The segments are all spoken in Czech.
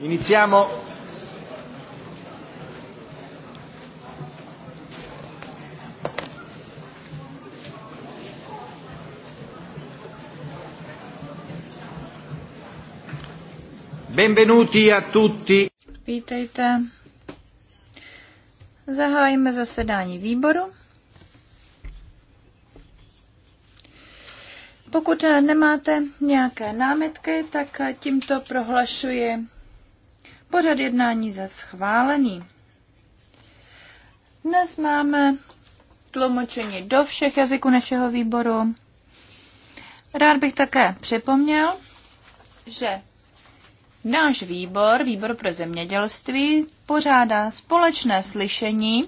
Iniziamo. Benvenuti a tutti. Vítejte. Zahájíme zasedání výboru. Pokud nemáte nějaké námitky, tak tímto prohlašuji pořad jednání za schválený. Dnes máme tlumočení do všech jazyků našeho výboru. Rád bych také připomněl, že náš výbor, výbor pro zemědělství, pořádá společné slyšení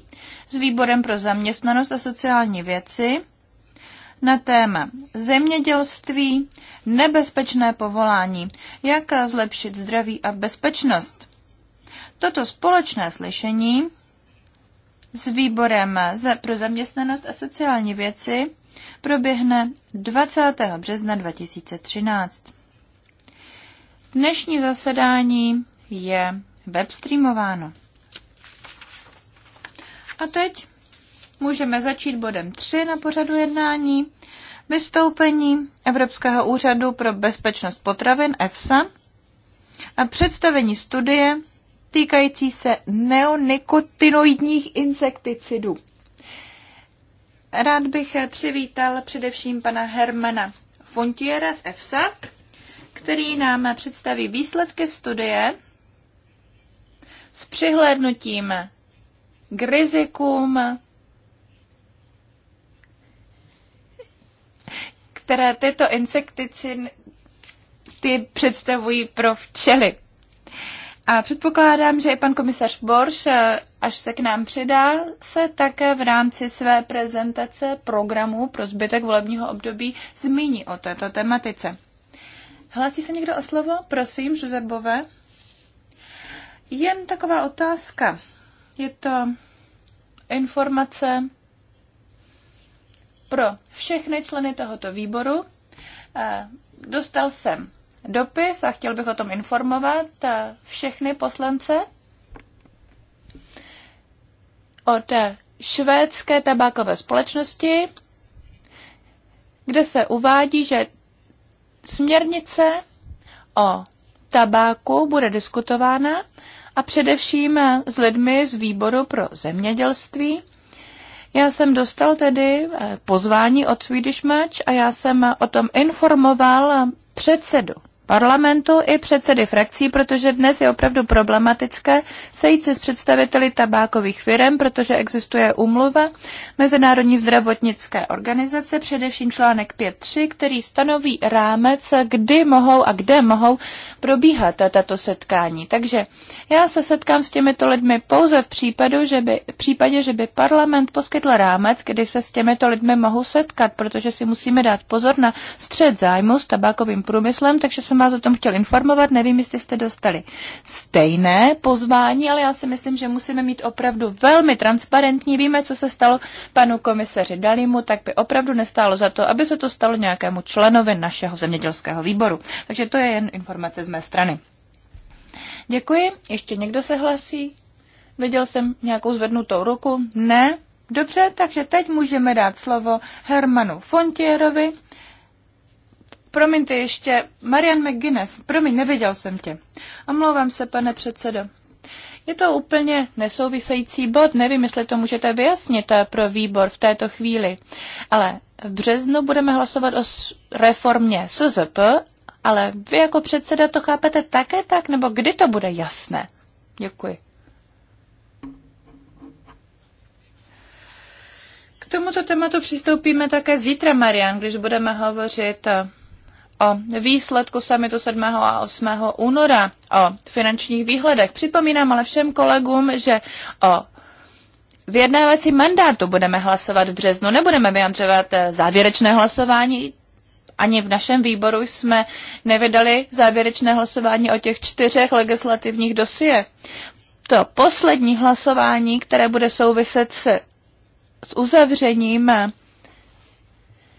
s výborem pro zaměstnanost a sociální věci na téma zemědělství, nebezpečné povolání, jak zlepšit zdraví a bezpečnost toto společné slyšení s výborem pro zaměstnanost a sociální věci proběhne 20. března 2013. Dnešní zasedání je webstreamováno. A teď můžeme začít bodem 3 na pořadu jednání. Vystoupení Evropského úřadu pro bezpečnost potravin EFSA a představení studie týkající se neonikotinoidních insekticidů. Rád bych přivítal především pana Hermana Fontiera z EFSA, který nám představí výsledky studie s přihlédnutím k rizikům, které tyto insekticidy představují pro včely. A předpokládám, že i pan komisař Borš, eh, až se k nám přidá, se také v rámci své prezentace programu pro zbytek volebního období zmíní o této tematice. Hlásí se někdo o slovo? Prosím, Žuzebové. Jen taková otázka. Je to informace pro všechny členy tohoto výboru. Eh, dostal jsem dopis a chtěl bych o tom informovat eh, všechny poslance od eh, švédské tabákové společnosti, kde se uvádí, že směrnice o tabáku bude diskutována a především eh, s lidmi z výboru pro zemědělství. Já jsem dostal tedy pozvání od Swedish Match a já jsem o tom informoval předsedu parlamentu i předsedy frakcí, protože dnes je opravdu problematické sejít se s představiteli tabákových firm, protože existuje umluva Mezinárodní zdravotnické organizace, především článek 5.3, který stanoví rámec, kdy mohou a kde mohou probíhat tato setkání. Takže já se setkám s těmito lidmi pouze v, případu, že by, v případě, že by parlament poskytl rámec, kdy se s těmito lidmi mohou setkat, protože si musíme dát pozor na střed zájmu s tabákovým průmyslem, takže jsem vás o tom chtěl informovat. Nevím, jestli jste dostali stejné pozvání, ale já si myslím, že musíme mít opravdu velmi transparentní. Víme, co se stalo panu komisaři Dalimu, tak by opravdu nestálo za to, aby se to stalo nějakému členovi našeho zemědělského výboru. Takže to je jen informace z mé strany. Děkuji. Ještě někdo se hlasí? Viděl jsem nějakou zvednutou ruku. Ne? Dobře, takže teď můžeme dát slovo Hermanu Fontierovi, Promiňte ještě, Marian McGuinness, promiň, neviděl jsem tě. Omlouvám se, pane předsedo. Je to úplně nesouvisející bod, nevím, jestli to můžete vyjasnit eh, pro výbor v této chvíli. Ale v březnu budeme hlasovat o reformě SZP, ale vy jako předseda to chápete také tak, nebo kdy to bude jasné? Děkuji. K tomuto tématu přistoupíme také zítra, Marian, když budeme hovořit eh, o výsledku samitu 7. a 8. února o finančních výhledech. Připomínám ale všem kolegům, že o vyjednávací mandátu budeme hlasovat v březnu. Nebudeme vyjadřovat eh, závěrečné hlasování. Ani v našem výboru jsme nevydali závěrečné hlasování o těch čtyřech legislativních dosie. To poslední hlasování, které bude souviset se s uzavřením eh,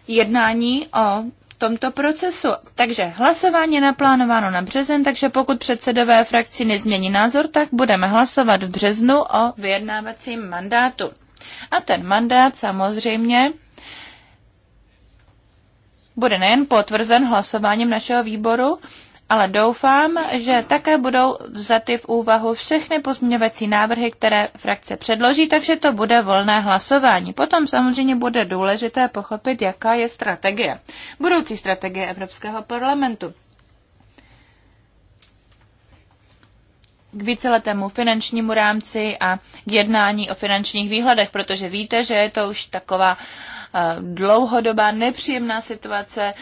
jednání o tomto procesu. Takže hlasování je naplánováno na březen, takže pokud předsedové frakci nezmění názor, tak budeme hlasovat v březnu o vyjednávacím mandátu. A ten mandát samozřejmě bude nejen potvrzen hlasováním našeho výboru, ale doufám, že také budou vzaty v úvahu všechny pozměňovací návrhy, které frakce předloží, takže to bude volné hlasování. Potom samozřejmě bude důležité pochopit, jaká je strategie, budoucí strategie Evropského parlamentu. k víceletému finančnímu rámci a k jednání o finančních výhledech, protože víte, že je to už taková eh, dlouhodobá nepříjemná situace,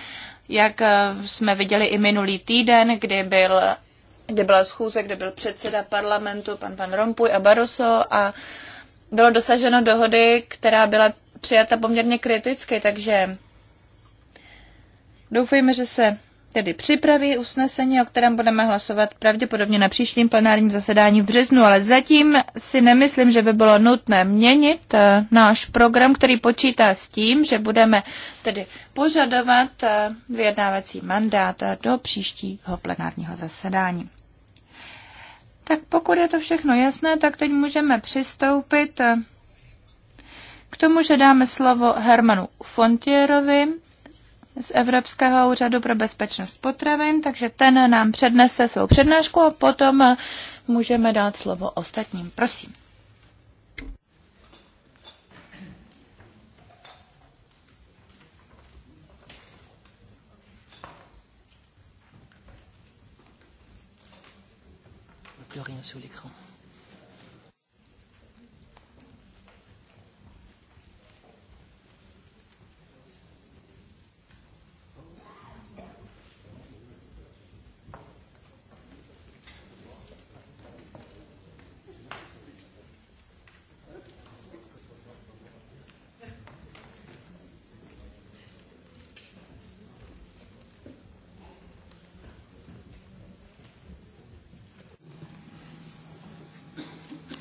jak eh, jsme viděli i minulý týden, kdy, byl, kdy byla schůze, kde byl předseda parlamentu, pan Van Rompuy a Barroso a bylo dosaženo dohody, která byla přijata poměrně kriticky, takže doufejme, že se tedy připraví usnesení, o kterém budeme hlasovat pravděpodobně na příštím plenárním zasedání v březnu, ale zatím si nemyslím, že by bylo nutné měnit eh, náš program, který počítá s tím, že budeme tedy požadovat eh, vyjednávací mandát eh, do příštího plenárního zasedání. Tak pokud je to všechno jasné, tak teď můžeme přistoupit k tomu, že dáme slovo Hermanu Fontierovi, z Evropského úřadu pro bezpečnost potravin, takže ten nám přednese svou přednášku a potom můžeme dát slovo ostatním. Prosím. plus rien sur l'écran.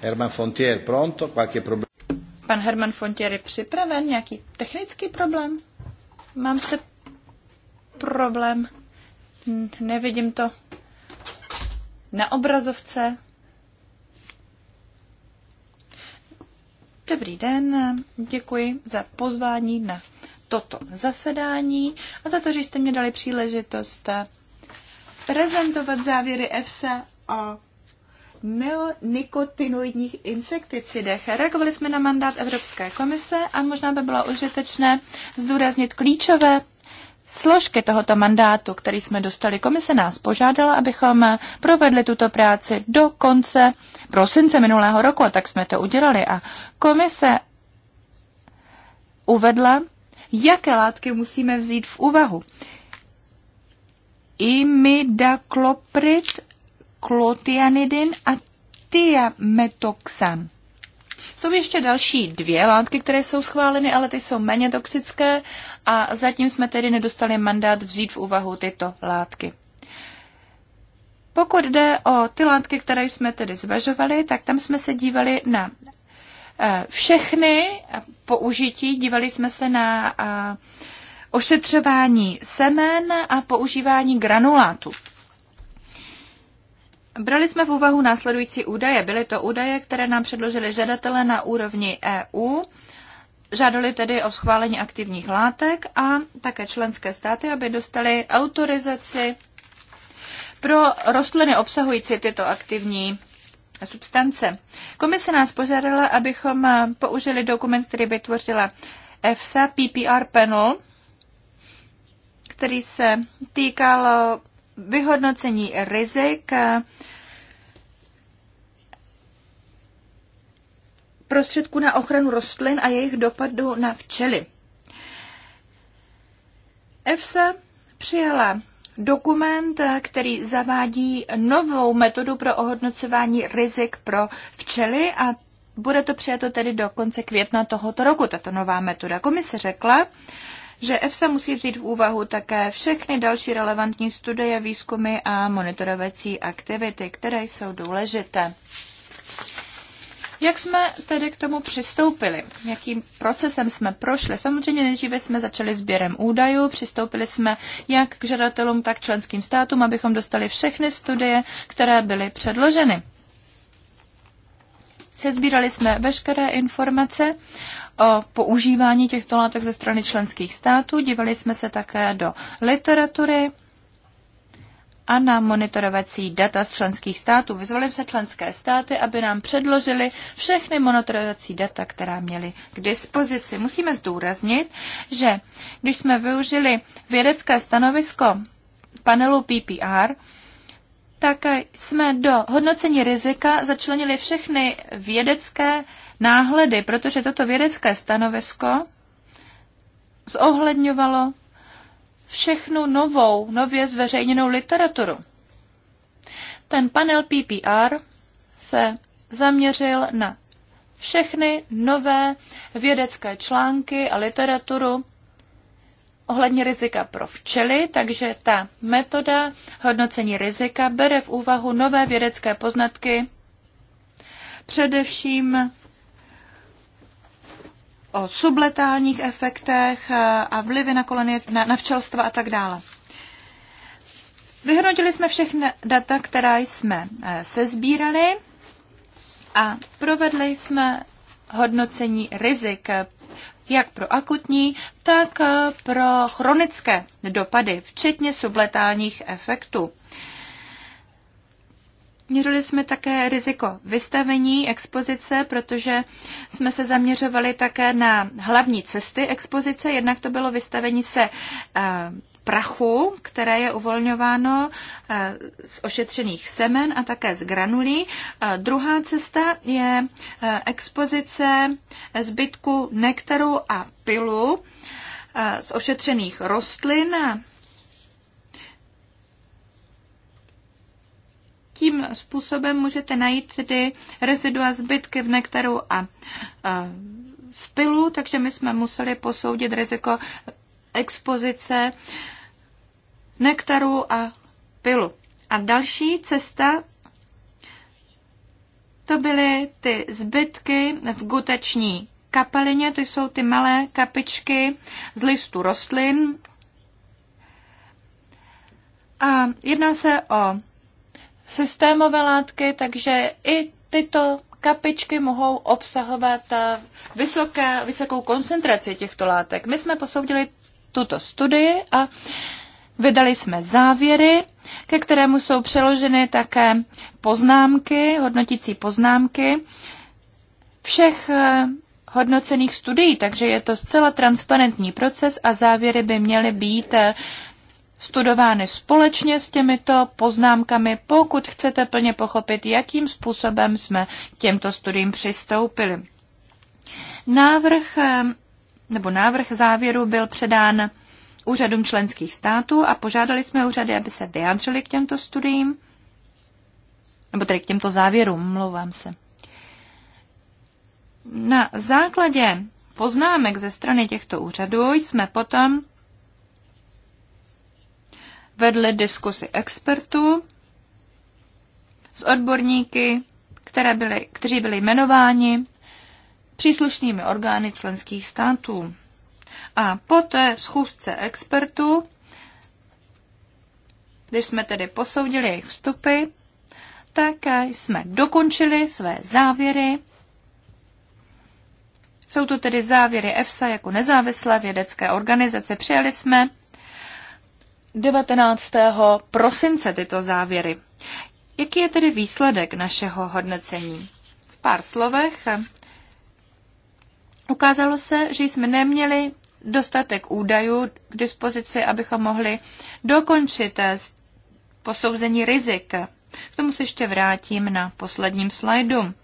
Herman Fontier, pronto? Qualche problém? Pan Herman Fontier je připraven? Nějaký technický problém? Mám se problém. Nevidím to na obrazovce. Dobrý den, děkuji za pozvání na toto zasedání a za to, že jste mě dali příležitost prezentovat závěry EFSA o neonikotinoidních insekticidech. Reagovali jsme na mandát Evropské komise a možná by bylo užitečné zdůraznit klíčové složky tohoto mandátu, který jsme dostali. Komise nás požádala, abychom provedli tuto práci do konce prosince minulého roku, a tak jsme to udělali. A komise uvedla, jaké látky musíme vzít v úvahu. Imidakloprid klotianidin a tiametoxan. Jsou ještě další dvě látky, které jsou schváleny, ale ty jsou méně toxické a zatím jsme tedy nedostali mandát vzít v úvahu tyto látky. Pokud jde o ty látky, které jsme tedy zvažovali, tak tam jsme se dívali na eh, všechny použití, dívali jsme se na eh, ošetřování semen a používání granulátu. Brali jsme v úvahu následující údaje. Byly to údaje, které nám předložili žadatelé na úrovni EU. Žádali tedy o schválení aktivních látek a také členské státy, aby dostali autorizaci pro rostliny obsahující tyto aktivní substance. Komise nás požádala, abychom použili dokument, který tvořila EFSA PPR panel, který se týkal vyhodnocení rizik eh, prostředků na ochranu rostlin a jejich dopadu na včely. EFSA přijala dokument, eh, který zavádí novou metodu pro ohodnocování rizik pro včely a bude to přijato tedy do konce května tohoto roku, tato nová metoda. Komise řekla, že EFSA musí vzít v úvahu také všechny další relevantní studie, výzkumy a monitorovací aktivity, které jsou důležité. Jak jsme tedy k tomu přistoupili? Jakým procesem jsme prošli? Samozřejmě nejdříve jsme začali sběrem údajů, přistoupili jsme jak k žadatelům, tak členským státům, abychom dostali všechny studie, které byly předloženy. Sezbírali jsme veškeré informace o používání těchto látek ze strany členských států, dívali jsme se také do literatury a na monitorovací data z členských států. Vyzvali se členské státy, aby nám předložili všechny monitorovací data, která měli k dispozici. Musíme zdůraznit, že když jsme využili vědecké stanovisko panelu PPR, tak jsme do hodnocení rizika začlenili všechny vědecké náhledy, protože toto vědecké stanovisko zohledňovalo všechnu novou, nově zveřejněnou literaturu. Ten panel PPR se zaměřil na všechny nové vědecké články a literaturu ohledně rizika pro včely, takže ta metoda hodnocení rizika bere v úvahu nové vědecké poznatky, především o subletálních efektech a vlivy na, kolony, na, na včelstva a tak dále. Vyhodnotili jsme všechny data, která jsme e, sezbírali a provedli jsme hodnocení rizik e, jak pro akutní, tak e, pro chronické dopady, včetně subletálních efektů. Měřili jsme také riziko vystavení expozice, protože jsme se zaměřovali také na hlavní cesty expozice. Jednak to bylo vystavení se eh, prachu, které je uvolňováno eh, z ošetřených semen a také z granulí. Eh, druhá cesta je expozice zbytku nektaru a pilu z ošetřených rostlin Tím způsobem můžete najít tedy rezidua zbytky v nektaru a v pilu, takže my jsme museli posoudit riziko expozice nektaru a pilu. A další cesta to byly ty zbytky v guteční kapalině. to jsou ty malé kapičky z listu rostlin. A jedná se o systémové látky, takže i tyto kapičky mohou obsahovat eh, vysoké, vysokou koncentraci těchto látek. My jsme posoudili tuto studii a Vydali jsme závěry, ke kterému jsou přeloženy také poznámky, hodnotící poznámky všech eh, hodnocených studií, takže je to zcela transparentní proces a závěry by měly být eh, studovány společně s těmito poznámkami, pokud chcete plně pochopit, jakým způsobem jsme k těmto studiím přistoupili. Návrh eh, nebo návrh závěru byl předán úřadům členských států a požádali jsme úřady, aby se vyjádřili k těmto studiím, nebo tedy k těmto závěrům, mluvám se. Na základě poznámek ze strany těchto úřadů jsme potom vedli diskusy expertů s odborníky, které byly, kteří byli jmenováni příslušnými orgány členských států. A po té schůzce expertů, když jsme tedy posoudili jejich vstupy, tak jsme dokončili své závěry. Jsou to tedy závěry EFSA jako nezávislé vědecké organizace. Přijali jsme 19. prosince tyto závěry. Jaký je tedy výsledek našeho hodnocení? V pár slovech ukázalo se, že jsme neměli dostatek údajů k dispozici, abychom mohli dokončit eh, posouzení rizik. K tomu se ještě vrátím na posledním slajdu.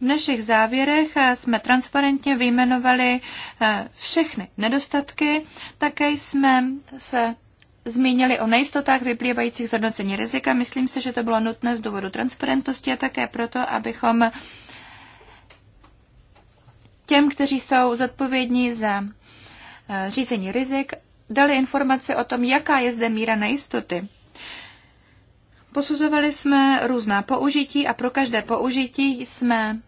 V našich závěrech eh, jsme transparentně vyjmenovali eh, všechny nedostatky, také jsme se zmínili o nejistotách vyplývajících z hodnocení rizika. Myslím si, že to bylo nutné z důvodu transparentnosti a také proto, abychom těm, kteří jsou zodpovědní za eh, řízení rizik, dali informace o tom, jaká je zde míra nejistoty. Posuzovali jsme různá použití a pro každé použití jsme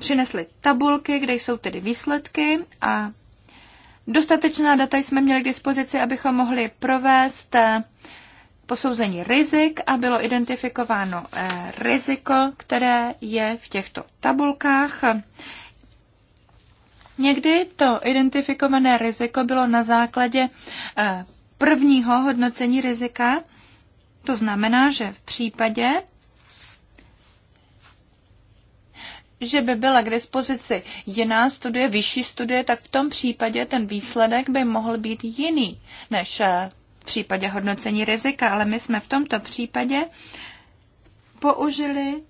přinesli tabulky, kde jsou tedy výsledky a dostatečná data jsme měli k dispozici, abychom mohli provést eh, posouzení rizik a bylo identifikováno eh, riziko, které je v těchto tabulkách. Někdy to identifikované riziko bylo na základě eh, prvního hodnocení rizika. To znamená, že v případě, že by byla k dispozici jiná studie, vyšší studie, tak v tom případě ten výsledek by mohl být jiný než eh, v případě hodnocení rizika, ale my jsme v tomto případě použili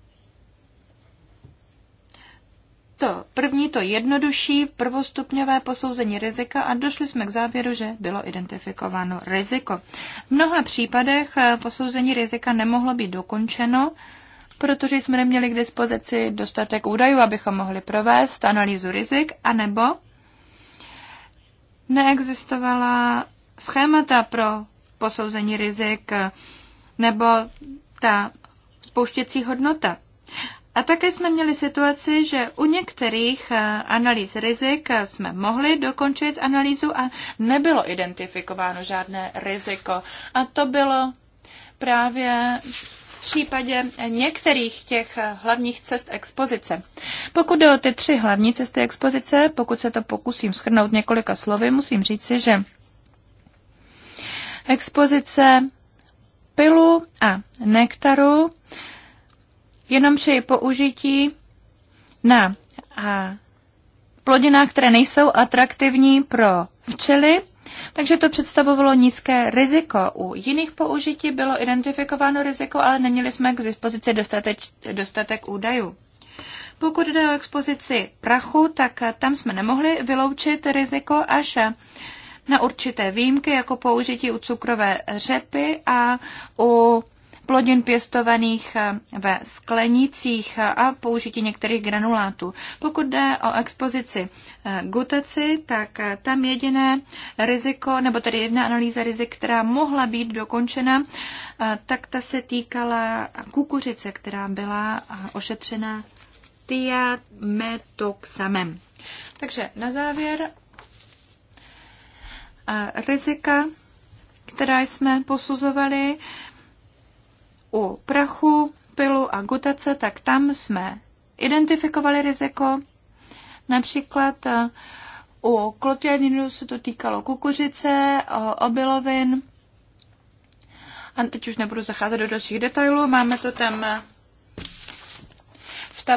to první, to jednodušší prvostupňové posouzení rizika a došli jsme k závěru, že bylo identifikováno riziko. V mnoha případech eh, posouzení rizika nemohlo být dokončeno, protože jsme neměli k dispozici dostatek údajů, abychom mohli provést analýzu rizik, anebo neexistovala schémata pro posouzení rizik nebo ta spouštěcí hodnota. A také jsme měli situaci, že u některých eh, analýz rizik jsme mohli dokončit analýzu a nebylo identifikováno žádné riziko. A to bylo právě v případě některých těch hlavních cest expozice. Pokud jde o ty tři hlavní cesty expozice, pokud se to pokusím schrnout několika slovy, musím říci, že expozice pilu a nektaru jenom při použití na plodinách, které nejsou atraktivní pro včely, takže to představovalo nízké riziko. U jiných použití bylo identifikováno riziko, ale neměli jsme k dispozici dostatek, dostatek údajů. Pokud jde o expozici prachu, tak tam jsme nemohli vyloučit riziko až na určité výjimky, jako použití u cukrové řepy a u plodin pěstovaných eh, ve sklenicích eh, a použití některých granulátů. Pokud jde o expozici eh, gutaci, tak tam jediné riziko, nebo tedy jedna analýza rizik, která mohla být dokončena, tak ta se týkala kukuřice, která byla ošetřena tiametoxamem. Takže na závěr rizika, která jsme posuzovali, u prachu, pilu a gutace, tak tam jsme identifikovali riziko. Například eh, u klotianinu se to týkalo kukuřice, obilovin. A teď už nebudu zacházet do dalších detailů, máme to tam eh,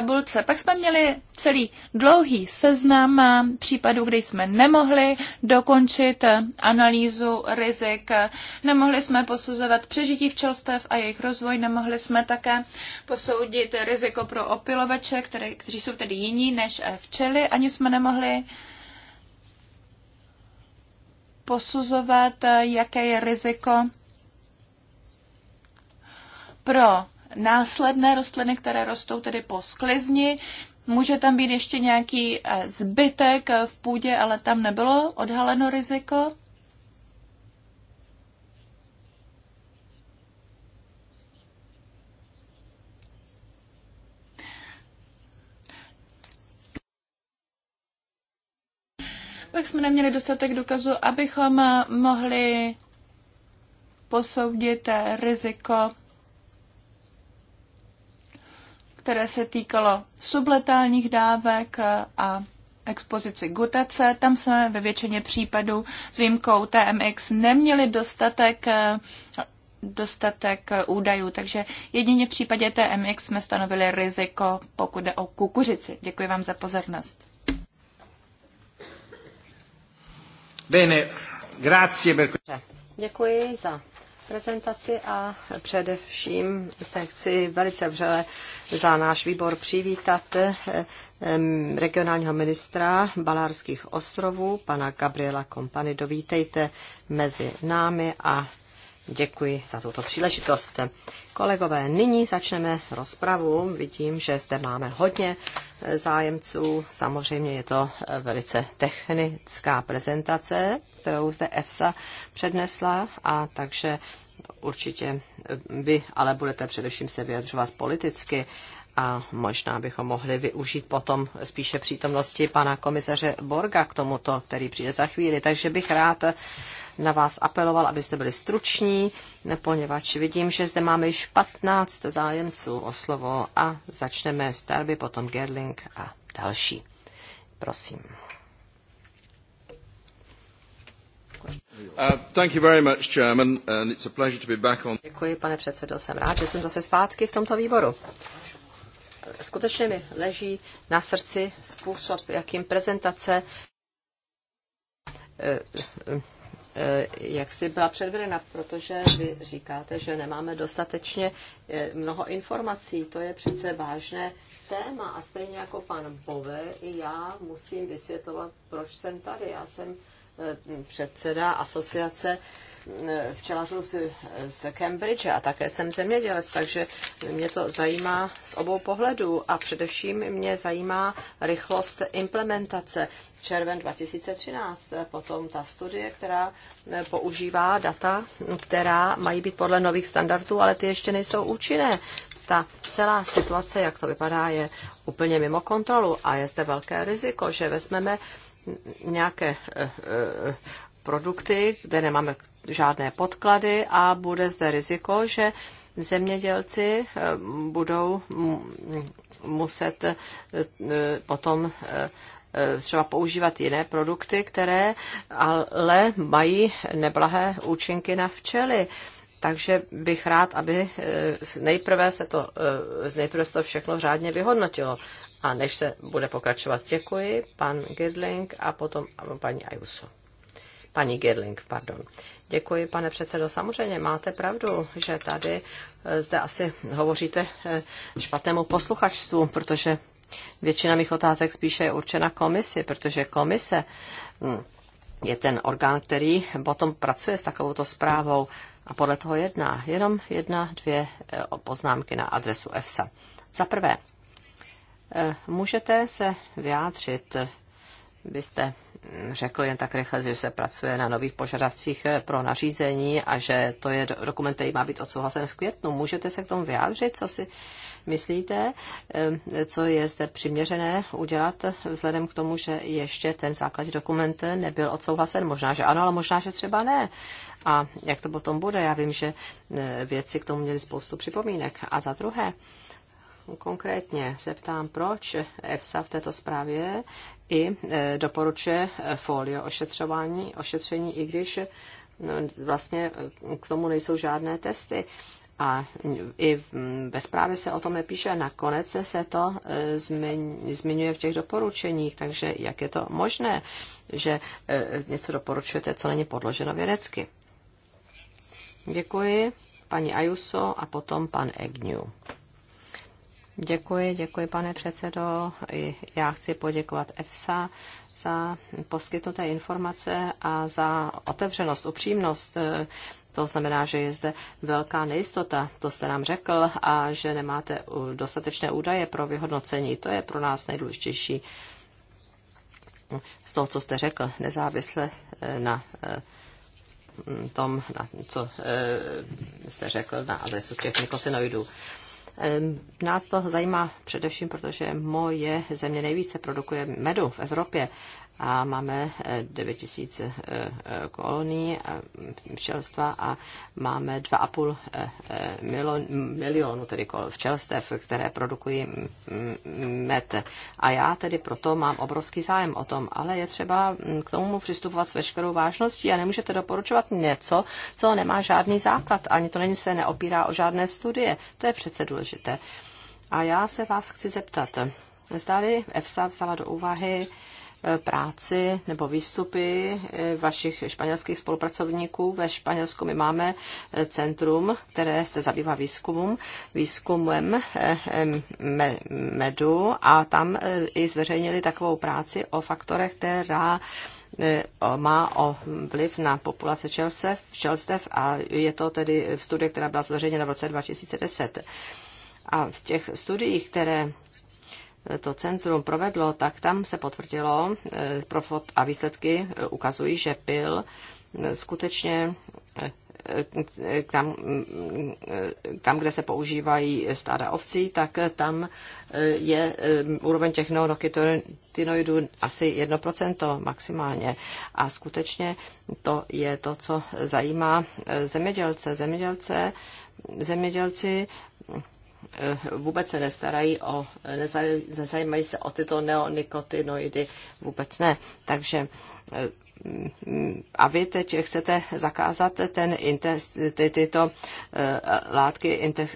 tabulce. Pak jsme měli celý dlouhý seznam eh, případů, kdy jsme nemohli dokončit eh, analýzu rizik, nemohli jsme posuzovat přežití včelstev a jejich rozvoj, nemohli jsme také posoudit riziko pro opilovače, které, kteří jsou tedy jiní než eh, včely, ani jsme nemohli posuzovat, jaké je riziko pro následné rostliny, které rostou tedy po sklizni. Může tam být ještě nějaký eh, zbytek eh, v půdě, ale tam nebylo odhaleno riziko. pak jsme neměli dostatek důkazů, abychom eh, mohli posoudit riziko které se týkalo subletálních dávek a expozici gutace. Tam jsme ve většině případů s výjimkou TMX neměli dostatek dostatek údajů, takže jedině v případě TMX jsme stanovili riziko, pokud jde o kukuřici. Děkuji vám za pozornost. Bene, grazie per... Děkuji za prezentaci a především se chci velice vřele za náš výbor přivítat regionálního ministra Balárských ostrovů, pana Gabriela Kompany. Dovítejte mezi námi a Děkuji za tuto příležitost. Kolegové, nyní začneme rozpravu. Vidím, že zde máme hodně zájemců. Samozřejmě je to velice technická prezentace, kterou zde EFSA přednesla, a takže určitě vy ale budete především se vyjadřovat politicky a možná bychom mohli využít potom spíše přítomnosti pana komisaře Borga k tomuto, který přijde za chvíli. Takže bych rád na vás apeloval, abyste byli struční, poněvadž vidím, že zde máme již 15 zájemců o slovo a začneme s Darby, potom Gerling a další. Prosím. Uh, Děkuji, pane předsedo, jsem rád, že jsem zase zpátky v tomto výboru skutečně mi leží na srdci způsob, jakým prezentace eh, eh, eh, jak si byla předvedena, protože vy říkáte, že nemáme dostatečně mnoho informací. To je přece vážné téma a stejně jako pan Bové, i já musím vysvětlovat, proč jsem tady. Já jsem předseda asociace včelařů z, z Cambridge a také jsem zemědělec, takže mě to zajímá z obou pohledů a především mě zajímá rychlost implementace. Červen 2013, potom ta studie, která používá data, která mají být podle nových standardů, ale ty ještě nejsou účinné. Ta celá situace, jak to vypadá, je úplně mimo kontrolu a je zde velké riziko, že vezmeme nějaké eh, eh, produkty, kde nemáme žádné podklady a bude zde riziko, že zemědělci eh, budou muset eh, potom eh, třeba používat jiné produkty, které ale mají neblahé účinky na včely. Takže bych rád, aby nejprve se to, nejprve se to všechno řádně vyhodnotilo. A než se bude pokračovat, děkuji, pan Gidling a potom paní Ayuso. Paní Girling, pardon. Děkuji, pane předsedo. Samozřejmě máte pravdu, že tady eh, zde asi hovoříte eh, špatnému posluchačstvu, protože většina mých otázek spíše je určena komisi, protože komise hm, je ten orgán, který potom pracuje s takovouto zprávou a podle toho jedná. Jenom jedna, dvě eh, poznámky na adresu EFSA. Za prvé, můžete se vyjádřit, byste řekl jen tak rychle, že se pracuje na nových požadavcích eh, pro nařízení a že to je dokument, který má být odsouhlasen v květnu. Můžete se k tomu vyjádřit, co si myslíte, eh, co je zde přiměřené udělat vzhledem k tomu, že ještě ten základní dokument nebyl odsouhlasen? Možná, že ano, ale možná, že třeba ne. A jak to potom bude? Já vím, že eh, věci k tomu měli spoustu připomínek. A za druhé, konkrétně se ptám, proč EFSA v této zprávě i e, doporučuje e, folio ošetřování, ošetření, i když e, vlastně k tomu nejsou žádné testy. A i ve zprávě se o tom nepíše, nakonec se to zmiňuje v těch doporučeních, takže jak je to možné, že něco doporučujete, co není podloženo vědecky. Děkuji, paní Ajuso a potom pan Egnu. Děkuji, děkuji pane předsedo. I já chci poděkovat EFSA za poskytnuté informace a za otevřenost, upřímnost. To znamená, že je zde velká nejistota, to jste nám řekl, a že nemáte dostatečné údaje pro vyhodnocení. To je pro nás nejdůležitější z toho, co jste řekl, nezávisle eh, na eh, tom, na, co eh, jste řekl na adresu těch nikotinoidů. Nás to zajímá především, protože moje země nejvíce produkuje medu v Evropě a máme 9000 eh, eh, eh, kolonií hm, včelstva a máme 2,5 milionu tedy včelstev, které produkují hm, hm, met. A já tedy proto mám obrovský zájem o tom, ale je třeba k tomu přistupovat s veškerou vážností a nemůžete doporučovat něco, co nemá žádný základ, ani to není se neopírá o žádné studie. To je přece důležité. A já se vás chci zeptat, zdali EFSA vzala do úvahy práci nebo výstupy eh, vašich španělských spolupracovníků. Ve Španělsku my máme eh, centrum, které se zabývá výzkumem, výzkumem eh, medu a tam i zveřejnili takovou práci o faktorech, která má o vliv na populace čelstev, čelstev a je to tedy studie, která byla zveřejněna v roce 2010. A v těch studiích, které to centrum provedlo, tak tam se potvrdilo eh, a výsledky eh, ukazují, že pil eh, skutečně tam, mm, tam, kde se používají stáda ovcí, tak tam je úroveň těch neonokytinoidů asi 1% maximálně. A skutečně to je to, co zajímá zemědělce. Zemědělce, zemědělci Eh, vůbec se nestarají o, eh, nezajímají se o tyto neonikotinoidy, vůbec ne. Takže eh, mm, mm, a vy teď chcete zakázat ten intest, ty, tyto látky,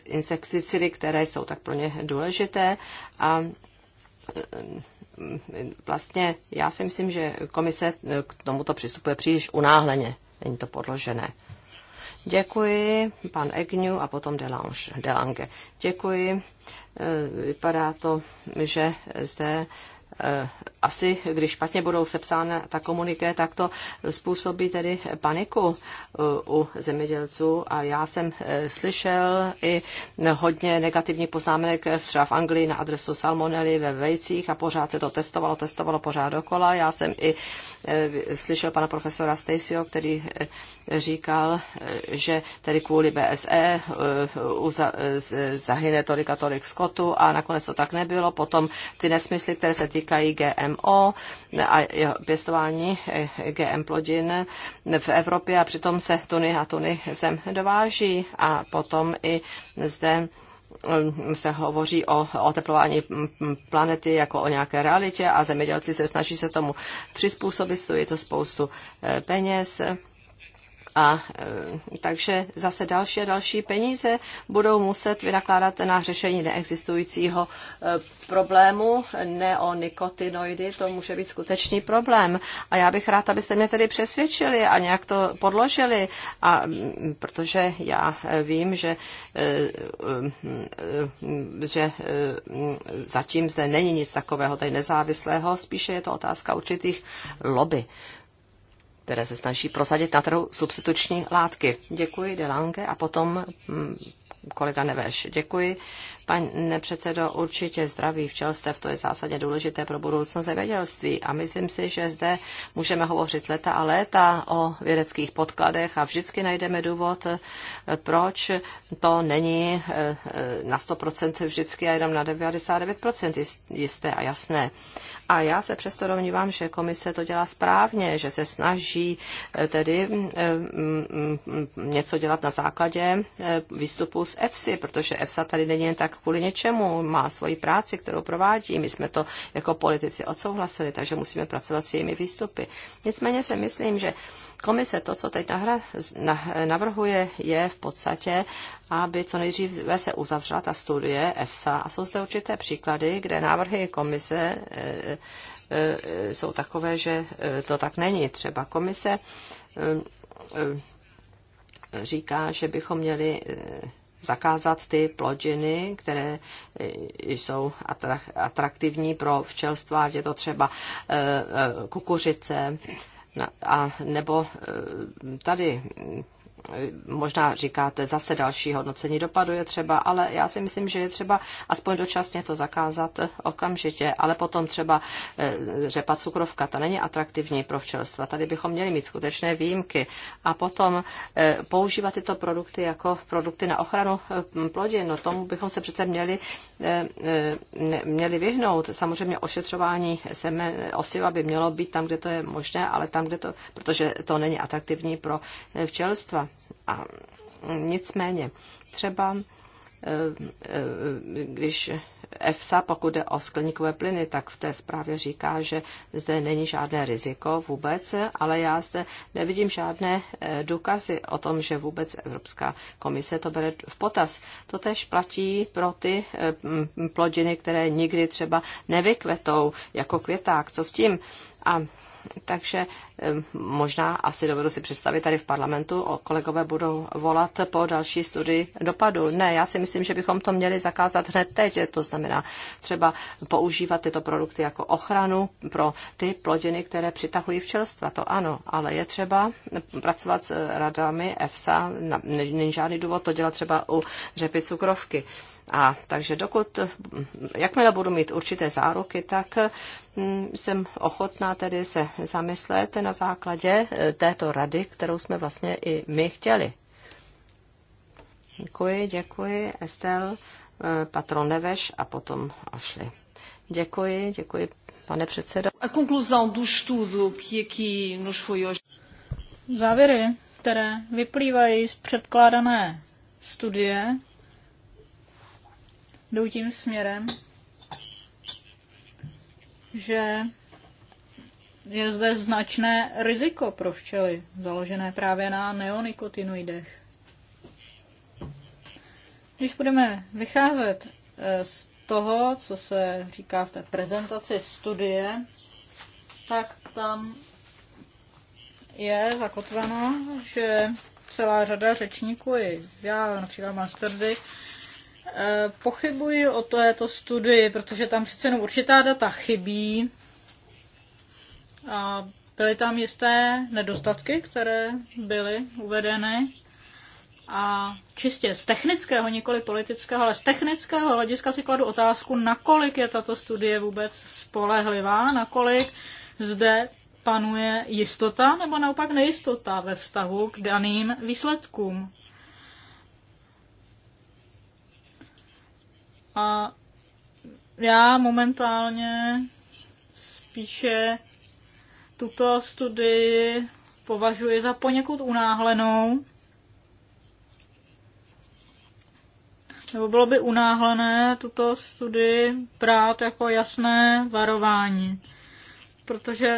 insekticidy, které jsou tak pro ně důležité a mm, vlastně já si myslím, že komise k tomuto přistupuje příliš unáhleně. Není to podložené. Děkuji, pan Egnu a potom Delange. Delange. Děkuji. E, vypadá to, že zde Eh, asi, když špatně budou sepsána ta komuniké, tak to způsobí tedy paniku eh, u zemědělců. A já jsem eh, slyšel i hodně negativních poznámek třeba v Anglii na adresu salmonely ve vejcích a pořád se to testovalo, testovalo pořád dokola. Já jsem i slyšel pana profesora Stacyho, který říkal, že tedy kvůli BSE zahyne tolik a tolik skotu a nakonec to tak nebylo. Potom ty nesmysly, které se týkají týkají GMO a pěstování GM plodin v Evropě a přitom se tuny a tuny sem dováží a potom i zde mm, se hovoří o oteplování planety jako o nějaké realitě a zemědělci se snaží se tomu přizpůsobit, stojí to spoustu eh, peněz a e, takže zase další a další peníze budou muset vynakládat na řešení neexistujícího e, problému. Neonikotinoidy, to může být skutečný problém. A já bych rád, abyste mě tedy přesvědčili a nějak to podložili, a, protože já e, vím, že, že zatím zde není nic takového tady nezávislého, spíše je to otázka určitých lobby které se snaží prosadit na trhu substituční látky. Děkuji Delange a potom mm, kolega Neveš. Děkuji, Pane předsedo, určitě zdraví včelstev, to je v zásadě důležité pro budoucnost zemědělství a myslím si, že zde můžeme hovořit leta a léta o vědeckých podkladech a vždycky najdeme důvod, proč to není eh, na 100% vždycky a jenom na 99% jisté a jasné. A já se přesto domnívám, že komise to dělá správně, že se snaží eh, tedy eh, mm, mm, mm, něco dělat na základě výstupu z EFSI, protože EFSA tady není jen tak kvůli něčemu, má svoji práci, kterou provádí. My jsme to jako politici odsouhlasili, takže musíme pracovat s jejími výstupy. Nicméně si myslím, že komise to, co teď navrhuje, je v podstatě, aby co nejdříve se uzavřela ta studie EFSA. A jsou zde určité příklady, kde návrhy komise e, e, jsou takové, že e, to tak není. Třeba komise říká, že bychom měli zakázat ty plodiny, které e, jsou atraktivní pro včelstva, ať je to třeba e, e, kukuřice, a nebo tady možná říkáte zase další hodnocení dopadu je třeba, ale já si myslím, že je třeba aspoň dočasně to zakázat okamžitě, ale potom třeba eh, řepa cukrovka, ta není atraktivní pro včelstva. Tady bychom měli mít skutečné výjimky a potom eh, používat tyto produkty jako produkty na ochranu eh, plodin, no tomu bychom se přece měli, měli vyhnout. Samozřejmě ošetřování semen, osiva by mělo být tam, kde to je možné, ale tam, kde to, protože to není atraktivní pro včelstva a nicméně třeba eh, eh, když EFSA, pokud jde o skleníkové plyny, tak v té zprávě říká, že zde není žádné riziko vůbec, ale já zde nevidím žádné eh, důkazy o tom, že vůbec Evropská komise to bere v potaz. To tež platí pro ty plodiny, které nikdy třeba nevykvetou jako květák. Co s tím? A takže eh, možná asi dovedu si představit tady v parlamentu, o kolegové budou volat po další studii dopadu. Ne, já si myslím, že bychom to měli zakázat hned teď. To znamená třeba používat tyto produkty jako ochranu pro ty plodiny, které přitahují včelstva. To ano, ale je třeba pracovat s radami EFSA. Není žádný důvod to dělat třeba u řepy cukrovky. A takže dokud, jakmile budu mít určité záruky, tak mm, jsem ochotná tedy se zamyslet na základě eh, této rady, kterou jsme vlastně i my chtěli. Děkuji, děkuji, Estel, eh, patron Neveš a potom Ošli. Děkuji, děkuji, pane předsedo. A conclusão do studu, který nos foi hoje. Závěry, které vyplývají z předkládané studie, jdou tím směrem, že je zde značné riziko pro včely, založené právě na neonikotinoidech. Když budeme vycházet eh, z toho, co se říká v té prezentaci studie, tak tam je zakotveno, že celá řada řečníků, já například masterdy. Eh, pochybuji o této studii, protože tam přece jenom určitá data chybí. A byly tam jisté nedostatky, které byly uvedeny. A čistě z technického, nikoli politického, ale z technického hlediska si kladu otázku, nakolik je tato studie vůbec spolehlivá, nakolik zde panuje jistota nebo naopak nejistota ve vztahu k daným výsledkům. A já momentálně spíše tuto studii považuji za poněkud unáhlenou. Nebo bylo by unáhlené tuto studii brát jako jasné varování. Protože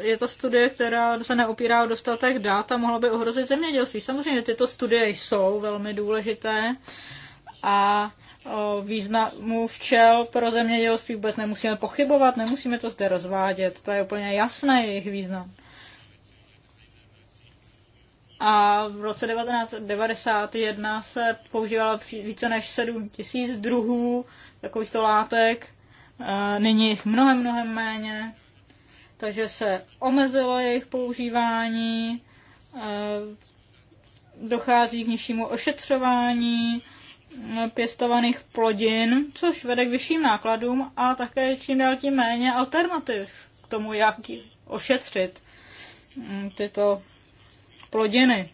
je to studie, která se neopírá o dostatek dát a mohla by ohrozit zemědělství. Samozřejmě tyto studie jsou velmi důležité, a o významu včel pro zemědělství vůbec nemusíme pochybovat, nemusíme to zde rozvádět. To je úplně jasné jejich význam. A v roce 1991 se používalo více než 7 tisíc druhů takovýchto látek. E, nyní jich mnohem, mnohem méně. Takže se omezilo jejich používání, e, dochází k nižšímu ošetřování, pěstovaných plodin, což vede k vyšším nákladům a také čím dál tím méně alternativ k tomu, jak ošetřit mm, tyto plodiny.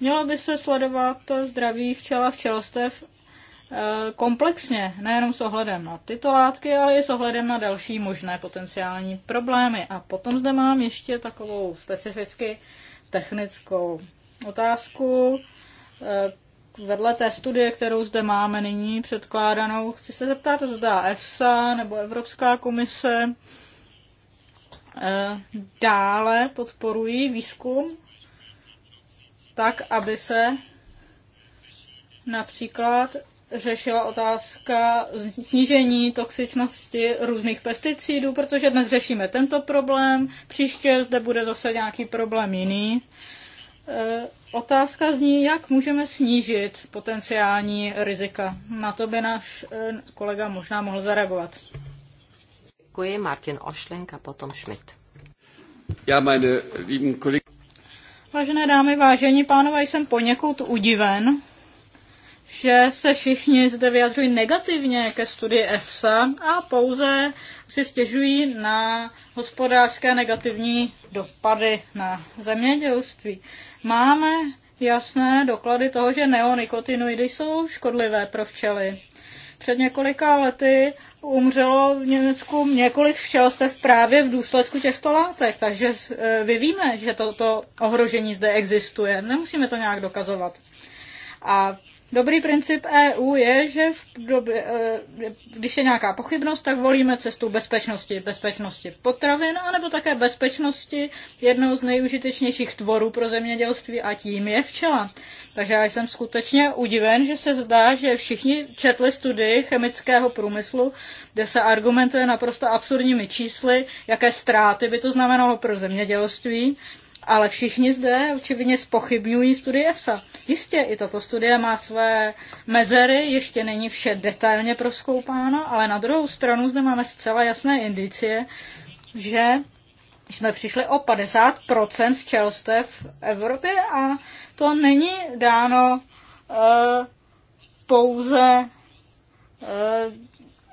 Mělo by se sledovat zdraví včela včelstev eh, komplexně, nejenom s ohledem na tyto látky, ale i s ohledem na další možné potenciální problémy. A potom zde mám ještě takovou specificky technickou otázku eh, vedle té studie, kterou zde máme nyní předkládanou, chci se zeptat, zda EFSA nebo Evropská komise eh, dále podporují výzkum tak, aby se například řešila otázka snížení toxičnosti různých pesticidů, protože dnes řešíme tento problém, příště zde bude zase nějaký problém jiný Eh, otázka zní, jak můžeme snížit potenciální rizika. Na to by náš eh, kolega možná mohl zareagovat. Děkuji, Martin Ošlenk a potom Schmidt. Já, meine lieben kolik... Vážené dámy, vážení pánové, jsem poněkud udiven, že se všichni zde vyjadřují negativně ke studii EFSA a pouze si stěžují na hospodářské negativní dopady na zemědělství. Máme jasné doklady toho, že neonikotinoidy jsou škodlivé pro včely. Před několika lety umřelo v Německu několik včelstev právě v důsledku těchto látek, takže e, vy víme, že toto ohrožení zde existuje. Nemusíme to nějak dokazovat. A Dobrý princip EU je, že v době, e, když je nějaká pochybnost, tak volíme cestu bezpečnosti, bezpečnosti potravin, anebo také bezpečnosti jednoho z nejužitečnějších tvorů pro zemědělství a tím je včela. Takže já jsem skutečně udiven, že se zdá, že všichni četli studii chemického průmyslu, kde se argumentuje naprosto absurdními čísly, jaké ztráty by to znamenalo pro zemědělství ale všichni zde očividně spochybňují studie EFSA. Jistě, i tato studie má své mezery, ještě není vše detailně proskoupáno, ale na druhou stranu zde máme zcela jasné indicie, že jsme přišli o 50% včelstev v Evropě a to není dáno e, pouze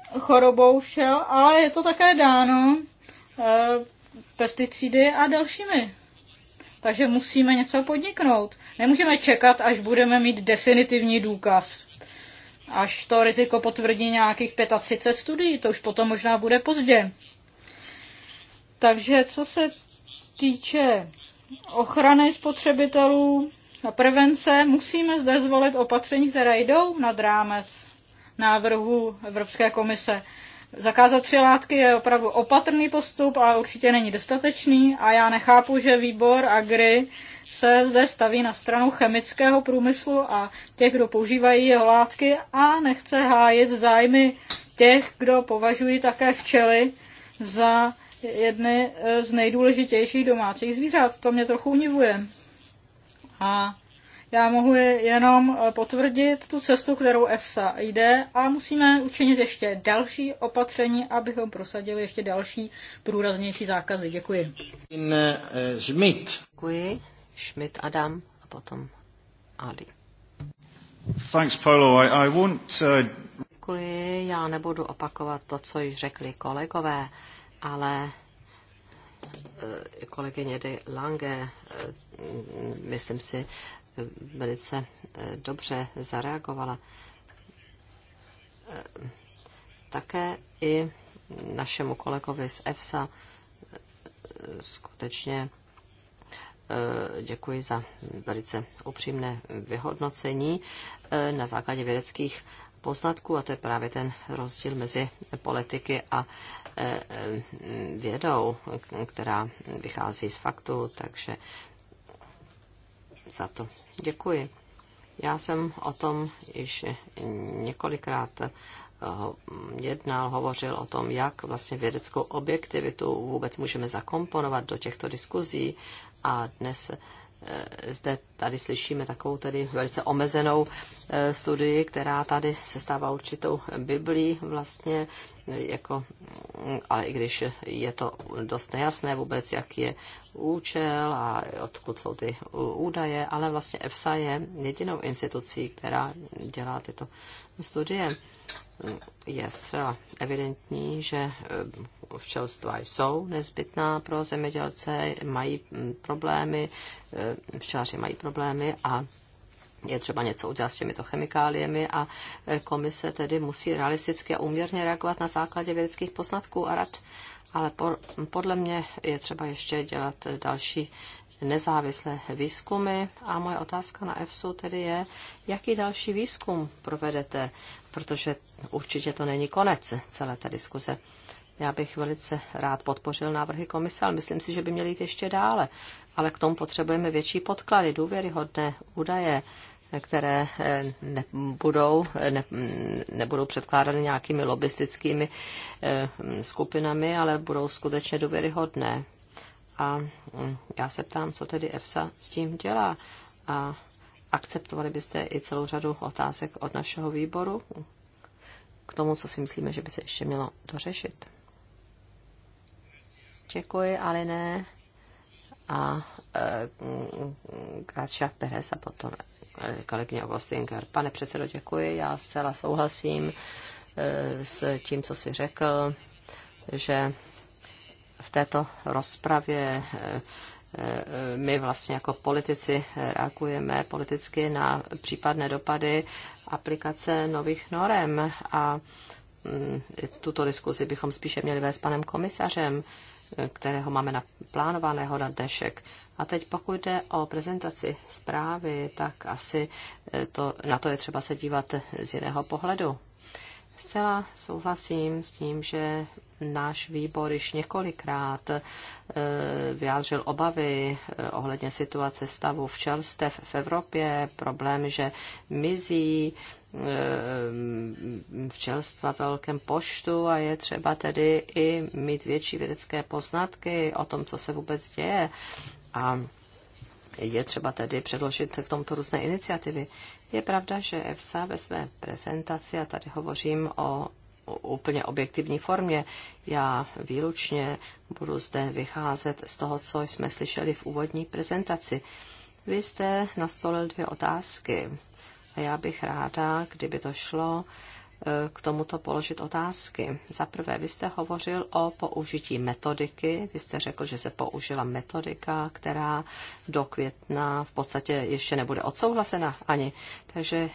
e, chorobou všel, ale je to také dáno e, pesticidy a dalšími takže musíme něco podniknout. Nemůžeme čekat, až budeme mít definitivní důkaz. Až to riziko potvrdí nějakých 35 studií, to už potom možná bude pozdě. Takže co se týče ochrany spotřebitelů a prevence, musíme zde zvolit opatření, která jdou nad rámec návrhu Evropské komise. Zakázat tři látky je opravdu opatrný postup a určitě není dostatečný a já nechápu, že výbor Agri se zde staví na stranu chemického průmyslu a těch, kdo používají jeho látky a nechce hájit zájmy těch, kdo považují také včely za jedny eh, z nejdůležitějších domácích zvířat. To mě trochu univuje. A já mohu jenom eh, potvrdit tu cestu, kterou EFSA jde a musíme učinit ještě další opatření, abychom prosadili ještě další průraznější zákazy. Děkuji. In, uh, Schmidt. Děkuji. Schmidt Adam a potom Ali. Thanks, Polo. I, I won't, uh... Děkuji. Já nebudu opakovat to, co již řekli kolegové, ale eh, kolegyně de Lange, myslím si, velice eh, dobře zareagovala. Eh, také i našemu kolegovi z EFSA eh, skutečně děkuji za velice upřímné vyhodnocení na základě vědeckých poznatků a to je právě ten rozdíl mezi politiky a vědou, která vychází z faktu, takže za to děkuji. Já jsem o tom již několikrát eh, jednal, hovořil o tom, jak vlastně vědeckou objektivitu vůbec můžeme zakomponovat do těchto diskuzí a dnes Eh, zde tady slyšíme takovou tedy velice omezenou eh, studii, která tady se stává určitou biblí vlastně, eh, jako, mm, ale i když je to dost nejasné vůbec, jak je účel a odkud jsou ty údaje, ale vlastně EFSA je jedinou institucí, která dělá tyto studie je zcela evidentní, že včelstva eh, jsou nezbytná pro zemědělce, mají mm, problémy, eh, včelaři mají problémy a je třeba něco udělat s těmito chemikáliemi a eh, komise tedy musí realisticky a úměrně reagovat na základě vědeckých poznatků a rad, ale por, podle mě je třeba ještě dělat další nezávislé výzkumy. A moje otázka na EFSU tedy je, jaký další výzkum provedete? protože určitě to není konec celé té diskuze. Já bych velice rád podpořil návrhy komise, ale myslím si, že by měly jít ještě dále. Ale k tomu potřebujeme větší podklady, důvěryhodné údaje, které eh, nebudou, ne, nebudou předkládány nějakými lobbystickými eh, skupinami, ale budou skutečně důvěryhodné. A mm, já se ptám, co tedy EFSA s tím dělá. A akceptovali byste i celou řadu otázek od našeho výboru k tomu, co si myslíme, že by se ještě mělo dořešit. Děkuji, Aline a e, Gracia Perez a potom kolegyně Augustinger. Pane předsedo, děkuji, já zcela souhlasím e, s tím, co jsi řekl, že v této rozpravě e, my vlastně jako politici reagujeme politicky na případné dopady aplikace nových norem a mm, tuto diskuzi bychom spíše měli vést s panem komisařem, kterého máme naplánovaného na dnešek. A teď pokud jde o prezentaci zprávy, tak asi e, to, na to je třeba se dívat z jiného pohledu. Zcela souhlasím s tím, že náš výbor již několikrát eh, vyjádřil obavy eh, ohledně situace stavu včelstev v Evropě, problém, že mizí eh, včelstva ve velkém poštu a je třeba tedy i mít větší vědecké poznatky o tom, co se vůbec děje. A je třeba tedy předložit k tomuto různé iniciativy. Je pravda, že EFSA ve své prezentaci, a tady hovořím o úplně objektivní formě. Já výlučně budu zde vycházet z toho, co jsme slyšeli v úvodní prezentaci. Vy jste nastolil dvě otázky a já bych ráda, kdyby to šlo, k tomuto položit otázky. Za prvé, vy jste hovořil o použití metodiky, vy jste řekl, že se použila metodika, která do května v podstatě ještě nebude odsouhlasena ani. Takže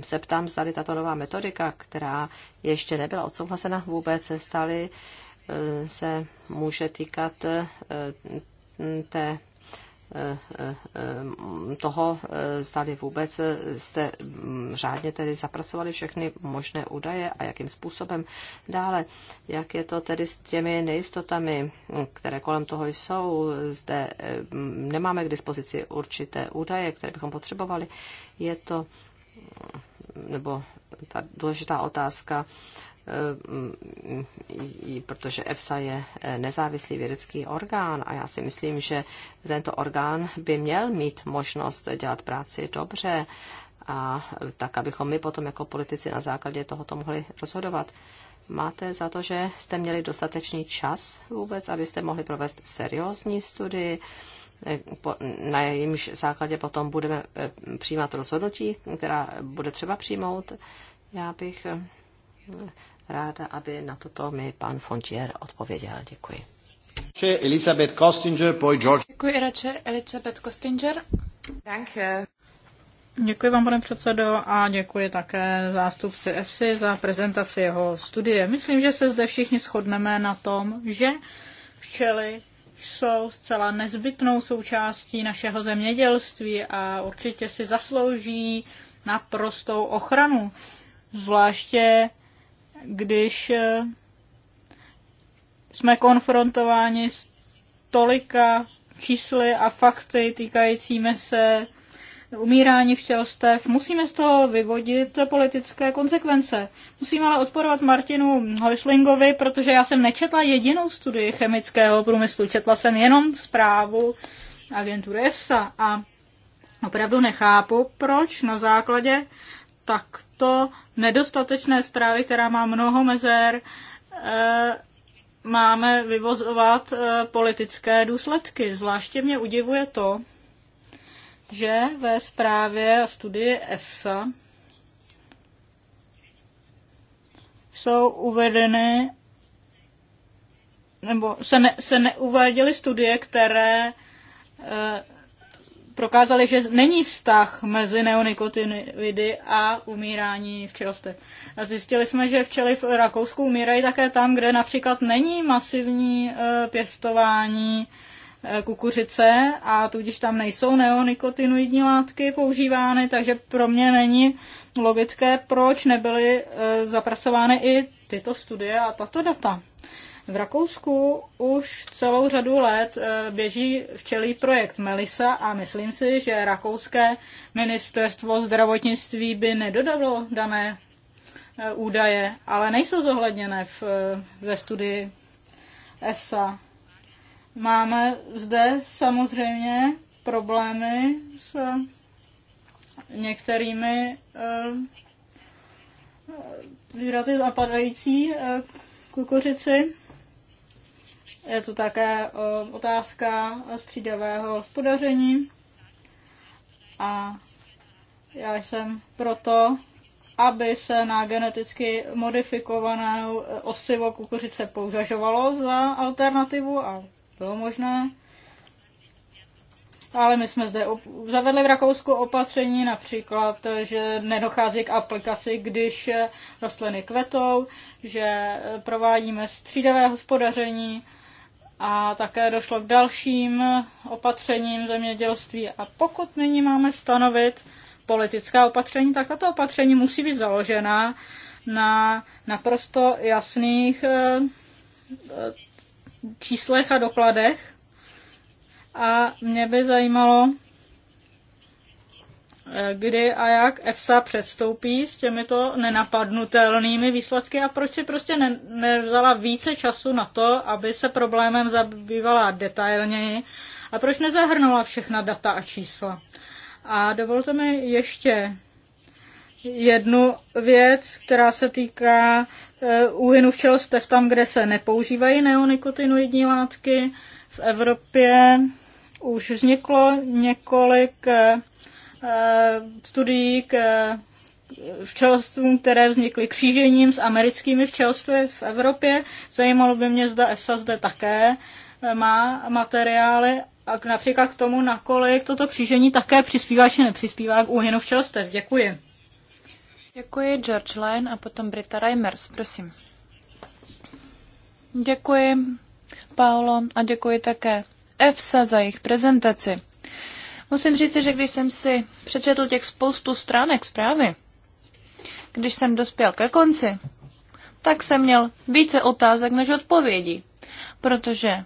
se ptám, zdali tato nová metodika, která ještě nebyla odsouhlasena vůbec, se zdali eh, se může týkat eh, té toho, zdali vůbec jste mm, řádně tedy zapracovali všechny možné údaje a jakým způsobem dále. Jak je to tedy s těmi nejistotami, které kolem toho jsou? Zde mm, nemáme k dispozici určité údaje, které bychom potřebovali. Je to mm, nebo ta důležitá otázka Eh, mm, protože EFSA je eh, nezávislý vědecký orgán a já si myslím, že tento orgán by měl mít možnost dělat práci dobře a tak, abychom my potom jako politici na základě tohoto mohli rozhodovat. Máte za to, že jste měli dostatečný čas vůbec, abyste mohli provést seriózní studii, eh, na jejímž základě potom budeme přijímat rozhodnutí, která bude třeba přijmout. Já bych ráda, aby na toto mi pan Fontier odpověděl. Děkuji. Elizabeth Kostinger, poi George. Děkuji, Radče Elizabeth Kostinger. Danke. Eh. Děkuji vám, pane předsedo, a děkuji také zástupci EFSI za prezentaci jeho studie. Myslím, že se zde všichni shodneme na tom, že včely jsou zcela nezbytnou součástí našeho zemědělství a určitě si zaslouží naprostou ochranu. Zvláště když eh, jsme konfrontováni s tolika čísly a fakty týkajícími se umírání včelstev, musíme z toho vyvodit politické konsekvence. Musím ale odporovat Martinu Hoislingovi, protože já jsem nečetla jedinou studii chemického průmyslu, četla jsem jenom zprávu agentury EFSA a opravdu nechápu, proč na základě takto nedostatečné zprávy, která má mnoho mezer, eh, máme vyvozovat eh, politické důsledky. Zvláště mě udivuje to, že ve zprávě a studii EFSA jsou uvedeny nebo se, ne, se neuváděly studie, které eh, prokázali, že není vztah mezi neonikotinoidy a umírání včelstev. A zjistili jsme, že včely v Rakousku umírají také tam, kde například není masivní e, pěstování e, kukuřice a tudíž tam nejsou neonikotinoidní látky používány, takže pro mě není logické, proč nebyly e, zapracovány i tyto studie a tato data. V Rakousku už celou řadu let eh, běží včelý projekt Melisa a myslím si, že rakouské ministerstvo zdravotnictví by nedodalo dané eh, údaje, ale nejsou zohledněné v, eh, ve studii EFSA. Máme zde samozřejmě problémy s některými výraty zapadající kukuřici. Je to také eh, otázka střídavého hospodaření a já jsem proto, aby se na geneticky modifikovanou eh, osivo kukuřice použažovalo za alternativu a bylo možné. Ale my jsme zde zavedli v Rakousku opatření například, eh, že nedochází k aplikaci, když rostliny kvetou, že provádíme střídavé hospodaření a také došlo k dalším opatřením zemědělství. A pokud nyní máme stanovit politická opatření, tak tato opatření musí být založena na naprosto jasných eh, eh, číslech a dokladech. A mě by zajímalo, kdy a jak EFSA předstoupí s těmito nenapadnutelnými výsledky a proč si prostě ne, nevzala více času na to, aby se problémem zabývala detailněji a proč nezahrnula všechna data a čísla. A dovolte mi ještě jednu věc, která se týká e, úhynu včelstev tam, kde se nepoužívají neonikotinoidní látky. V Evropě už vzniklo několik e, Eh, studií k eh, včelstvům, které vznikly křížením s americkými včelstvy v Evropě. Zajímalo by mě, zda EFSA zde také eh, má materiály a například k tomu, nakolik toto křížení také přispívá či nepřispívá k úhynu včelstev. Děkuji. Děkuji George Lane a potom Brita Reimers, prosím. Děkuji, Paolo, a děkuji také EFSA za jejich prezentaci. Musím říct, že když jsem si přečetl těch spoustu stránek zprávy, když jsem dospěl ke konci, tak jsem měl více otázek než odpovědí, protože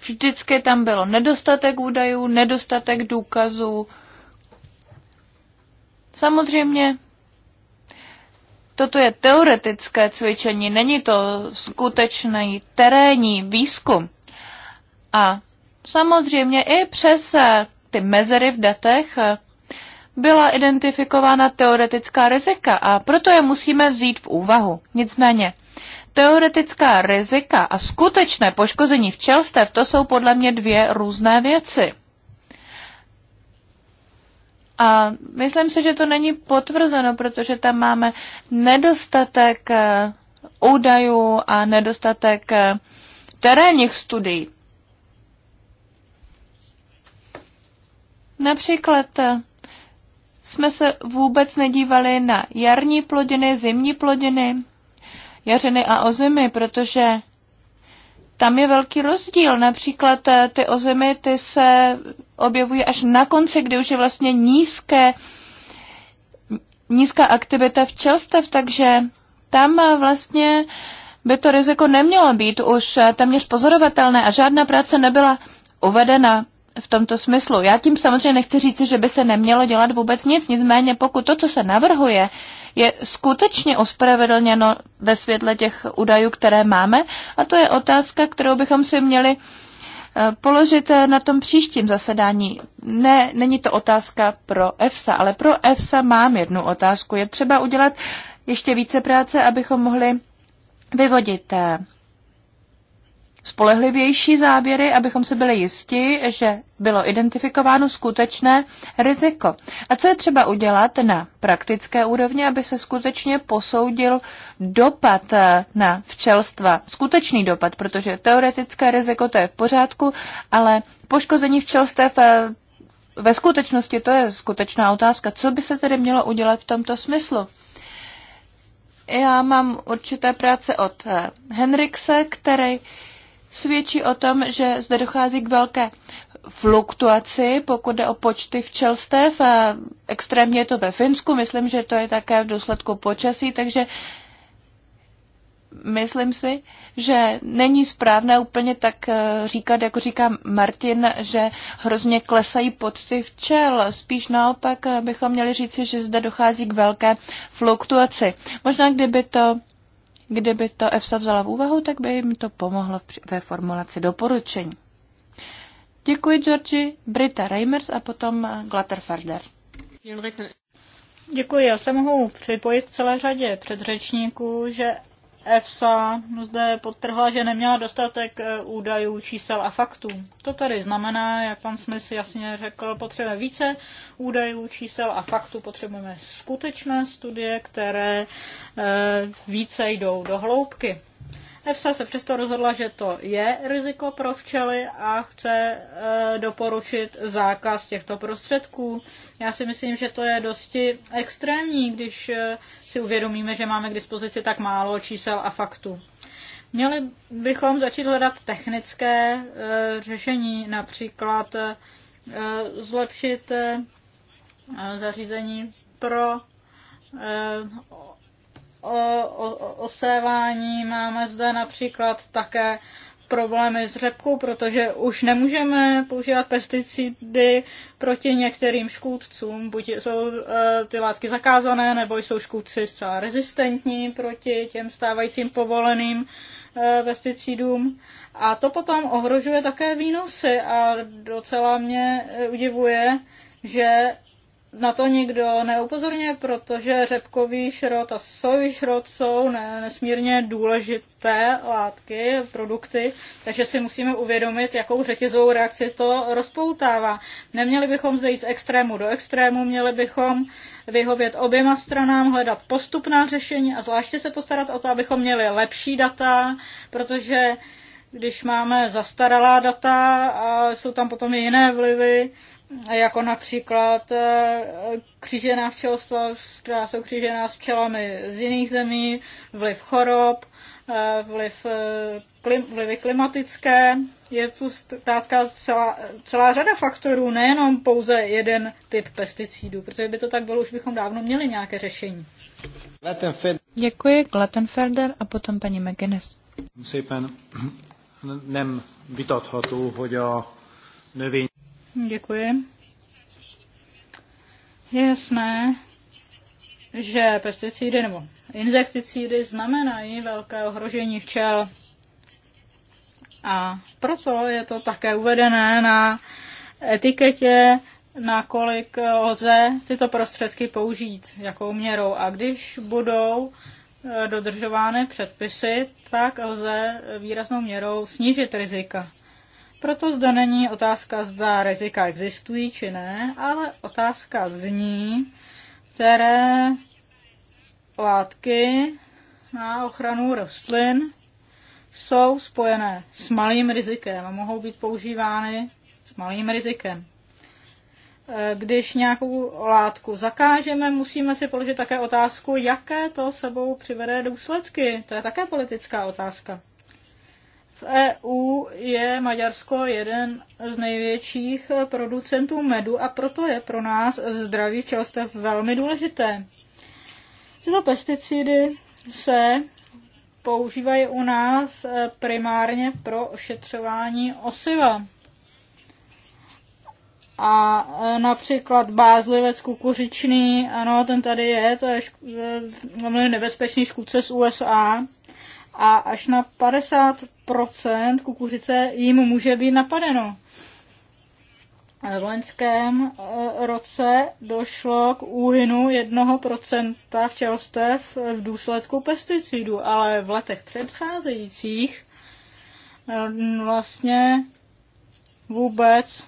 vždycky tam bylo nedostatek údajů, nedostatek důkazů. Samozřejmě toto je teoretické cvičení, není to skutečný terénní výzkum. A samozřejmě i přes eh, ty mezery v datech eh, byla identifikována teoretická rizika a proto je musíme vzít v úvahu. Nicméně, teoretická rizika a skutečné poškození včelstev, to jsou podle mě dvě různé věci. A myslím si, že to není potvrzeno, protože tam máme nedostatek eh, údajů a nedostatek terénních studií. Například eh, jsme se vůbec nedívali na jarní plodiny, zimní plodiny, jařiny a ozimy, protože tam je velký rozdíl. Například eh, ty ozimy, ty se objevují až na konci, kdy už je vlastně nízké, nízká aktivita včelstev, takže tam eh, vlastně by to riziko nemělo být už téměř pozorovatelné a žádná práce nebyla uvedena v tomto smyslu. Já tím samozřejmě nechci říct, že by se nemělo dělat vůbec nic, nicméně pokud to, co se navrhuje, je skutečně ospravedlněno ve světle těch údajů, které máme, a to je otázka, kterou bychom si měli eh, položit eh, na tom příštím zasedání. Ne, není to otázka pro EFSA, ale pro EFSA mám jednu otázku. Je třeba udělat ještě více práce, abychom mohli vyvodit eh, spolehlivější záběry, abychom si byli jisti, že bylo identifikováno skutečné riziko. A co je třeba udělat na praktické úrovni, aby se skutečně posoudil dopad eh, na včelstva, skutečný dopad, protože teoretické riziko to je v pořádku, ale poškození včelstev eh, ve skutečnosti to je skutečná otázka. Co by se tedy mělo udělat v tomto smyslu? Já mám určité práce od eh, Henrikse, který svědčí o tom, že zde dochází k velké fluktuaci, pokud jde o počty včelstev. A extrémně je to ve Finsku, myslím, že to je také v důsledku počasí, takže myslím si, že není správné úplně tak eh, říkat, jako říká Martin, že hrozně klesají pocty včel. Spíš naopak eh, bychom měli říci, že zde dochází k velké fluktuaci. Možná kdyby to Kdyby to EFSA vzala v úvahu, tak by jim to pomohlo ve formulaci doporučení. Děkuji, Georgi, Brita Reimers a potom eh, Glatterfarder. Děkuji, já se mohu připojit celé řadě předřečníků, že EFSA zde podtrhla, že neměla dostatek eh, údajů, čísel a faktů. To tady znamená, jak pan Smith jasně řekl, potřebujeme více údajů, čísel a faktů, potřebujeme skutečné studie, které eh, více jdou do hloubky. EFSA se přesto rozhodla, že to je riziko pro včely a chce e, doporučit zákaz těchto prostředků. Já si myslím, že to je dosti extrémní, když e, si uvědomíme, že máme k dispozici tak málo čísel a faktů. Měli bychom začít hledat technické e, řešení, například zlepšit zařízení pro o, o, osévání, máme zde například také problémy s řepkou, protože už nemůžeme používat pesticidy proti některým škůdcům. Buď jsou e, ty látky zakázané, nebo jsou škůdci zcela rezistentní proti těm stávajícím povoleným e, pesticidům. A to potom ohrožuje také výnosy a docela mě e, udivuje, že na to nikdo neupozorňuje, protože řepkový šrot a sojový šrot jsou nesmírně důležité látky, produkty, takže si musíme uvědomit, jakou řetězovou reakci to rozpoutává. Neměli bychom zde jít z extrému do extrému, měli bychom vyhovět oběma stranám, hledat postupná řešení a zvláště se postarat o to, abychom měli lepší data, protože když máme zastaralá data a jsou tam potom i jiné vlivy, jako například eh, křížená včelstva, která jsou křížená s včelami z jiných zemí, vliv chorob, eh, vliv, eh, klim, vlivy klimatické. Je tu zkrátka celá, celá řada faktorů, nejenom pouze jeden typ pesticidů, protože by to tak bylo, už bychom dávno měli nějaké řešení. Děkuji, Glattenfelder a potom paní McGuinness. Szépen nem vitatható, hogy a növény Děkuji. Je jasné, že pesticidy nebo insekticidy znamenají velké ohrožení včel. A proto je to také uvedené na etiketě, nakolik lze tyto prostředky použít, jakou měrou. A když budou eh, dodržovány předpisy, tak lze výraznou měrou snížit rizika. Proto zde není otázka, zda rizika existují či ne, ale otázka zní, které látky na ochranu rostlin jsou spojené s malým rizikem a mohou být používány s malým rizikem. Když nějakou látku zakážeme, musíme si položit také otázku, jaké to sebou přivede důsledky. To je také politická otázka. EU je Maďarsko jeden z největších producentů medu a proto je pro nás zdraví včelstev velmi důležité. Tyto pesticidy se používají u nás primárně pro ošetřování osiva. A například bázlivec kukuřičný, ano, ten tady je, to je velmi nebezpečný škůdce z USA a až na 50% kukuřice jim může být napadeno. V loňském eh, roce došlo k úhynu 1% včelstev v důsledku pesticidů, ale v letech předcházejících eh, vlastně vůbec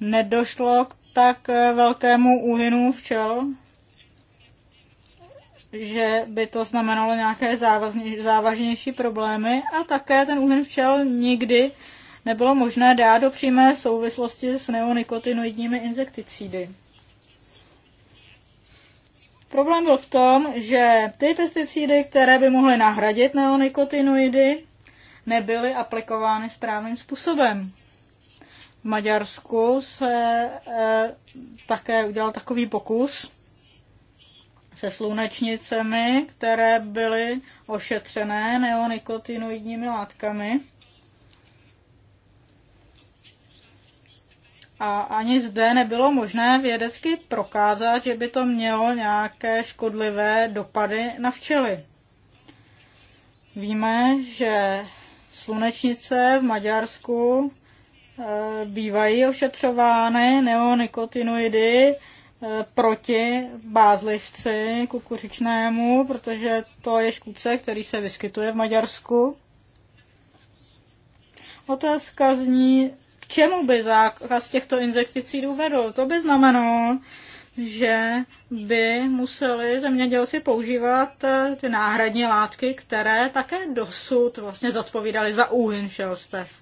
nedošlo k tak eh, velkému úhynu včel že by to znamenalo nějaké závazně, závažnější problémy a také ten úhyn včel nikdy nebylo možné dát do přímé souvislosti s neonikotinoidními insekticídy. Problém byl v tom, že ty pesticidy, které by mohly nahradit neonikotinoidy, nebyly aplikovány správným způsobem. V Maďarsku se e, také udělal takový pokus, se slunečnicemi, které byly ošetřené neonikotinoidními látkami. A ani zde nebylo možné vědecky prokázat, že by to mělo nějaké škodlivé dopady na včely. Víme, že slunečnice v Maďarsku eh, bývají ošetřovány neonikotinoidy, Eh, proti bázlivci kukuřičnému, protože to je škůdce, který se vyskytuje v Maďarsku. Otázka zní, k čemu by zákaz těchto insekticidů vedl? To by znamenalo, že by museli zemědělci používat eh, ty náhradní látky, které také dosud vlastně zodpovídaly za úhyn šelstev.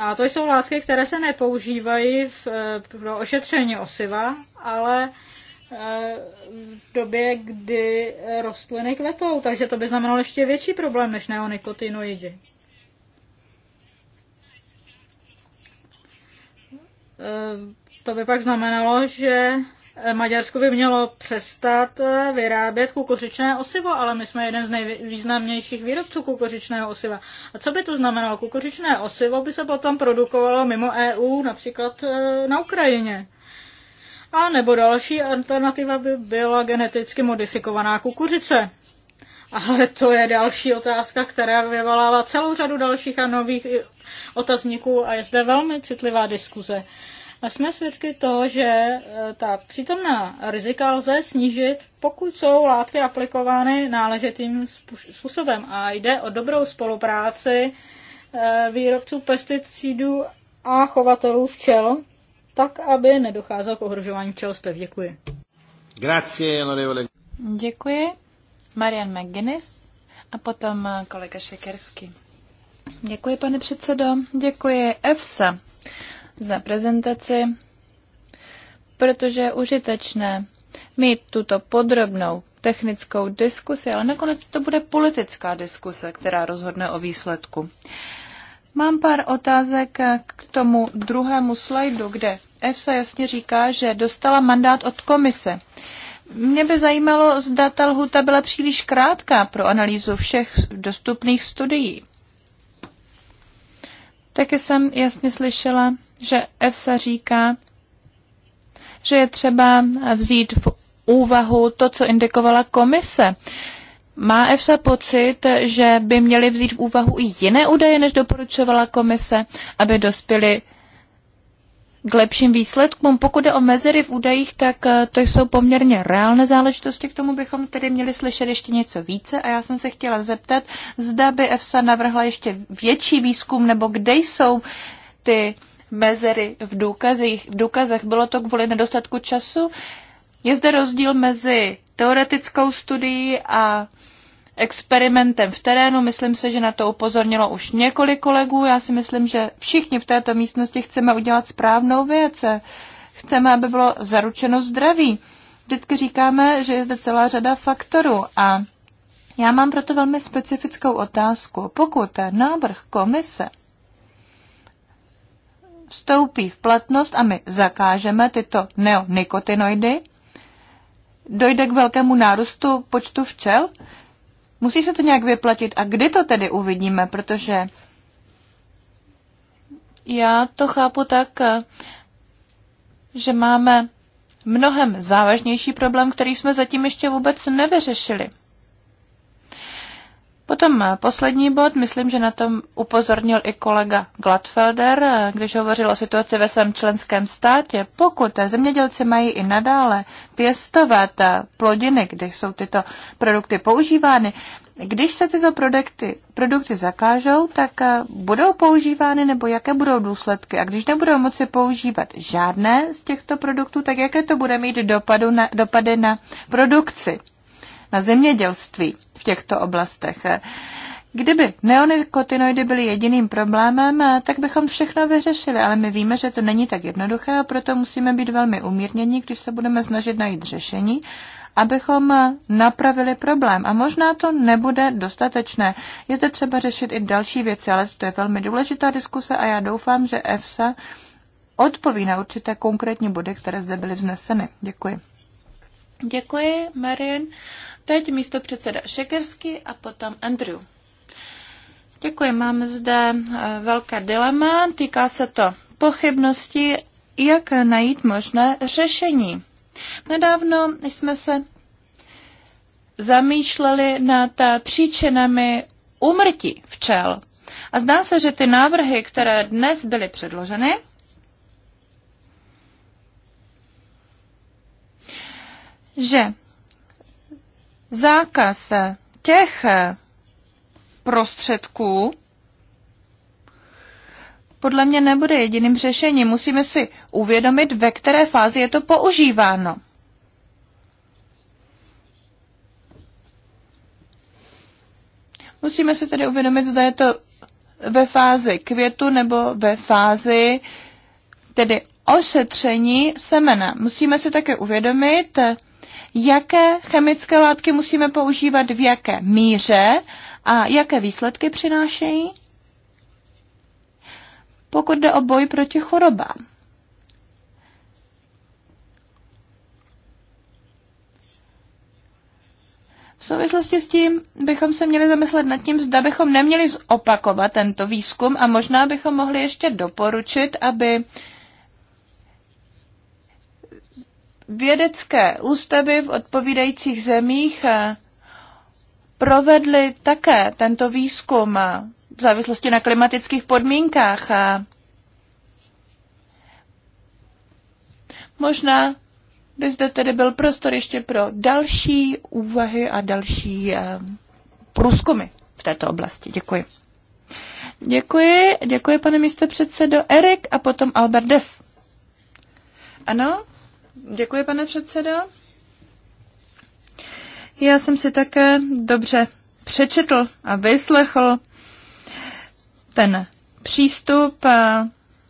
A to jsou látky, které se nepoužívají v, eh, pro ošetření osiva, ale eh, v době, kdy rostliny kvetou, takže to by znamenalo ještě větší problém než neonikotinoidy. Eh, to by pak znamenalo, že Maďarsko by mělo přestat eh, vyrábět kukuřičné osivo, ale my jsme jeden z nejvýznamnějších výrobců kukuřičného osiva. A co by to znamenalo? Kukuřičné osivo by se potom produkovalo mimo EU, například eh, na Ukrajině. A nebo další alternativa by byla geneticky modifikovaná kukuřice. Ale to je další otázka, která vyvolává celou řadu dalších a nových otazníků a je zde velmi citlivá diskuze. A jsme svědky toho, že e, ta přítomná rizika lze snížit, pokud jsou látky aplikovány náležitým způsobem. A jde o dobrou spolupráci e, výrobců pesticidů a chovatelů včel, tak, aby nedocházelo k ohrožování včelstev. Děkuji. Grazie, onorevole. Děkuji. Marian McGuinness a potom e, kolega Šekersky. Děkuji, pane předsedo. Děkuji EFSA za prezentaci, protože je užitečné mít tuto podrobnou technickou diskusi, ale nakonec to bude politická diskuse, která rozhodne o výsledku. Mám pár otázek k tomu druhému slajdu, kde EFSA jasně říká, že dostala mandát od komise. Mě by zajímalo, zda ta lhuta byla příliš krátká pro analýzu všech dostupných studií. Také jsem jasně slyšela, že EFSA říká, že je třeba vzít v úvahu to, co indikovala komise. Má EFSA pocit, že by měli vzít v úvahu i jiné údaje, než doporučovala komise, aby dospěli k lepším výsledkům. Pokud je o mezery v údajích, tak eh, to jsou poměrně reálné záležitosti. K tomu bychom tedy měli slyšet ještě něco více. A já jsem se chtěla zeptat, zda by EFSA navrhla ještě větší výzkum, nebo kde jsou ty mezery v důkazích. V důkazech bylo to kvůli nedostatku času. Je zde rozdíl mezi teoretickou studií a experimentem v terénu. Myslím se, že na to upozornilo už několik kolegů. Já si myslím, že všichni v této místnosti chceme udělat správnou věc. Chceme, aby bylo zaručeno zdraví. Vždycky říkáme, že je zde celá řada faktorů a já mám proto velmi specifickou otázku. Pokud návrh komise vstoupí v platnost a my zakážeme tyto neonikotinoidy, dojde k velkému nárůstu počtu včel? Musí se to nějak vyplatit. A kdy to tedy uvidíme? Protože já to chápu tak, eh, že máme mnohem závažnější problém, který jsme zatím ještě vůbec nevyřešili. Potom eh, poslední bod, myslím, že na tom upozornil i kolega Gladfelder, eh, když hovořil o situaci ve svém členském státě. Pokud zemědělci mají i nadále pěstovat eh, plodiny, kde jsou tyto produkty používány, když se tyto produkty, produkty zakážou, tak budou používány nebo jaké budou důsledky? A když nebudou moci používat žádné z těchto produktů, tak jaké to bude mít dopadu na, dopady na produkci na zemědělství v těchto oblastech. Kdyby neonikotinoidy byly jediným problémem, tak bychom všechno vyřešili, ale my víme, že to není tak jednoduché a proto musíme být velmi umírnění, když se budeme snažit najít řešení, abychom napravili problém. A možná to nebude dostatečné. Je zde třeba řešit i další věci, ale to je velmi důležitá diskuse a já doufám, že EFSA odpoví na určité konkrétní body, které zde byly vzneseny. Děkuji. Děkuji, Marian. Teď místo předseda Šekersky a potom Andrew. Děkuji, mám zde eh, velké dilema. Týká se to pochybnosti, jak najít možné řešení. Nedávno jsme se zamýšleli nad eh, příčinami umrtí včel. A zdá se, že ty návrhy, které dnes byly předloženy, že zákaz těch prostředků podle mě nebude jediným řešením. Musíme si uvědomit, ve které fázi je to používáno. Musíme si tedy uvědomit, zda je to ve fázi květu nebo ve fázi tedy ošetření semena. Musíme si také uvědomit, jaké chemické látky musíme používat, v jaké míře a jaké výsledky přinášejí, pokud jde o boj proti chorobám. V souvislosti s tím bychom se měli zamyslet nad tím, zda bychom neměli zopakovat tento výzkum a možná bychom mohli ještě doporučit, aby vědecké ústavy v odpovídajících zemích eh, provedly také tento výzkum eh, v závislosti na klimatických podmínkách. Eh. Možná by zde tedy byl prostor ještě pro další úvahy a další průzkumy v této oblasti. Děkuji. Děkuji, děkuji pane místo předsedo Erik a potom Albert Des. Ano, Děkuji, pane předsedo. Já jsem si také dobře přečetl a vyslechl ten přístup, eh,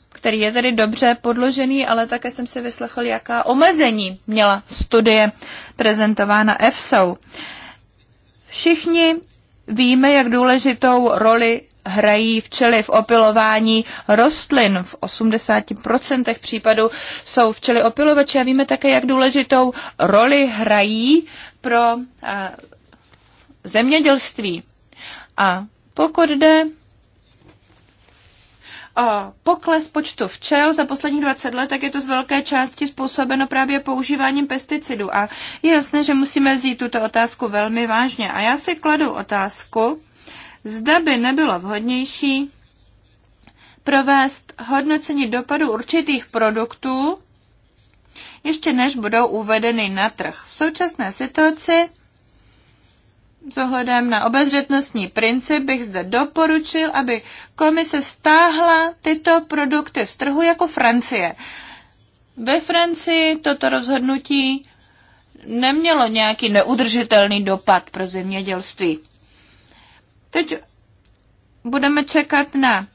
který je tedy dobře podložený, ale také jsem si vyslechl, jaká omezení měla studie prezentována EFSA. Všichni Víme, jak důležitou roli hrají včely v opilování rostlin. V 80% případů jsou včely opilovače a víme také, jak důležitou roli hrají pro eh, zemědělství. A pokud jde pokles počtu včel za posledních 20 let, tak je to z velké části způsobeno právě používáním pesticidů. A je jasné, že musíme vzít tuto otázku velmi vážně. A já si kladu otázku, zda by nebylo vhodnější provést hodnocení dopadu určitých produktů, ještě než budou uvedeny na trh. V současné situaci s ohledem na obezřetnostní princip bych zde doporučil, aby komise stáhla tyto produkty z trhu jako Francie. Ve Francii toto rozhodnutí nemělo nějaký neudržitelný dopad pro zemědělství. Teď budeme čekat na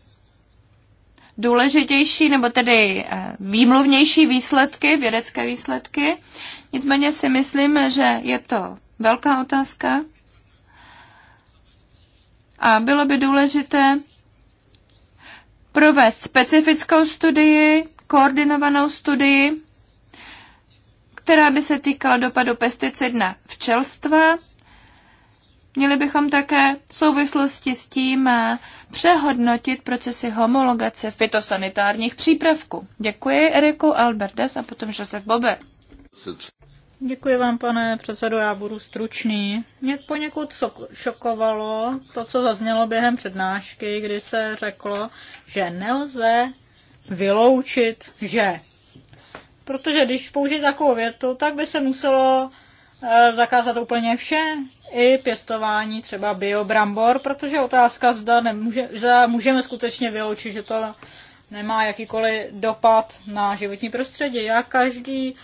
důležitější nebo tedy eh, výmluvnější výsledky, vědecké výsledky. Nicméně si myslím, že je to velká otázka. A bylo by důležité provést specifickou studii, koordinovanou studii, která by se týkala dopadu pesticid na včelstva. Měli bychom také v souvislosti s tím přehodnotit procesy homologace fitosanitárních přípravků. Děkuji Eriku Albertes a potom Josef Bobe. Děkuji vám, pane předsedo, já budu stručný. Mě poněkud šokovalo to, co zaznělo během přednášky, kdy se řeklo, že nelze vyloučit, že. Protože když použít takovou větu, tak by se muselo eh, zakázat úplně vše, i pěstování třeba biobrambor, protože otázka zda, nemůže, zda můžeme skutečně vyloučit, že to nemá jakýkoliv dopad na životní prostředí. Já každý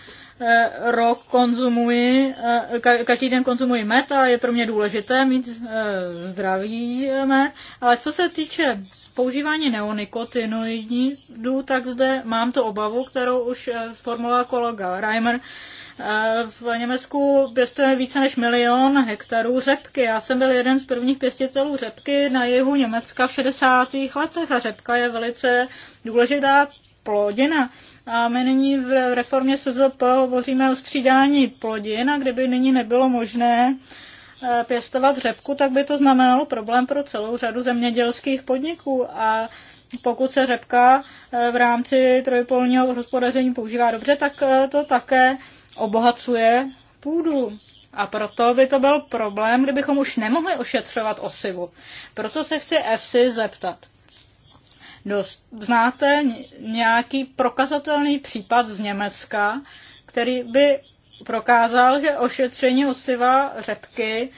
Eh, rok konzumuji, eh, každý den konzumuji met a je pro mě důležité mít eh, zdravý met. Ale co se týče používání neonikotinoidů, tak zde mám tu obavu, kterou už formuloval kolega Reimer. V Německu pěstuje více než milion hektarů řepky. Já jsem byl jeden z prvních pěstitelů řepky na jihu Německa v 60. letech a řepka je velice důležitá plodina. A my nyní v reformě SZP hovoříme o střídání plodin a kdyby nyní nebylo možné eh, pěstovat řepku, tak by to znamenalo problém pro celou řadu zemědělských podniků. A pokud se řepka eh, v rámci trojpolního hospodaření používá dobře, tak eh, to také obohacuje půdu. A proto by to byl problém, kdybychom už nemohli ošetřovat osivu. Proto se chci EFSI zeptat. No, Znáte nějaký prokazatelný případ z Německa, který by prokázal, že ošetření osiva řepky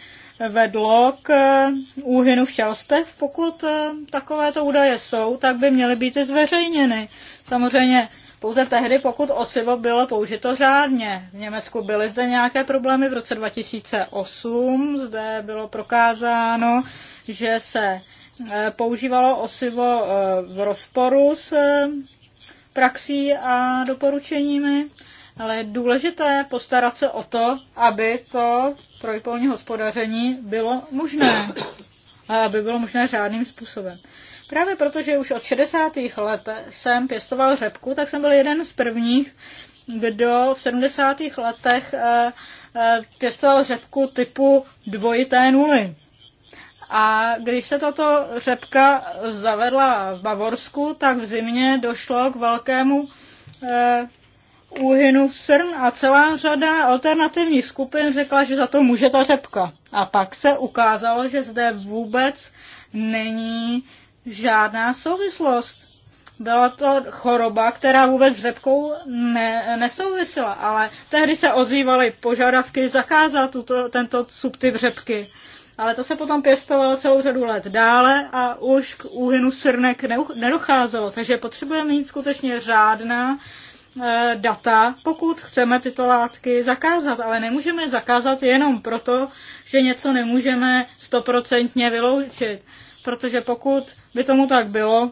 vedlo k eh, úhynu včelstev. Pokud eh, takovéto údaje jsou, tak by měly být i zveřejněny. Samozřejmě pouze tehdy, pokud osivo bylo použito řádně. V Německu byly zde nějaké problémy v roce 2008. Zde bylo prokázáno, že se Eh, používalo osivo eh, v rozporu s eh, praxí a doporučeními, ale je důležité postarat se o to, aby to trojpolní hospodaření bylo možné a aby bylo možné řádným způsobem. Právě protože už od 60. let jsem pěstoval řepku, tak jsem byl jeden z prvních, kdo v 70. letech pěstoval řepku typu dvojité nuly. A když se tato řepka zavedla v Bavorsku, tak v zimě došlo k velkému eh, úhynu srn a celá řada alternativních skupin řekla, že za to může ta řepka. A pak se ukázalo, že zde vůbec není žádná souvislost. Byla to choroba, která vůbec s řepkou ne, nesouvisela, ale tehdy se ozývaly požadavky zakázat tuto, tento subtyp řepky ale to se potom pěstovalo celou řadu let dále a už k úhynu srnek nedocházelo. Takže potřebujeme mít skutečně řádná eh, data, pokud chceme tyto látky zakázat, ale nemůžeme zakázat jenom proto, že něco nemůžeme stoprocentně vyloučit. Protože pokud by tomu tak bylo,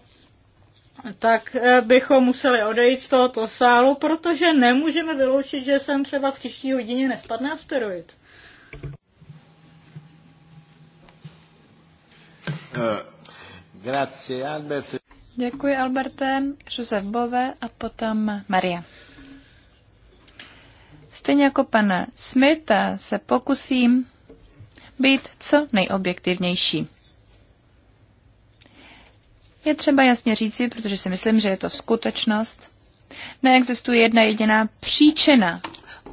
tak eh, bychom museli odejít z tohoto sálu, protože nemůžeme vyloučit, že sem třeba v příští hodině nespadne asteroid. Eh, Děkuji, Alberte, Josef Bove a potom Maria. Stejně jako pana Smita eh, se pokusím být co nejobjektivnější. Je třeba jasně říci, protože si myslím, že je to skutečnost. Neexistuje jedna jediná příčina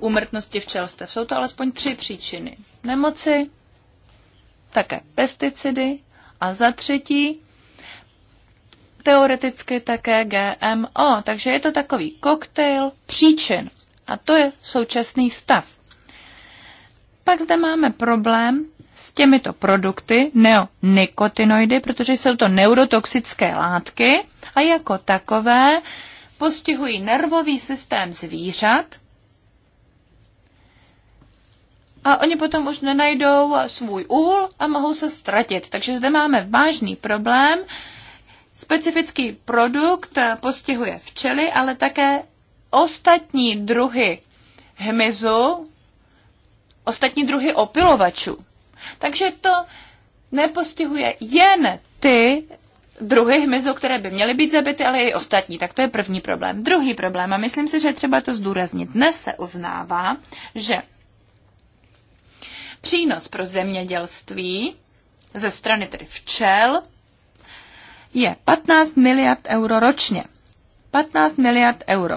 úmrtnosti včelstev. Jsou to alespoň tři příčiny. Nemoci, také pesticidy a za třetí, teoreticky také GMO. Takže je to takový koktejl příčin. A to je současný stav. Pak zde máme problém s těmito produkty, neonikotinoidy, protože jsou to neurotoxické látky a jako takové postihují nervový systém zvířat a oni potom už nenajdou svůj úl a mohou se ztratit. Takže zde máme vážný problém. Specifický produkt postihuje včely, ale také ostatní druhy hmyzu, ostatní druhy opilovačů. Takže to nepostihuje jen ty druhy hmyzu, které by měly být zabity, ale i ostatní. Tak to je první problém. Druhý problém, a myslím si, že třeba to zdůraznit, dnes se uznává, že Přínos pro zemědělství ze strany tedy včel je 15 miliard euro ročně. 15 miliard euro.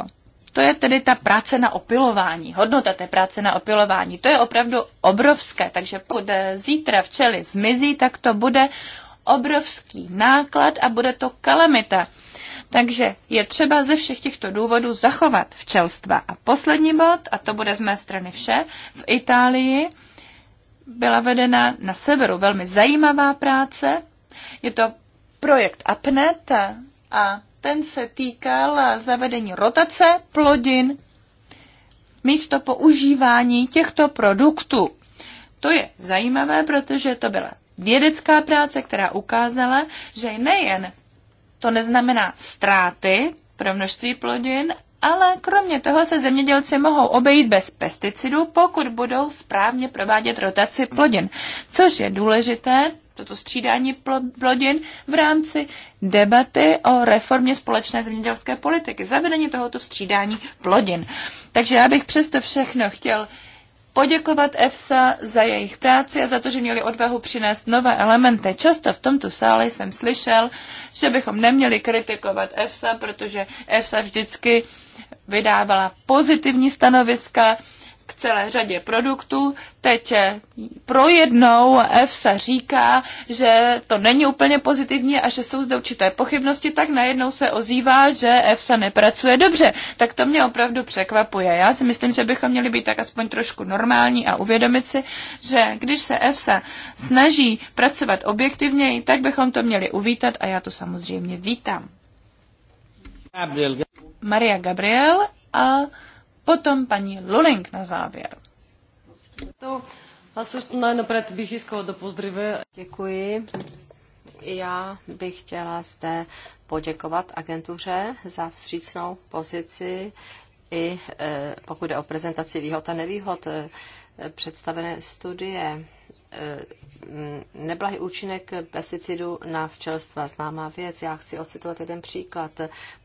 To je tedy ta práce na opilování, hodnota té práce na opilování. To je opravdu obrovské, takže pokud zítra včely zmizí, tak to bude obrovský náklad a bude to kalamita. Takže je třeba ze všech těchto důvodů zachovat včelstva. A poslední bod, a to bude z mé strany vše, v Itálii byla vedena na severu velmi zajímavá práce. Je to projekt APNET a ten se týkal zavedení rotace plodin místo používání těchto produktů. To je zajímavé, protože to byla vědecká práce, která ukázala, že nejen to neznamená ztráty pro množství plodin, ale kromě toho se zemědělci mohou obejít bez pesticidů, pokud budou správně provádět rotaci plodin, což je důležité, toto střídání plodin v rámci debaty o reformě společné zemědělské politiky, zavedení tohoto střídání plodin. Takže já bych přesto všechno chtěl poděkovat EFSA za jejich práci a za to, že měli odvahu přinést nové elementy. Často v tomto sále jsem slyšel, že bychom neměli kritikovat EFSA, protože EFSA vždycky uh, vydávala pozitivní stanoviska k celé řadě produktů. Teď eh, pro jednou EFSA říká, že to není úplně pozitivní a že jsou zde určité pochybnosti, tak najednou se ozývá, že EFSA nepracuje dobře. Tak to mě opravdu překvapuje. Já si myslím, že bychom měli být tak aspoň trošku normální a uvědomit si, že když se EFSA snaží pracovat objektivněji, tak bychom to měli uvítat a já to samozřejmě vítám. Maria Gabriel a potom paní Luling na závěr. To asi najnapřed bych do pozdravy. Děkuji. Já bych chtěla zde poděkovat agentuře za vstřícnou pozici i e, pokud jde o prezentaci výhod a nevýhod e, představené studie e, Mm, neblahý účinek pesticidů na včelstva. Známá věc. Já chci ocitovat jeden příklad.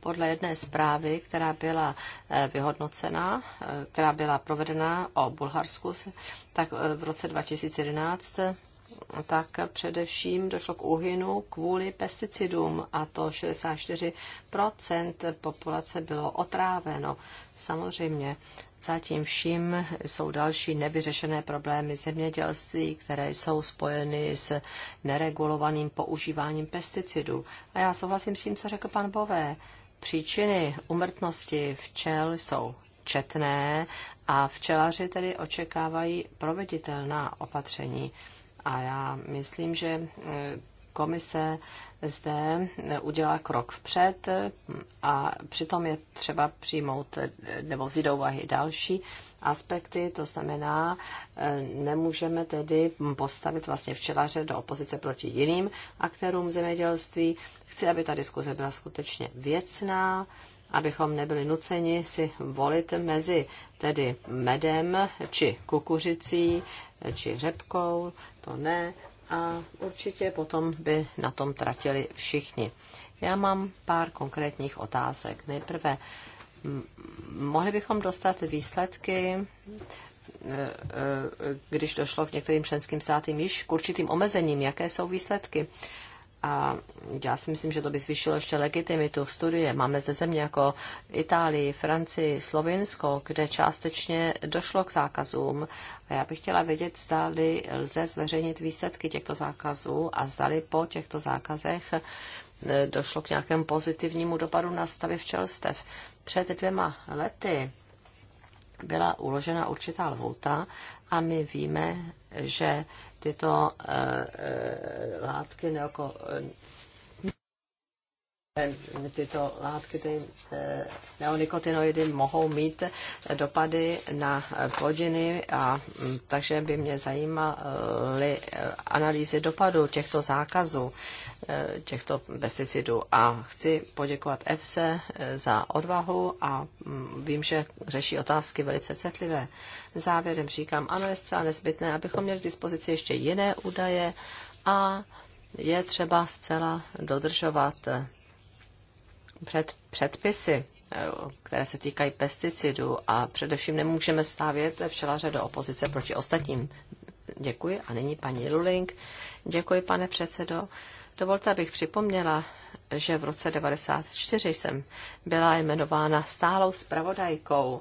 Podle jedné zprávy, která byla eh, vyhodnocena, eh, která byla provedena o Bulharsku, tak eh, v roce 2011 tak především došlo k úhynu kvůli pesticidům a to 64 populace bylo otráveno. Samozřejmě zatím vším jsou další nevyřešené problémy zemědělství, které jsou spojeny s neregulovaným používáním pesticidů. A já souhlasím s tím, co řekl pan Bové. Příčiny umrtnosti včel jsou četné a včelaři tedy očekávají proveditelná opatření. A já myslím, že eh, komise zde eh, udělá krok vpřed eh, a přitom je třeba přijmout nebo vzít do úvahy další aspekty, to znamená, nemůžeme tedy postavit vlastně včelaře do opozice proti jiným aktérům zemědělství. Chci, aby ta diskuze byla skutečně věcná, abychom nebyli nuceni si volit mezi tedy medem či kukuřicí či řepkou, to ne. A určitě potom by na tom tratili všichni. Já mám pár konkrétních otázek. Nejprve, mohli bychom dostat výsledky, e, e, když došlo k některým členským státům již k určitým omezením, jaké jsou výsledky. A já si myslím, že to by zvýšilo ještě legitimitu v studie. Máme zde země jako Itálii, Francii, Slovinsko, kde částečně došlo k zákazům. A já bych chtěla vědět, zdali lze zveřejnit výsledky těchto zákazů a zdali po těchto zákazech e, došlo k nějakému pozitivnímu dopadu na stavy včelstev. Před dvěma lety byla uložena určitá lhouta a my víme, že tyto eh, eh, látky, neoko, jako, eh, tyto látky, ty eh, neonikotinoidy, mohou mít dopady na plodiny a mm, takže by mě zajímaly eh, analýzy dopadu těchto zákazů, eh, těchto pesticidů. A chci poděkovat EFSE za odvahu a mm, vím, že řeší otázky velice citlivé. Závěrem říkám, ano, je zcela nezbytné, abychom měli k dispozici ještě jiné údaje a je třeba zcela dodržovat před, předpisy, eh, které se týkají pesticidů a především nemůžeme stavět všelaře do opozice proti ostatním. Děkuji a nyní paní Luling. Děkuji, pane předsedo. Dovolte, abych připomněla, že v roce 1994 jsem byla jmenována stálou zpravodajkou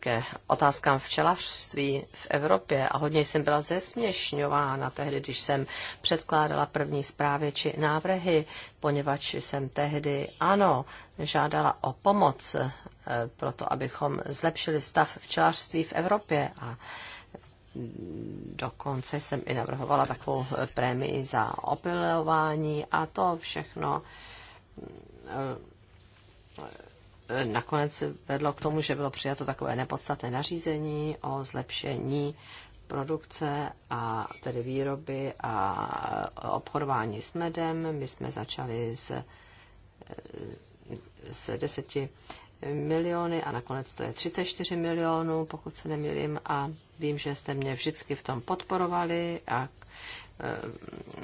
k otázkám včelařství v Evropě a hodně jsem byla zesměšňována tehdy, když jsem předkládala první zprávy či návrhy, poněvadž jsem tehdy, ano, žádala o pomoc eh, pro to, abychom zlepšili stav včelařství v Evropě a dokonce jsem i navrhovala takovou eh, prémii za opilování a to všechno eh, nakonec vedlo k tomu, že bylo přijato takové nepodstatné nařízení o zlepšení produkce a tedy výroby a obchodování s medem. My jsme začali s, s 10 miliony a nakonec to je 34 milionů, pokud se nemýlím. A vím, že jste mě vždycky v tom podporovali a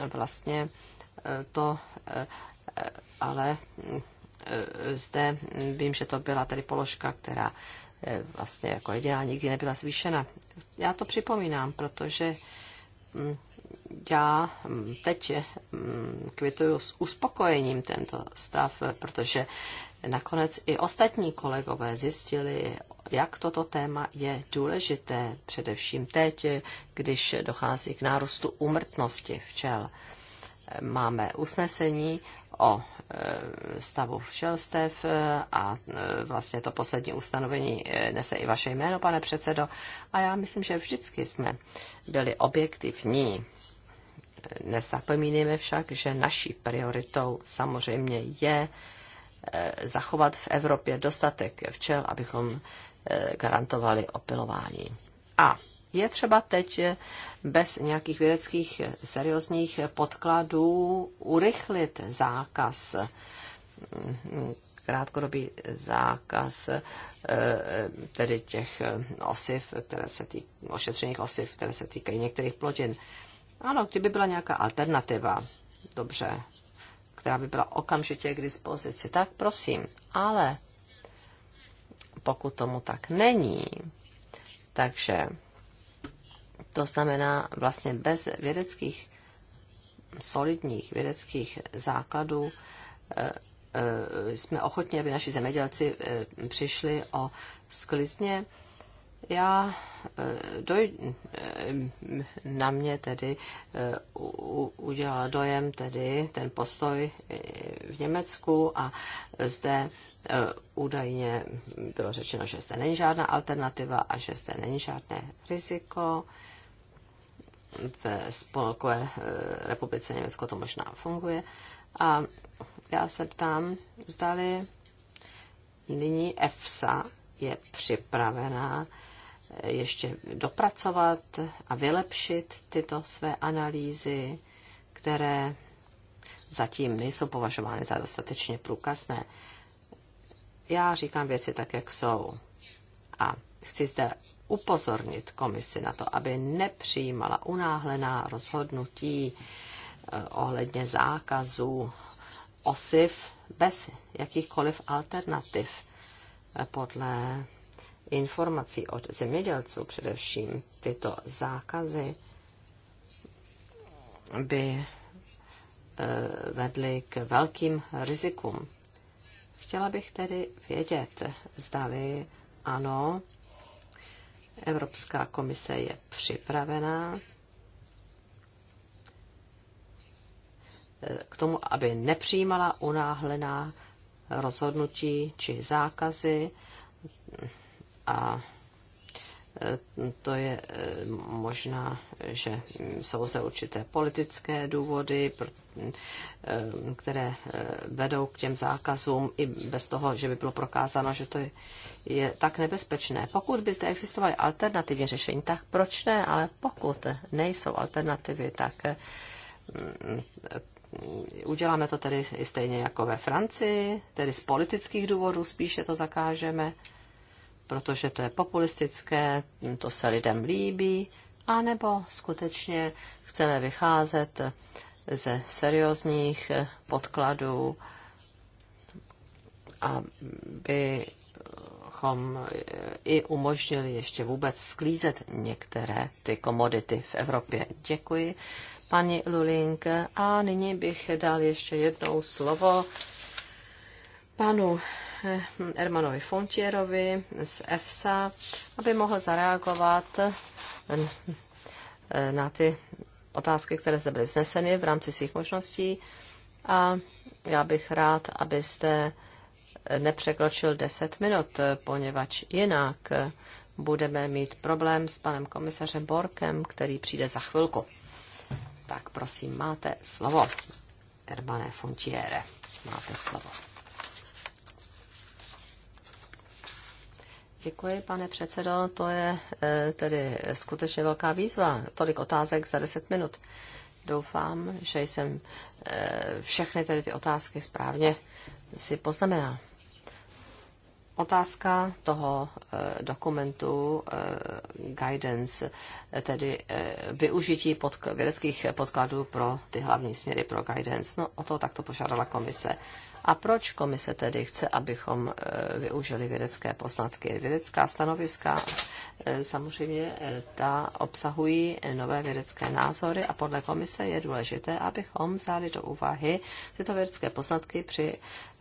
e, vlastně e, to e, ale Eh, zde vím, že to byla tedy položka, která eh, vlastně jako jediná nikdy nebyla zvýšena. Já to připomínám, protože mm, já mm, teď eh, mm, kvituju s uspokojením tento stav, protože nakonec i ostatní kolegové zjistili, jak toto téma je důležité, především teď, když dochází k nárůstu umrtnosti včel. Máme usnesení o Eh, stavu včelstev eh, a eh, vlastně to poslední ustanovení nese i vaše jméno, pane předsedo. A já myslím, že vždycky jsme byli objektivní. Nezapomínejme však, že naší prioritou samozřejmě je zachovat v Evropě dostatek včel, abychom garantovali opilování. A je třeba teď bez nějakých vědeckých seriózních podkladů urychlit zákaz, krátkodobý zákaz eh, tedy těch osiv, které se týkají, ošetřených osiv, které se týkají některých plodin. Ano, kdyby byla nějaká alternativa, dobře, která by byla okamžitě k dispozici, tak prosím, ale pokud tomu tak není, takže to znamená vlastně bez vědeckých, solidních vědeckých základů eh, eh, jsme ochotni, aby naši zemědělci eh, přišli o sklizně. Já doj, na mě tedy udělal dojem tedy ten postoj v Německu a zde údajně bylo řečeno, že zde není žádná alternativa a že zde není žádné riziko v Spolkové eh, republice Německo to možná funguje. A já se ptám, zdali nyní EFSA je připravená eh, ještě dopracovat a vylepšit tyto své analýzy, které zatím nejsou považovány za dostatečně průkazné. Já říkám věci tak, jak jsou. A chci zde upozornit komisi na to, aby nepřijímala unáhlená rozhodnutí eh, ohledně zákazu osiv bez jakýchkoliv alternativ eh, podle informací od zemědělců především tyto zákazy by eh, vedly k velkým rizikům. Chtěla bych tedy vědět, zdali ano, Evropská komise je připravená eh, k tomu, aby nepřijímala unáhlená rozhodnutí či zákazy a Eh, to je eh, možná, že mm, jsou zde určité politické důvody, eh, které vedou k těm zákazům i bez toho, že by bylo prokázáno, že to je, je tak nebezpečné. Pokud by zde existovaly alternativní řešení, tak proč ne? Ale pokud nejsou alternativy, tak mm, uděláme to tedy stejně jako ve Francii, tedy z politických důvodů spíše to zakážeme protože to je populistické, to se lidem líbí, anebo skutečně chceme vycházet ze seriózních podkladů, abychom i umožnili ještě vůbec sklízet některé ty komodity v Evropě. Děkuji, paní Lulink. A nyní bych dal ještě jednou slovo panu Eh, Ermanovi Fontierovi z EFSA, aby mohl zareagovat eh, eh, na ty otázky, které zde byly vzneseny v rámci svých možností. A já bych rád, abyste nepřekročil 10 minut, poněvadž jinak budeme mít problém s panem komisařem Borkem, který přijde za chvilku. Tak prosím, máte slovo. Erbané Fontiere, máte slovo. Děkuji, pane předsedo. To je e, tedy skutečně velká výzva. Tolik otázek za 10 minut. Doufám, že jsem e, všechny tedy ty otázky správně si poznamenal. Otázka toho e, dokumentu guidance, tedy využití pod, vědeckých podkladů pro ty hlavní směry pro guidance. No, o to takto požádala komise. A proč komise tedy chce, abychom eh, využili vědecké poznatky? Vědecká stanoviska eh, samozřejmě eh, ta obsahují nové vědecké názory a podle komise je důležité, abychom vzali do úvahy tyto vědecké poznatky při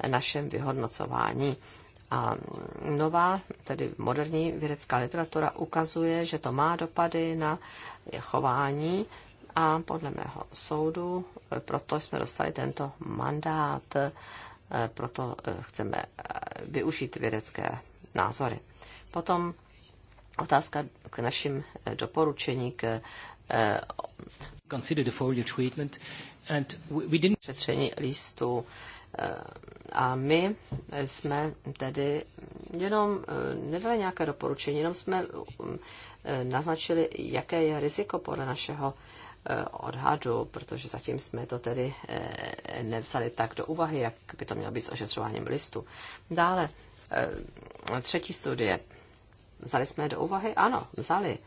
našem vyhodnocování. A nová, tedy moderní vědecká literatura ukazuje, že to má dopady na chování a podle mého soudu proto jsme dostali tento mandát Eh, proto eh, chceme eh, využít vědecké názory. Potom otázka k našim doporučení k consider the folio treatment and we didn't šetření listů a my jsme tedy jenom nedali nějaké doporučení, jenom jsme mm, naznačili, jaké je riziko podle našeho Eh, odhadu, protože zatím jsme to tedy eh, nevzali tak do úvahy, jak by to mělo být s ošetřováním listu. Dále, eh, třetí studie. Vzali jsme do úvahy? Ano, vzali.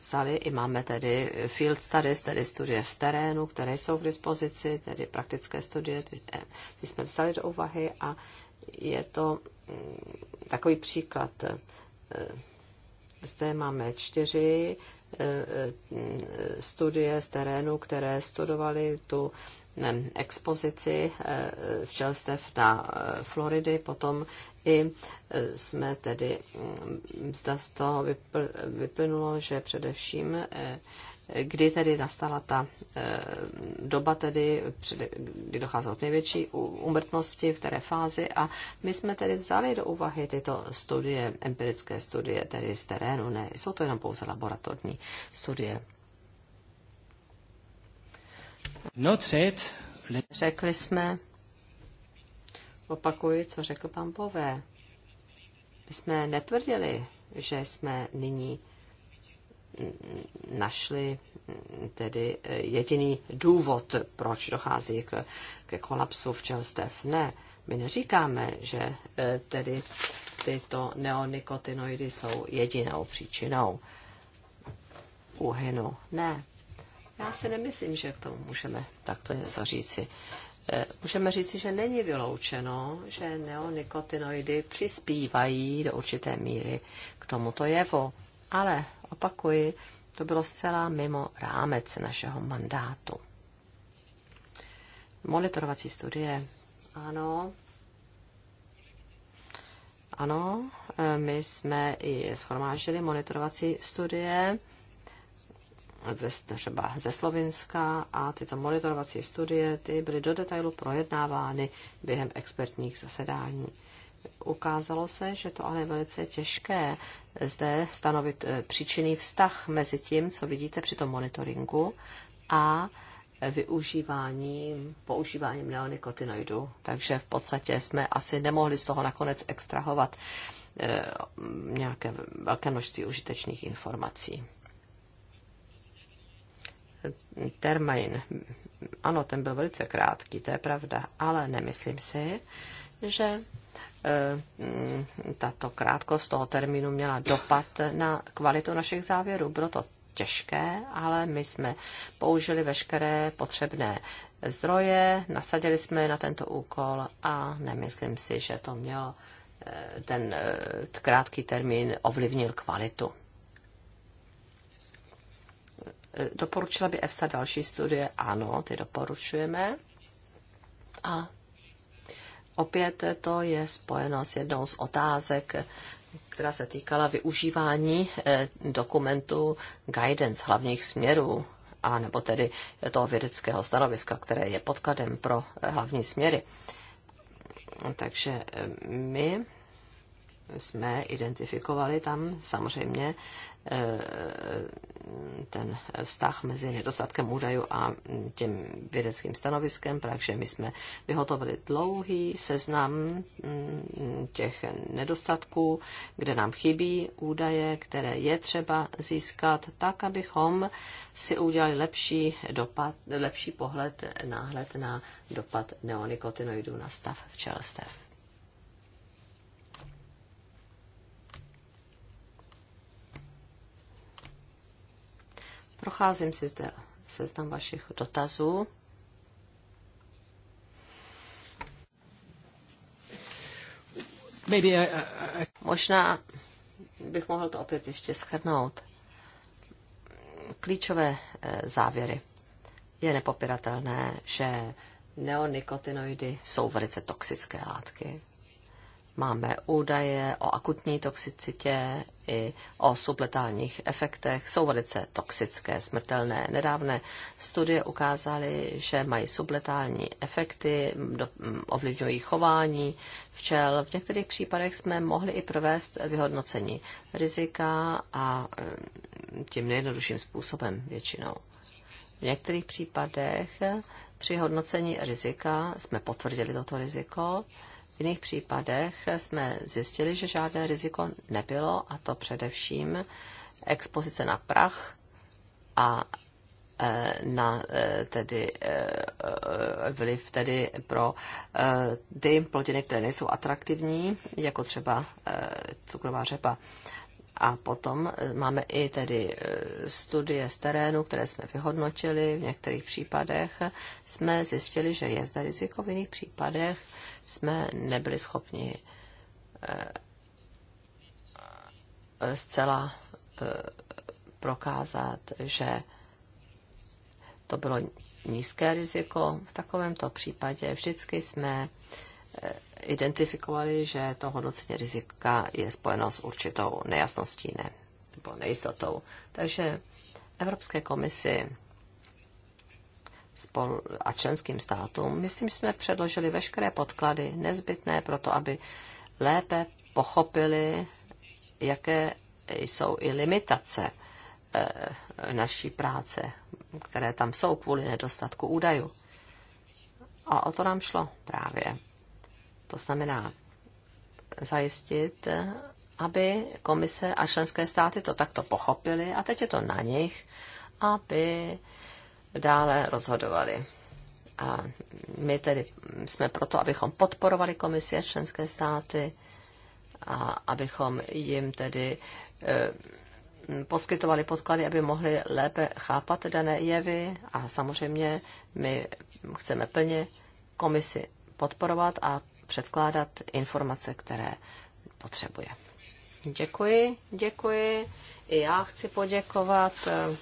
Vzali i máme tedy field studies, tedy studie v terénu, které jsou k dispozici, tedy praktické studie, ty, ty jsme vzali do úvahy a je to mm, takový příklad. Zde máme čtyři studie z terénu, které studovaly tu expozici eh, včelstev na eh, Floridy, potom i eh, jsme tedy, mm, zda z toho vyplynulo, že především kdy tedy nastala ta eh, doba, tedy, kdy docházelo k největší umrtnosti, v které fázi. A my jsme tedy vzali do úvahy tyto studie, empirické studie, tedy z terénu, ne, jsou to jenom pouze laboratorní studie. Not said. Řekli jsme, opakuji, co řekl pan Bové. My jsme netvrdili, že jsme nyní našli mm, tedy eh, jediný důvod, proč dochází k, ke kolapsu včelstev. Ne, my neříkáme, že eh, tedy tyto neonikotinoidy jsou jedinou příčinou úhynu. Ne, já si nemyslím, že k tomu můžeme takto něco říci. Eh, můžeme říci, že není vyloučeno, že neonikotinoidy přispívají do určité míry k tomuto jevu. Ale Opakuji, to bylo zcela mimo rámec našeho mandátu. Monitorovací studie. Ano. Ano, my jsme i schromáždili monitorovací studie třeba ze Slovinska a tyto monitorovací studie ty byly do detailu projednávány během expertních zasedání. Ukázalo se, že to ale je velice těžké zde stanovit eh, příčinný vztah mezi tím, co vidíte při tom monitoringu a využíváním, používáním neonikotinoidů. Takže v podstatě jsme asi nemohli z toho nakonec extrahovat eh, nějaké velké množství užitečných informací. Termín. Ano, ten byl velice krátký, to je pravda, ale nemyslím si, že Eh, tato krátkost toho termínu měla dopad na kvalitu našich závěrů. Bylo to těžké, ale my jsme použili veškeré potřebné zdroje, nasadili jsme na tento úkol a nemyslím si, že to mělo eh, ten eh, krátký termín ovlivnil kvalitu. Doporučila by EFSA další studie? Ano, ty doporučujeme. A Opět to je spojeno s jednou z otázek, která se týkala využívání eh, dokumentu guidance hlavních směrů, a nebo tedy toho vědeckého stanoviska, které je podkladem pro eh, hlavní směry. Takže eh, my jsme identifikovali tam samozřejmě e, ten vztah mezi nedostatkem údajů a tím vědeckým stanoviskem, takže my jsme vyhotovili dlouhý seznam mm, těch nedostatků, kde nám chybí údaje, které je třeba získat, tak, abychom si udělali lepší, dopad, lepší pohled, náhled na dopad neonikotinoidů na stav včelstev. Procházím si zde seznam vašich dotazů. Maybe I, I, I... Možná bych mohl to opět ještě schrnout. Klíčové eh, závěry. Je nepopiratelné, že neonikotinoidy jsou velice toxické látky Máme údaje o akutní toxicitě i o subletálních efektech. Jsou velice toxické, smrtelné. Nedávné studie ukázaly, že mají subletální efekty, mm, ovlivňují chování včel. V některých případech jsme mohli i provést vyhodnocení rizika a mm, tím nejjednodušším způsobem většinou. V některých případech při hodnocení rizika jsme potvrdili toto riziko v jiných případech jsme zjistili, že žádné riziko nebylo, a to především expozice na prach a e, na e, tedy e, vliv tedy pro ty plodiny, které nejsou atraktivní, jako třeba cukrová řepa. A potom e, máme i tedy e, studie z terénu, které jsme vyhodnotili. V některých případech jsme zjistili, že je zde riziko, v jiných případech jsme nebyli schopni e, zcela prokázat, že to bylo nízké riziko. V takovémto případě vždycky jsme identifikovali, že to hodnocení rizika je spojeno s určitou nejasností ne, nebo nejistotou. Takže Evropské komisi spolu a členským státům, myslím, jsme předložili veškeré podklady nezbytné pro to, aby lépe pochopili, jaké jsou i limitace eh, naší práce, které tam jsou kvůli nedostatku údajů. A o to nám šlo právě. To znamená zajistit, aby komise a členské státy to takto pochopili a teď je to na nich, aby dále rozhodovali. A my tedy jsme proto, abychom podporovali komisi a členské státy a abychom jim tedy eh, poskytovali podklady, aby mohli lépe chápat dané jevy a samozřejmě my chceme plně komisi podporovat a předkládat informace, které potřebuje. Děkuji, děkuji. I já chci poděkovat eh,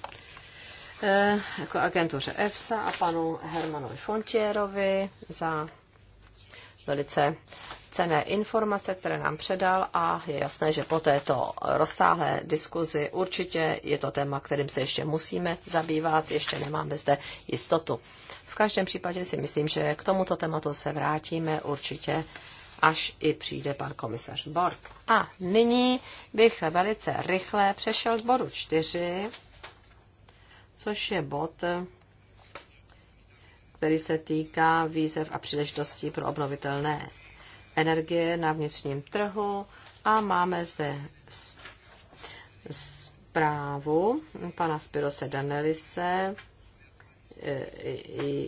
eh, jako agentuře EFSA a panu Hermanovi Fontierovi za velice cené informace, které nám předal a je jasné, že po této rozsáhlé diskuzi určitě je to téma, kterým se ještě musíme zabývat, ještě nemáme zde jistotu. V každém případě si myslím, že k tomuto tématu se vrátíme určitě až i přijde pan komisař Borg. A nyní bych velice rychle přešel k bodu 4, což je bod, který se týká výzev a příležitostí pro obnovitelné energie na vnitřním trhu a máme zde zprávu pana Spirose Danelise. E,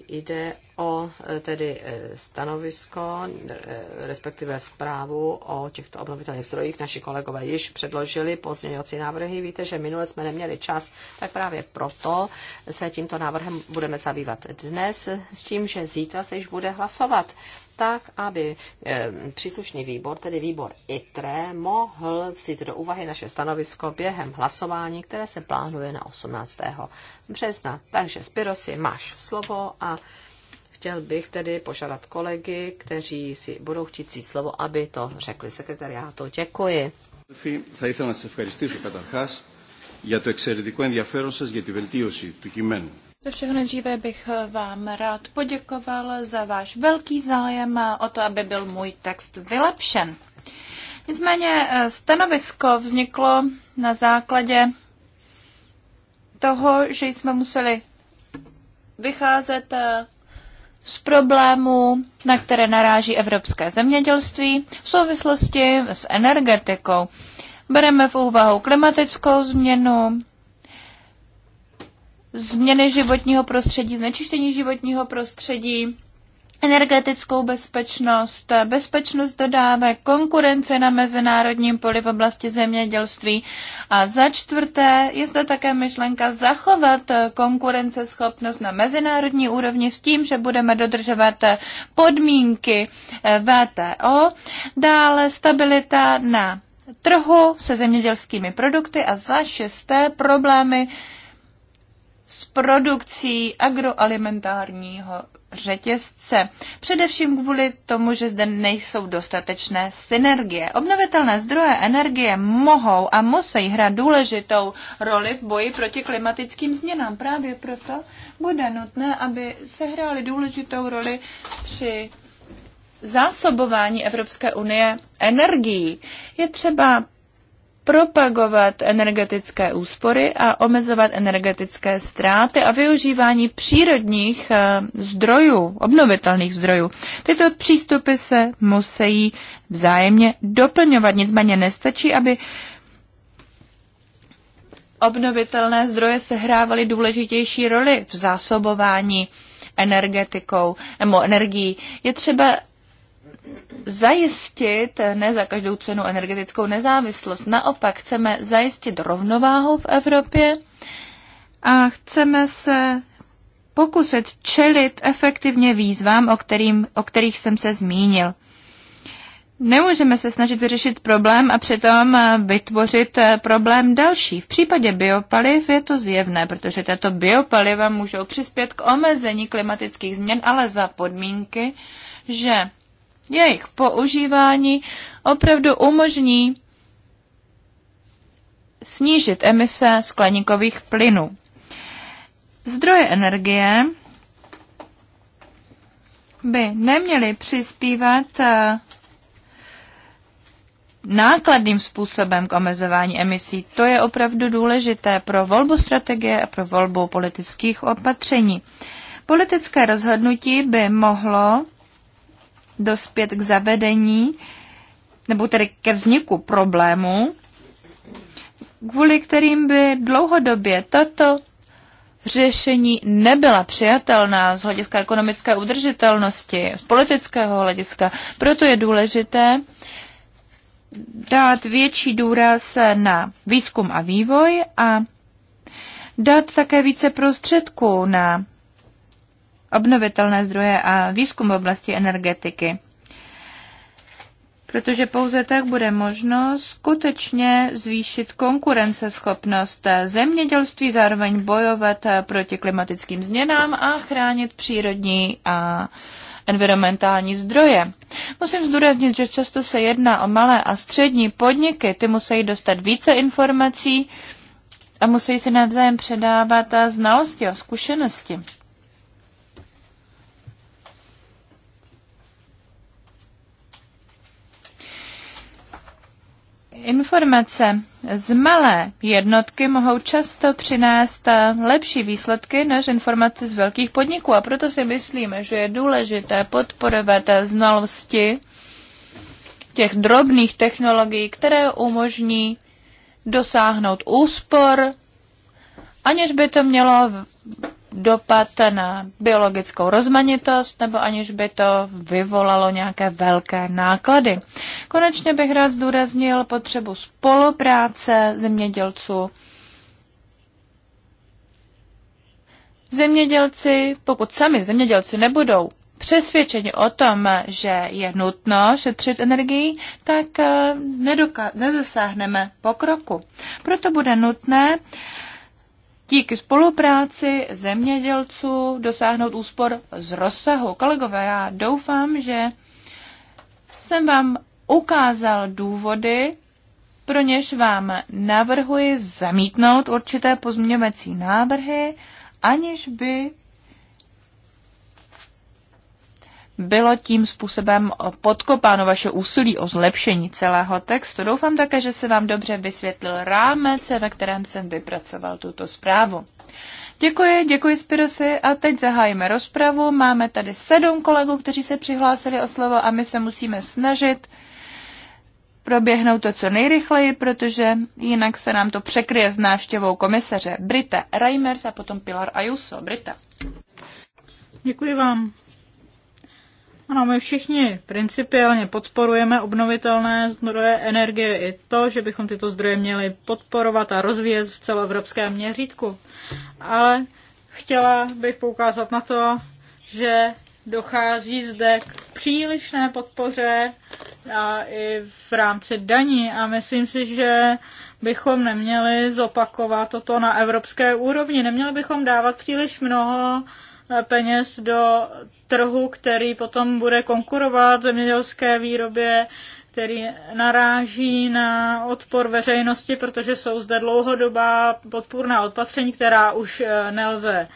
jde o e, tedy e, stanovisko, respektive zprávu o těchto obnovitelných zdrojích. Naši kolegové již předložili pozměňovací návrhy. Víte, že minule jsme neměli čas, tak právě proto se tímto návrhem budeme zabývat dnes s tím, že zítra se již bude hlasovat tak aby eh, příslušný výbor, tedy výbor ITRE, mohl vzít do úvahy naše stanovisko během hlasování, které se plánuje na 18. března. Takže Spirosi, máš slovo a chtěl bych tedy požádat kolegy, kteří si budou chtít cít slovo, aby to řekli sekretariátu. Děkuji. Θα ήθελα να σας ευχαριστήσω καταρχάς για το εξαιρετικό ενδιαφέρον σας για τη βελτίωση του κειμένου. Ze všeho nejdříve bych eh, vám rád poděkoval za váš velký zájem eh, o to, aby byl můj text vylepšen. Nicméně eh, stanovisko vzniklo na základě toho, že jsme museli vycházet z problémů, na které naráží evropské zemědělství v souvislosti s energetikou. Bereme v úvahu klimatickou změnu, změny životního prostředí, znečištění životního prostředí, energetickou bezpečnost, bezpečnost dodávek, konkurence na mezinárodním poli v oblasti zemědělství. A za čtvrté je zde také myšlenka zachovat konkurenceschopnost na mezinárodní úrovni s tím, že budeme dodržovat podmínky eh, VTO, dále stabilita na trhu se zemědělskými produkty a za šesté problémy s produkcí agroalimentárního řetězce. Především kvůli tomu, že zde nejsou dostatečné synergie. Obnovitelné zdroje energie mohou a musí hrát důležitou roli v boji proti klimatickým změnám. Právě proto bude nutné, aby se hrály důležitou roli při zásobování Evropské unie energií. Je třeba propagovat energetické úspory a omezovat energetické ztráty a využívání přírodních eh, zdrojů, obnovitelných zdrojů. Tyto přístupy se musí vzájemně doplňovat, nicméně nestačí, aby obnovitelné zdroje sehrávaly důležitější roli v zásobování energetikou nebo energií. Je třeba zajistit ne za každou cenu energetickou nezávislost. Naopak chceme zajistit rovnováhu v Evropě a chceme se pokusit čelit efektivně výzvám, o, kterým, o kterých jsem se zmínil. Nemůžeme se snažit vyřešit problém a přitom vytvořit problém další. V případě biopaliv je to zjevné, protože tato biopaliva můžou přispět k omezení klimatických změn, ale za podmínky, že jejich používání opravdu umožní snížit emise skleníkových plynů. Zdroje energie by neměly přispívat eh, nákladným způsobem k omezování emisí. To je opravdu důležité pro volbu strategie a pro volbu politických opatření. Politické rozhodnutí by mohlo dospět k zavedení nebo tedy ke vzniku problému, kvůli kterým by dlouhodobě toto řešení nebyla přijatelná z hlediska ekonomické udržitelnosti, z politického hlediska. Proto je důležité dát větší důraz na výzkum a vývoj a dát také více prostředků na obnovitelné zdroje a výzkum v oblasti energetiky. Protože pouze tak bude možno skutečně zvýšit konkurenceschopnost zemědělství, zároveň bojovat proti klimatickým změnám a chránit přírodní a environmentální zdroje. Musím zdůraznit, že často se jedná o malé a střední podniky, ty musí dostat více informací a musí si navzájem předávat znalosti a zkušenosti. Informace z malé jednotky mohou často přinést eh, lepší výsledky než informace z velkých podniků a proto si myslíme, že je důležité podporovat eh, znalosti těch drobných technologií, které umožní dosáhnout úspor, aniž by to mělo dopad na biologickou rozmanitost, nebo aniž by to vyvolalo nějaké velké náklady. Konečně bych rád zdůraznil potřebu spolupráce zemědělců. Zemědělci, pokud sami zemědělci nebudou přesvědčeni o tom, že je nutno šetřit energii, tak eh, nedosáhneme pokroku. Proto bude nutné uh, díky spolupráci zemědělců dosáhnout úspor z rozsahu. Kolegové, já doufám, že jsem vám ukázal důvody, pro něž vám navrhuji zamítnout určité pozměňovací návrhy, aniž by bylo tím způsobem podkopáno vaše úsilí o zlepšení celého textu. Doufám také, že se vám dobře vysvětlil rámec, ve kterém jsem vypracoval tuto zprávu. Děkuji, děkuji Spirosy a teď zahájíme rozpravu. Máme tady sedm kolegů, kteří se přihlásili o slovo a my se musíme snažit proběhnout to co nejrychleji, protože jinak se nám to překryje s návštěvou komisaře Brita Reimers a potom Pilar Ayuso. Brita. Děkuji vám. Ano, my všichni principiálně podporujeme obnovitelné zdroje energie i to, že bychom tyto zdroje měli podporovat a rozvíjet v celoevropském měřítku. Ale chtěla bych poukázat na to, že dochází zde k přílišné podpoře a i v rámci daní a myslím si, že bychom neměli zopakovat toto na evropské úrovni. Neměli bychom dávat příliš mnoho peněz do trhu, který potom bude konkurovat zemědělské výrobě, který naráží na odpor veřejnosti, protože jsou zde dlouhodobá podpůrná opatření, která už eh, nelze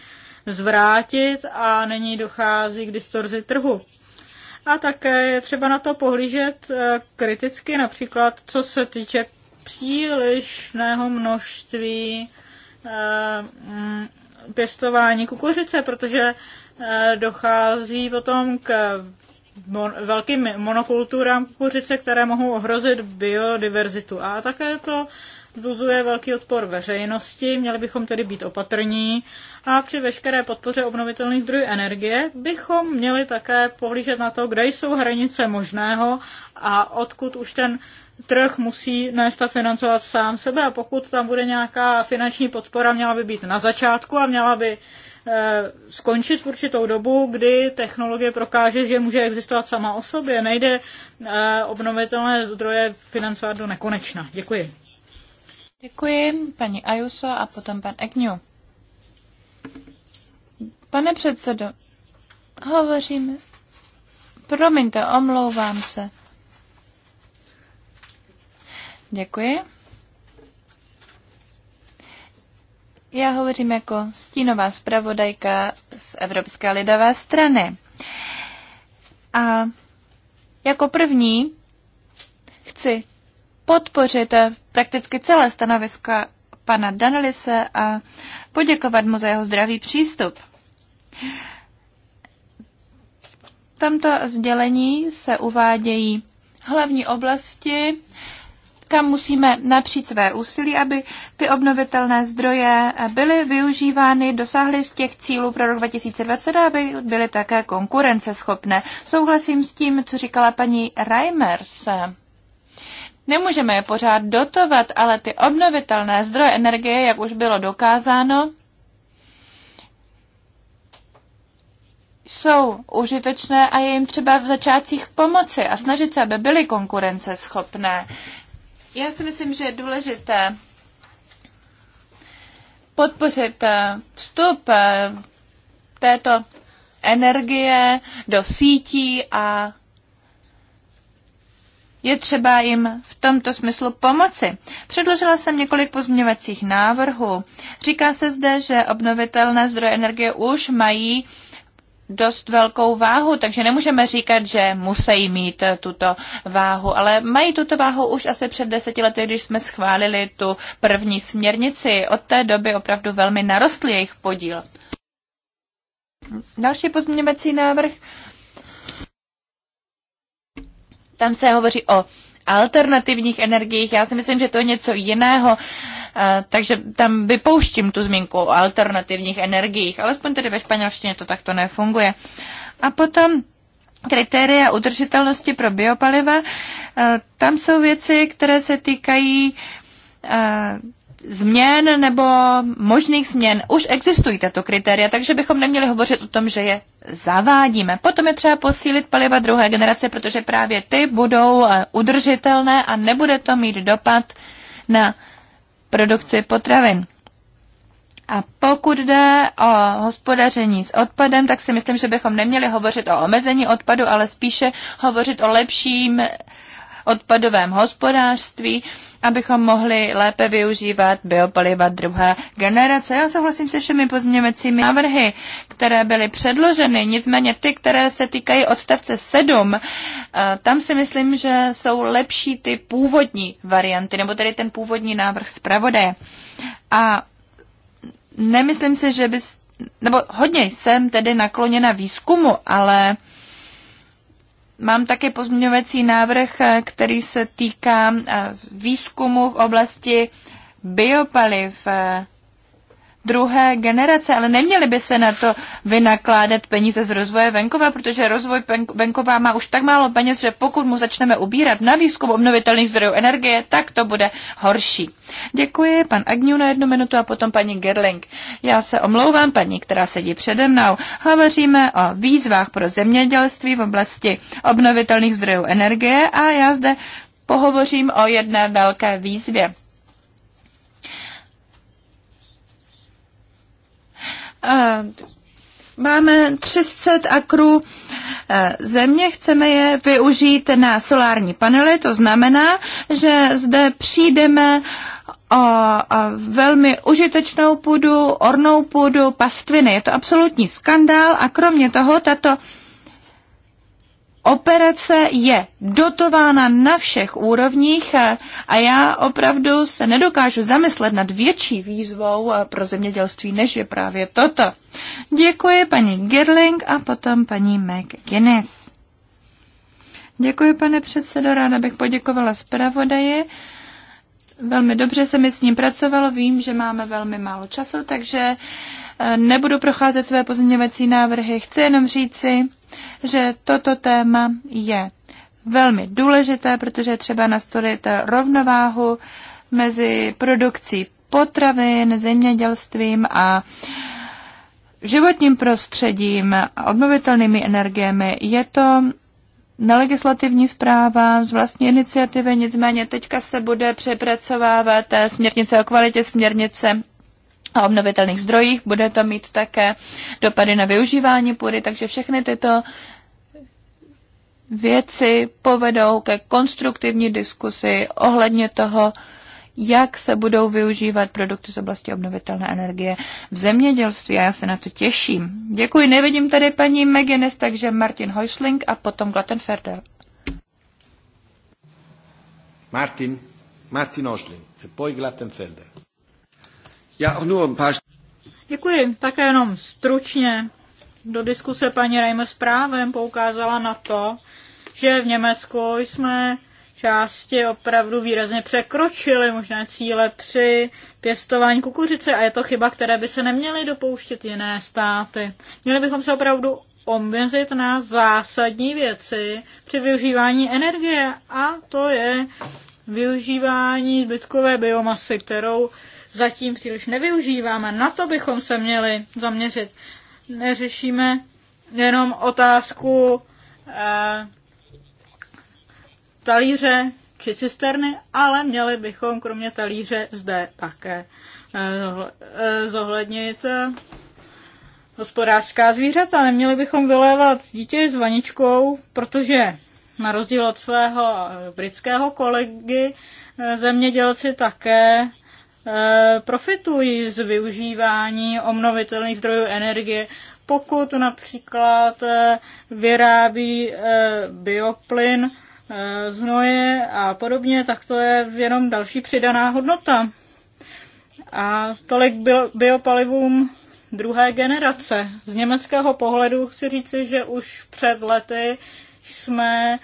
zvrátit a není dochází k distorzi trhu. A také je třeba na to pohlížet eh, kriticky, například co se týče přílišného množství eh, mm, pěstování kukuřice, protože Eh, dochází potom k mon, velkým monokulturám kukuřice, které mohou ohrozit biodiverzitu. A také to vzbuzuje velký odpor veřejnosti, měli bychom tedy být opatrní a při veškeré podpoře obnovitelných zdrojů energie bychom měli také pohlížet na to, kde jsou hranice možného a odkud už ten trh musí nést a financovat sám sebe a pokud tam bude nějaká finanční podpora, měla by být na začátku a měla by Eh, skončit v určitou dobu, kdy technologie prokáže, že může existovat sama o sobě. Nejde eh, obnovitelné zdroje financovat do nekonečna. Děkuji. Děkuji, paní Ajuso a potom pan Egnu. Pane předsedo, hovoříme. Promiňte, omlouvám se. Děkuji. Já hovořím jako stínová zpravodajka z Evropské lidové strany. A jako první chci podpořit prakticky celé stanoviska pana Danelise a poděkovat mu za jeho zdravý přístup. V tomto sdělení se uvádějí hlavní oblasti, kam musíme napřít své úsilí, aby ty obnovitelné zdroje byly využívány, dosáhly z těch cílů pro rok 2020, aby byly také konkurenceschopné. Souhlasím s tím, co říkala paní Reimers. Nemůžeme je pořád dotovat, ale ty obnovitelné zdroje energie, jak už bylo dokázáno, jsou užitečné a je jim třeba v začátcích pomoci a snažit se, aby byly konkurenceschopné. Já si myslím, že je důležité podpořit eh, vstup eh, této energie do sítí a je třeba jim v tomto smyslu pomoci. Předložila jsem několik pozměňovacích návrhů. Říká se zde, že obnovitelné zdroje energie už mají uh, dost velkou váhu, takže nemůžeme říkat, že musí mít eh, tuto váhu, ale mají tuto váhu už asi před deseti lety, když jsme schválili tu první směrnici. Od té doby opravdu velmi narostl jejich podíl. Další pozměňovací návrh. Tam se hovoří o alternativních energiích. Já si myslím, že to je něco jiného. Eh, takže tam vypouštím tu zmínku o alternativních energiích, alespoň tedy ve španělštině to takto nefunguje. A potom kritéria udržitelnosti pro biopaliva, eh, tam jsou věci, které se týkají eh, změn nebo možných změn. Už existují tato kritéria, takže bychom neměli hovořit o tom, že je zavádíme. Potom je třeba posílit paliva druhé generace, protože právě ty budou udržitelné a nebude to mít dopad na produkci potravin. A pokud jde o hospodaření s odpadem, tak si myslím, že bychom neměli hovořit o omezení odpadu, ale spíše hovořit o lepším odpadovém hospodářství, abychom mohli lépe využívat biopaliva druhé generace. Já souhlasím se všemi pozměňovacími návrhy, které byly předloženy, nicméně ty, které se týkají odstavce 7, eh, tam si myslím, že jsou lepší ty původní varianty, nebo tedy ten původní návrh zpravodaje. A nemyslím si, že by, nebo hodně jsem tedy nakloněna výzkumu, ale Mám také pozměňovací návrh, eh, který se týká eh, výzkumu v oblasti biopaliv. Eh, druhé generace, ale neměly by se na to vynakládat peníze z rozvoje venkova, protože rozvoj venkova má už tak málo peněz, že pokud mu začneme ubírat na výzkum obnovitelných zdrojů energie, tak to bude horší. Děkuji, pan Agniu na jednu minutu a potom paní Gerling. Já se omlouvám paní, která sedí přede mnou. Hovoříme o výzvách pro zemědělství v oblasti obnovitelných zdrojů energie a já zde pohovořím o jedné velké výzvě. Eh, máme 300 akrů eh, země, chceme je využít na solární panely, to znamená, že zde přijdeme o velmi užitečnou půdu, ornou půdu, pastviny. Je to absolutní skandál a kromě toho tato operace je dotována na všech úrovních eh, a já opravdu se nedokážu zamyslet nad větší výzvou eh, pro zemědělství, než je právě toto. Děkuji paní Gerling a potom paní McGuinness. Děkuji, pane předsedo, ráda bych poděkovala zpravodaji. Velmi dobře se mi s ním pracovalo, vím, že máme velmi málo času, takže nebudu procházet své pozměňovací návrhy. Chci jenom říci, že toto téma je velmi důležité, protože třeba nastolit rovnováhu mezi produkcí potravin, zemědělstvím a životním prostředím a obnovitelnými energiemi. Je to nelegislativní zpráva z vlastní iniciativy, nicméně teďka se bude přepracovávat směrnice o kvalitě, směrnice a obnovitelných zdrojích. Bude to mít také dopady na využívání půdy, takže všechny tyto věci povedou ke konstruktivní diskusi ohledně toho, jak se budou využívat produkty z oblasti obnovitelné energie v zemědělství a já se na to těším. Děkuji, nevidím tady paní Megenes, takže Martin Heusling a potom Glattenferder. Martin, Martin a poi Glattenferdel. Já nur Děkuji. Také jenom stručně. Do diskuse paní Reimer s právem poukázala na to, že v Německu jsme části opravdu výrazně překročili možné cíle při pěstování kukuřice a je to chyba, které by se neměly dopouštět jiné státy. Měli bychom se opravdu omezit na zásadní věci při využívání energie a to je využívání zbytkové biomasy, kterou zatím příliš nevyužíváme. Na to bychom se měli zaměřit. Neřešíme jenom otázku eh, talíře či cisterny, ale měli bychom kromě talíře zde také eh, eh zohlednit eh, hospodářská zvířata. Neměli bychom vylévat dítě s vaničkou, protože na rozdíl od svého eh, britského kolegy, eh, zemědělci také Eh, profitují z využívání obnovitelných zdrojů energie, pokud například eh, vyrábí eh, bioplyn z hnoje a podobně, tak to je jenom další přidaná hodnota. A tolik biopalivům druhé generace. Z německého pohledu chci říci, že už před lety jsme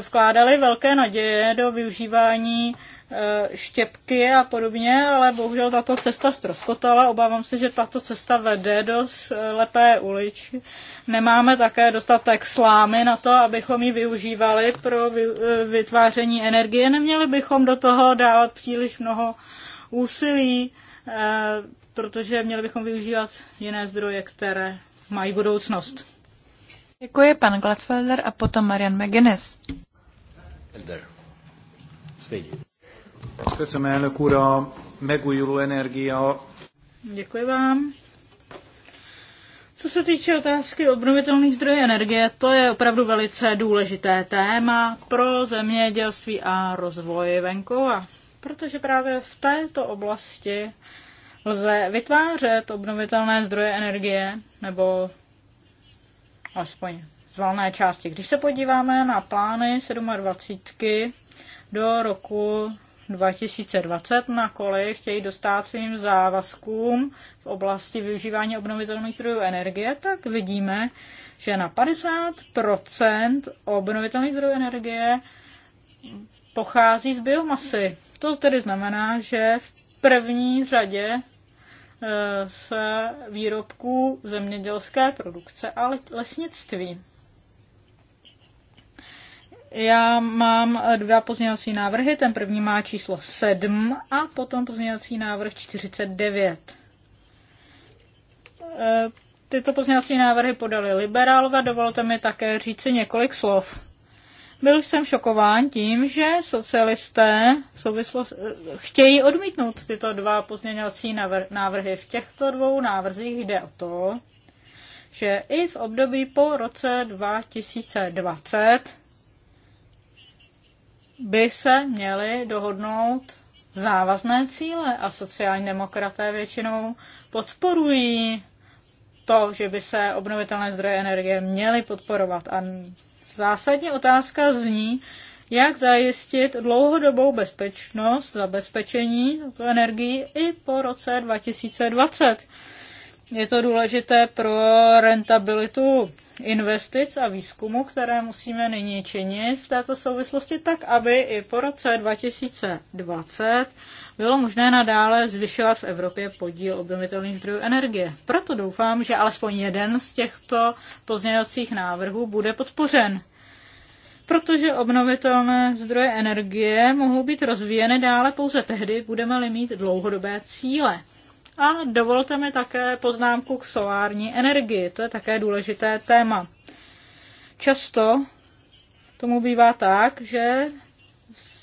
vkládali velké naděje do využívání Eh, štěpky a podobně, ale bohužel tato cesta ztroskotala. Obávám se, že tato cesta vede do slepé eh, uličky. Nemáme také dostatek slámy na to, abychom ji využívali pro eh, vytváření energie. Neměli bychom do toho dávat příliš mnoho úsilí, protože měli bychom využívat jiné zdroje, které mají budoucnost. Děkuji pan Gladfelder a potom Marian McGuinness. Thank you. Köszönöm, elnök úr, a megújuló energia. Děkuji vám. Co se týče otázky obnovitelných zdrojů energie, to je opravdu velice důležité téma pro zemědělství a rozvoj venkova, protože právě v této oblasti lze vytvářet obnovitelné zdroje energie, nebo alespoň z valné části. Když se podíváme na plány 27 do roku 2020, kole chtějí dostat svým závazkům v oblasti využívání obnovitelných zdrojů energie, tak vidíme, že na 50 obnovitelných zdrojů energie pochází z biomasy. To tedy znamená, že v první řadě e, z výrobků zemědělské produkce a lesnictví. Já mám eh, dva pozměňovací návrhy, ten první má číslo 7 a potom pozměňovací návrh 49. Eh, tyto pozměňovací návrhy podali liberálové, dovolte mi také říci několik slov. Byl jsem šokován tím, že socialisté v souvislosti eh, chtějí odmítnout tyto dva pozměňovací návrhy. V těchto dvou návrzích jde o to, že i v období po roce 2020 by se měli dohodnout závazné cíle a sociální demokraté většinou podporují to, že by se obnovitelné zdroje energie měly podporovat. A zásadní otázka zní, jak zajistit dlouhodobou bezpečnost, zabezpečení energií i po roce 2020. Je to důležité pro rentabilitu investic a výzkumu, které musíme nyní činit v této souvislosti, tak aby i po roce 2020 bylo možné nadále zvyšovat v Evropě podíl obnovitelných zdrojů energie. Proto doufám, že alespoň jeden z těchto pozměňovacích návrhů bude podpořen. Protože obnovitelné zdroje energie mohou být rozvíjeny dále pouze tehdy, budeme-li mít dlouhodobé cíle. A dovolte mi také poznámku k solární energii. To je také důležité téma. Často tomu bývá tak, že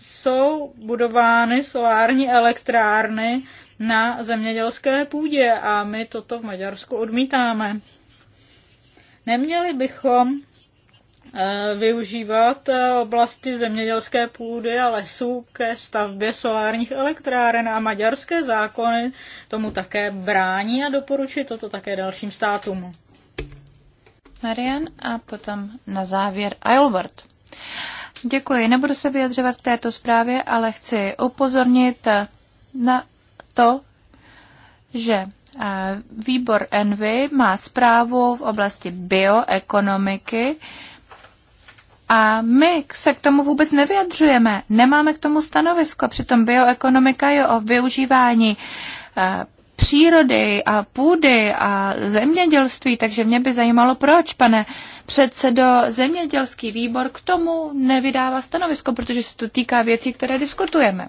jsou budovány solární elektrárny na zemědělské půdě a my toto v Maďarsku odmítáme. Neměli bychom Eh, využívat eh, oblasti zemědělské půdy a lesů ke stavbě solárních elektráren a maďarské zákony tomu také brání a doporučuje toto také dalším státům. Marian a potom na závěr Albert. Děkuji. Nebudu se vyjadřovat k této zprávě, ale chci upozornit na to, že eh, výbor Envy má zprávu v oblasti bioekonomiky, a my se k tomu vůbec nevyjadřujeme, nemáme k tomu stanovisko. Přitom bioekonomika je o využívání eh, přírody a půdy a zemědělství, takže mě by zajímalo, proč, pane předsedo, zemědělský výbor k tomu nevydává stanovisko, protože se to týká věcí, které diskutujeme.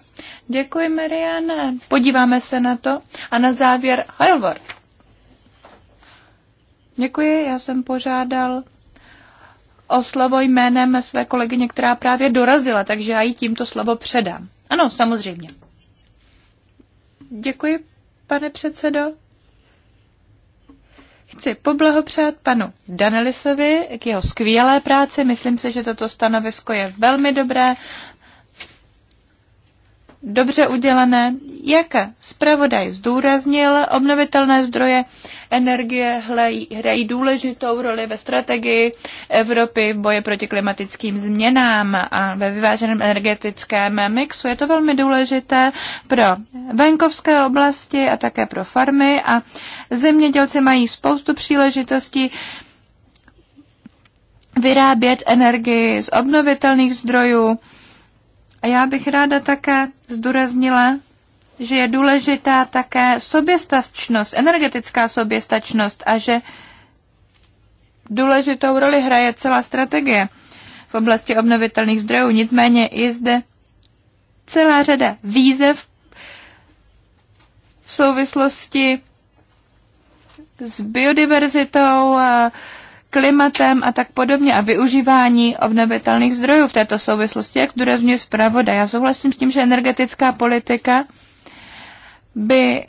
Děkuji, Marianne. Podíváme se na to. A na závěr Heilvor. Děkuji, já jsem požádal o slovo jménem své kolegyně, která právě dorazila, takže já jí tímto slovo předám. Ano, samozřejmě. Děkuji, pane předsedo. Chci poblahopřát panu Danelisovi k jeho skvělé práci. Myslím si, že toto stanovisko je velmi dobré, dobře udělané. Jak zpravodaj zdůraznil, obnovitelné zdroje Energie hrají, důležitou roli ve strategii Evropy v boji proti klimatickým změnám a ve vyváženém energetickém mixu. Je to velmi důležité pro venkovské oblasti a také pro farmy a zemědělci mají spoustu příležitostí vyrábět energii z obnovitelných zdrojů. A já bych ráda také zdůraznila že je důležitá také soběstačnost, energetická soběstačnost a že důležitou roli hraje celá strategie v oblasti obnovitelných zdrojů. Nicméně i zde celá řada výzev v souvislosti s biodiverzitou, klimatem a tak podobně a využívání obnovitelných zdrojů v této souvislosti, jak zdůrazňuje zpravodaj. Já souhlasím s tím, že energetická politika by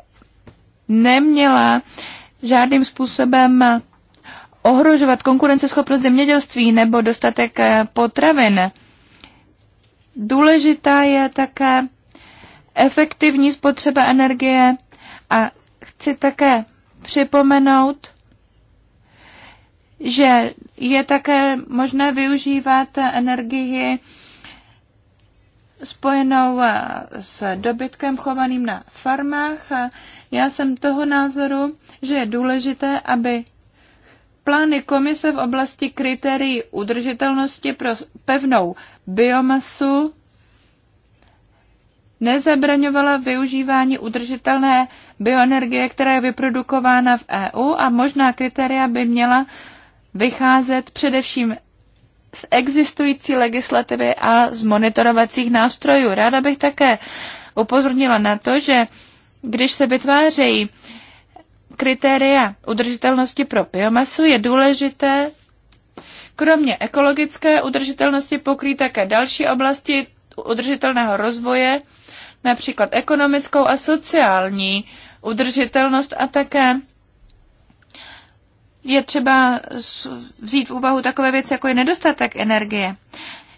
neměla žádným způsobem ohrožovat konkurenceschopnost zemědělství nebo dostatek eh, potravin. Důležitá je také efektivní spotřeba energie a chci také připomenout, že je také možné využívat energii spojenou eh, s dobytkem chovaným na farmách. A já jsem toho názoru, že je důležité, aby plány komise v oblasti kritérií udržitelnosti pro pevnou biomasu nezabraňovala využívání udržitelné bioenergie, která je vyprodukována v EU a možná kritéria by měla vycházet především z existující legislativy a z monitorovacích nástrojů. Ráda bych také upozornila na to, že když se vytvářejí kritéria udržitelnosti pro biomasu, je důležité kromě ekologické udržitelnosti pokrýt také další oblasti udržitelného rozvoje, například ekonomickou a sociální udržitelnost a také je třeba vzít v úvahu takové věci, jako je nedostatek energie.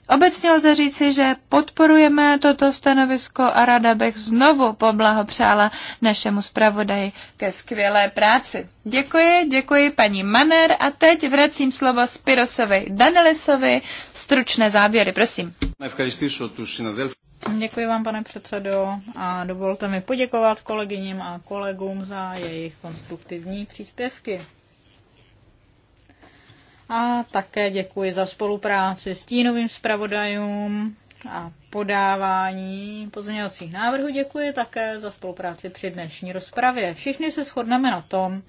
Obecně lze říci, že podporujeme toto stanovisko a rada bych znovu poblahopřála našemu zpravodaji ke skvělé práci. Děkuji, děkuji paní Maner a teď vracím slovo Spirosovi Danelisovi. Stručné záběry, prosím. Děkuji vám, pane předsedo, a dovolte mi poděkovat kolegyním a kolegům za jejich konstruktivní příspěvky a také děkuji za spolupráci s tínovým zpravodajům a podávání pozměňovacích návrhů. Děkuji také za spolupráci při dnešní rozpravě. Všichni se shodneme na tom,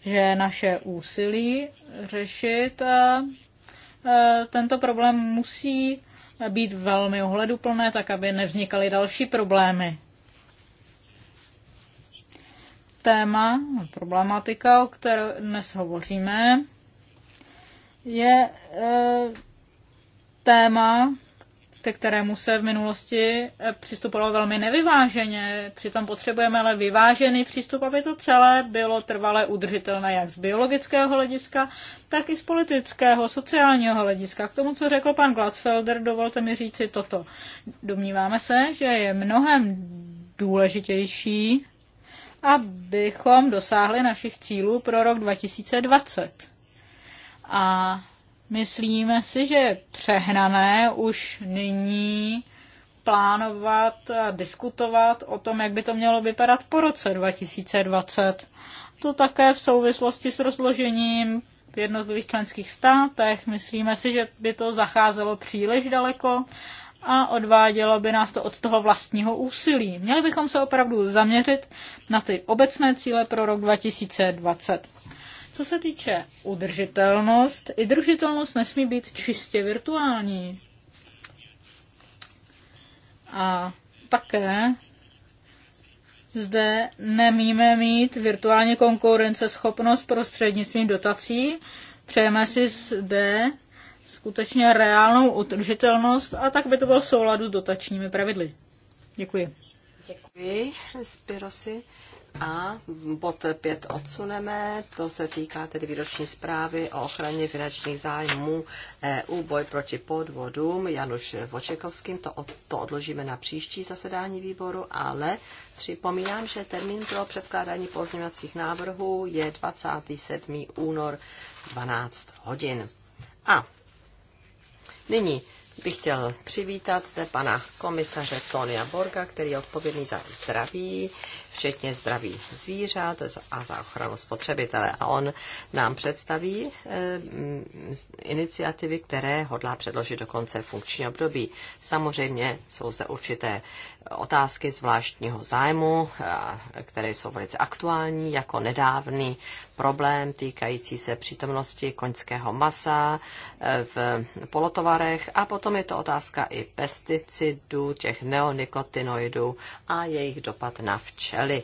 že naše úsilí řešit eh, eh, tento problém musí být velmi ohleduplné, tak aby nevznikaly další problémy. Téma, problematika, o které dnes hovoříme, je e, téma, ke kterému se v minulosti e, přistupovalo velmi nevyváženě. Přitom potřebujeme ale vyvážený přístup, aby to celé bylo trvale udržitelné jak z biologického hlediska, tak i z politického, sociálního hlediska. K tomu, co řekl pan Glatzfelder, dovolte mi říci toto. Domníváme se, že je mnohem důležitější, abychom dosáhli našich cílů pro rok 2020 a myslíme si, že je přehnané už nyní plánovat a diskutovat o tom, jak by to mělo vypadat po roce 2020. To také v souvislosti s rozložením v jednotlivých členských státech. Myslíme si, že by to zacházelo příliš daleko a odvádělo by nás to od toho vlastního úsilí. Měli bychom se opravdu zaměřit na ty obecné cíle pro rok 2020. Co se týče udržitelnost, i držitelnost nesmí být čistě virtuální. A také zde nemíme mít virtuální konkurenceschopnost prostřednictvím dotací. Přejeme si zde skutečně reálnou udržitelnost a tak by to bylo v souladu s dotačními pravidly. Děkuji. Děkuji, Spirosi. A bod 5 odsuneme, to se týká tedy výroční zprávy o ochraně finančních zájmů EU, boj proti podvodům. Januš Vočekovským to, to odložíme na příští zasedání výboru, ale připomínám, že termín pro předkládání pozměňovacích návrhů je 27. únor 12 hodin. A nyní bych chtěl přivítat zde pana komisaře Tonia Borga, který je odpovědný za zdraví včetně zdraví zvířat a za ochranu spotřebitele. A on nám představí eh, iniciativy, které hodlá předložit do konce funkčního období. Samozřejmě jsou zde určité otázky zvláštního zájmu, eh, které jsou velice aktuální, jako nedávný problém týkající se přítomnosti koňského masa eh, v polotovarech a potom je to otázka i pesticidů, těch neonikotinoidů a jejich dopad na včel přijali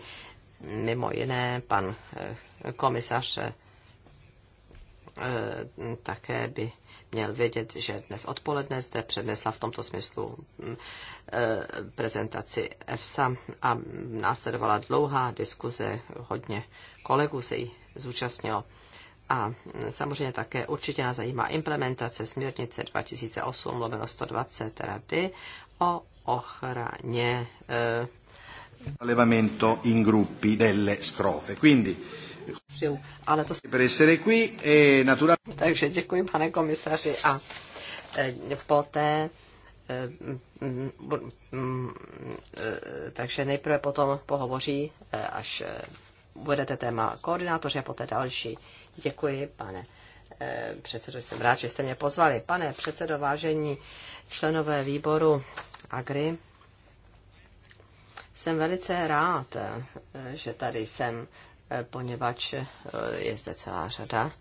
mimo jiné pan eh, komisař eh, také by měl vědět, že dnes odpoledne zde přednesla v tomto smyslu hm, eh, prezentaci EFSA a následovala dlouhá diskuze, hodně kolegů se jí zúčastnilo. A hm, samozřejmě také určitě nás zajímá implementace směrnice 2008 120 rady o ochraně Allevamento in gruppi delle scrofe. Quindi, ale to... per essere qui e natural... Takže děkuji, pane komisaři, a e, poté e, e, takže nejprve potom pohovoří, e, až budete téma koordinátoři a poté další. Děkuji, pane předsedo, jsem rád, že jste mě pozvali. Pane předsedo, vážení členové výboru AGRI, jsem velice rád, eh, že tady jsem, eh, poněvadž eh, je zde celá řada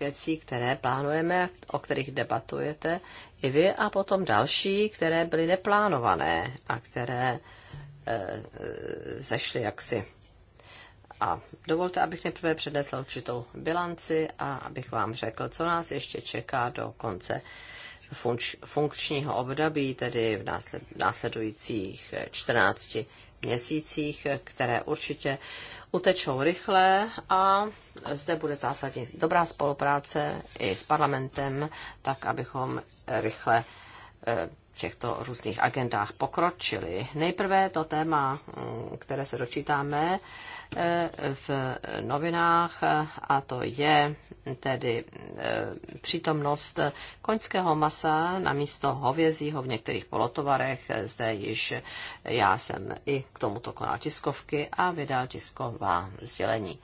věcí, které plánujeme, o kterých debatujete i vy, a potom další, které byly neplánované a které zešly jaksi. A dovolte, abych nejprve přednesl určitou bilanci a abych vám řekl, co nás ještě čeká do konce funč, funkčního období, tedy v násled, následujících 14 eh, měsících, eh, které určitě utečou rychle a zde bude zásadně dobrá spolupráce i s parlamentem, tak abychom eh, rychle v těchto různých agendách pokročili. Nejprve to téma, mm, které se dočítáme, Eh, v novinách a to je tedy eh, přítomnost koňského masa na místo hovězího v některých polotovarech. Zde již já jsem i k tomuto konal tiskovky a vydal tisková sdělení.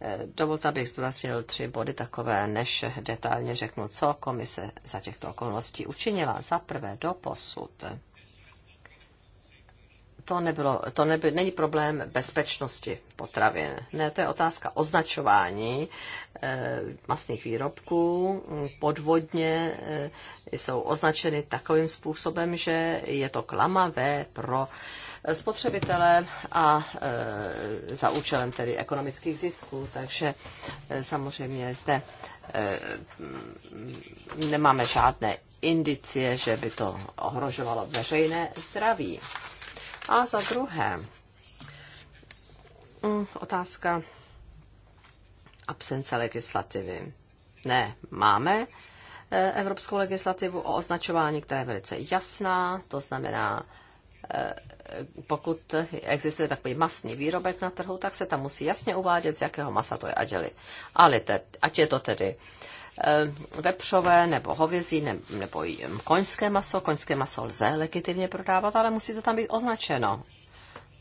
Eh, dovolte, abych zdůraznil tři body takové, než detailně řeknu, co komise za těchto okolností učinila. Za prvé do posud to, nebylo, to neby, není problém bezpečnosti potravin. Ne, to je otázka označování e, masných výrobků. Podvodně e, jsou označeny takovým způsobem, že je to klamavé pro spotřebitele a e, za účelem tedy ekonomických zisků. Takže e, samozřejmě zde e, nemáme žádné indicie, že by to ohrožovalo veřejné zdraví. A za druhé, mm, otázka absence legislativy. Ne, máme eh, evropskou legislativu o označování, která je velice jasná, to znamená, eh, pokud existuje takový masný výrobek na trhu, tak se tam musí jasně uvádět, z jakého masa to je, ať je, ať je to tedy uh, Eh, vepřové nebo hovězí nebo koňské maso. Koňské maso lze legitimně prodávat, ale musí to tam být označeno.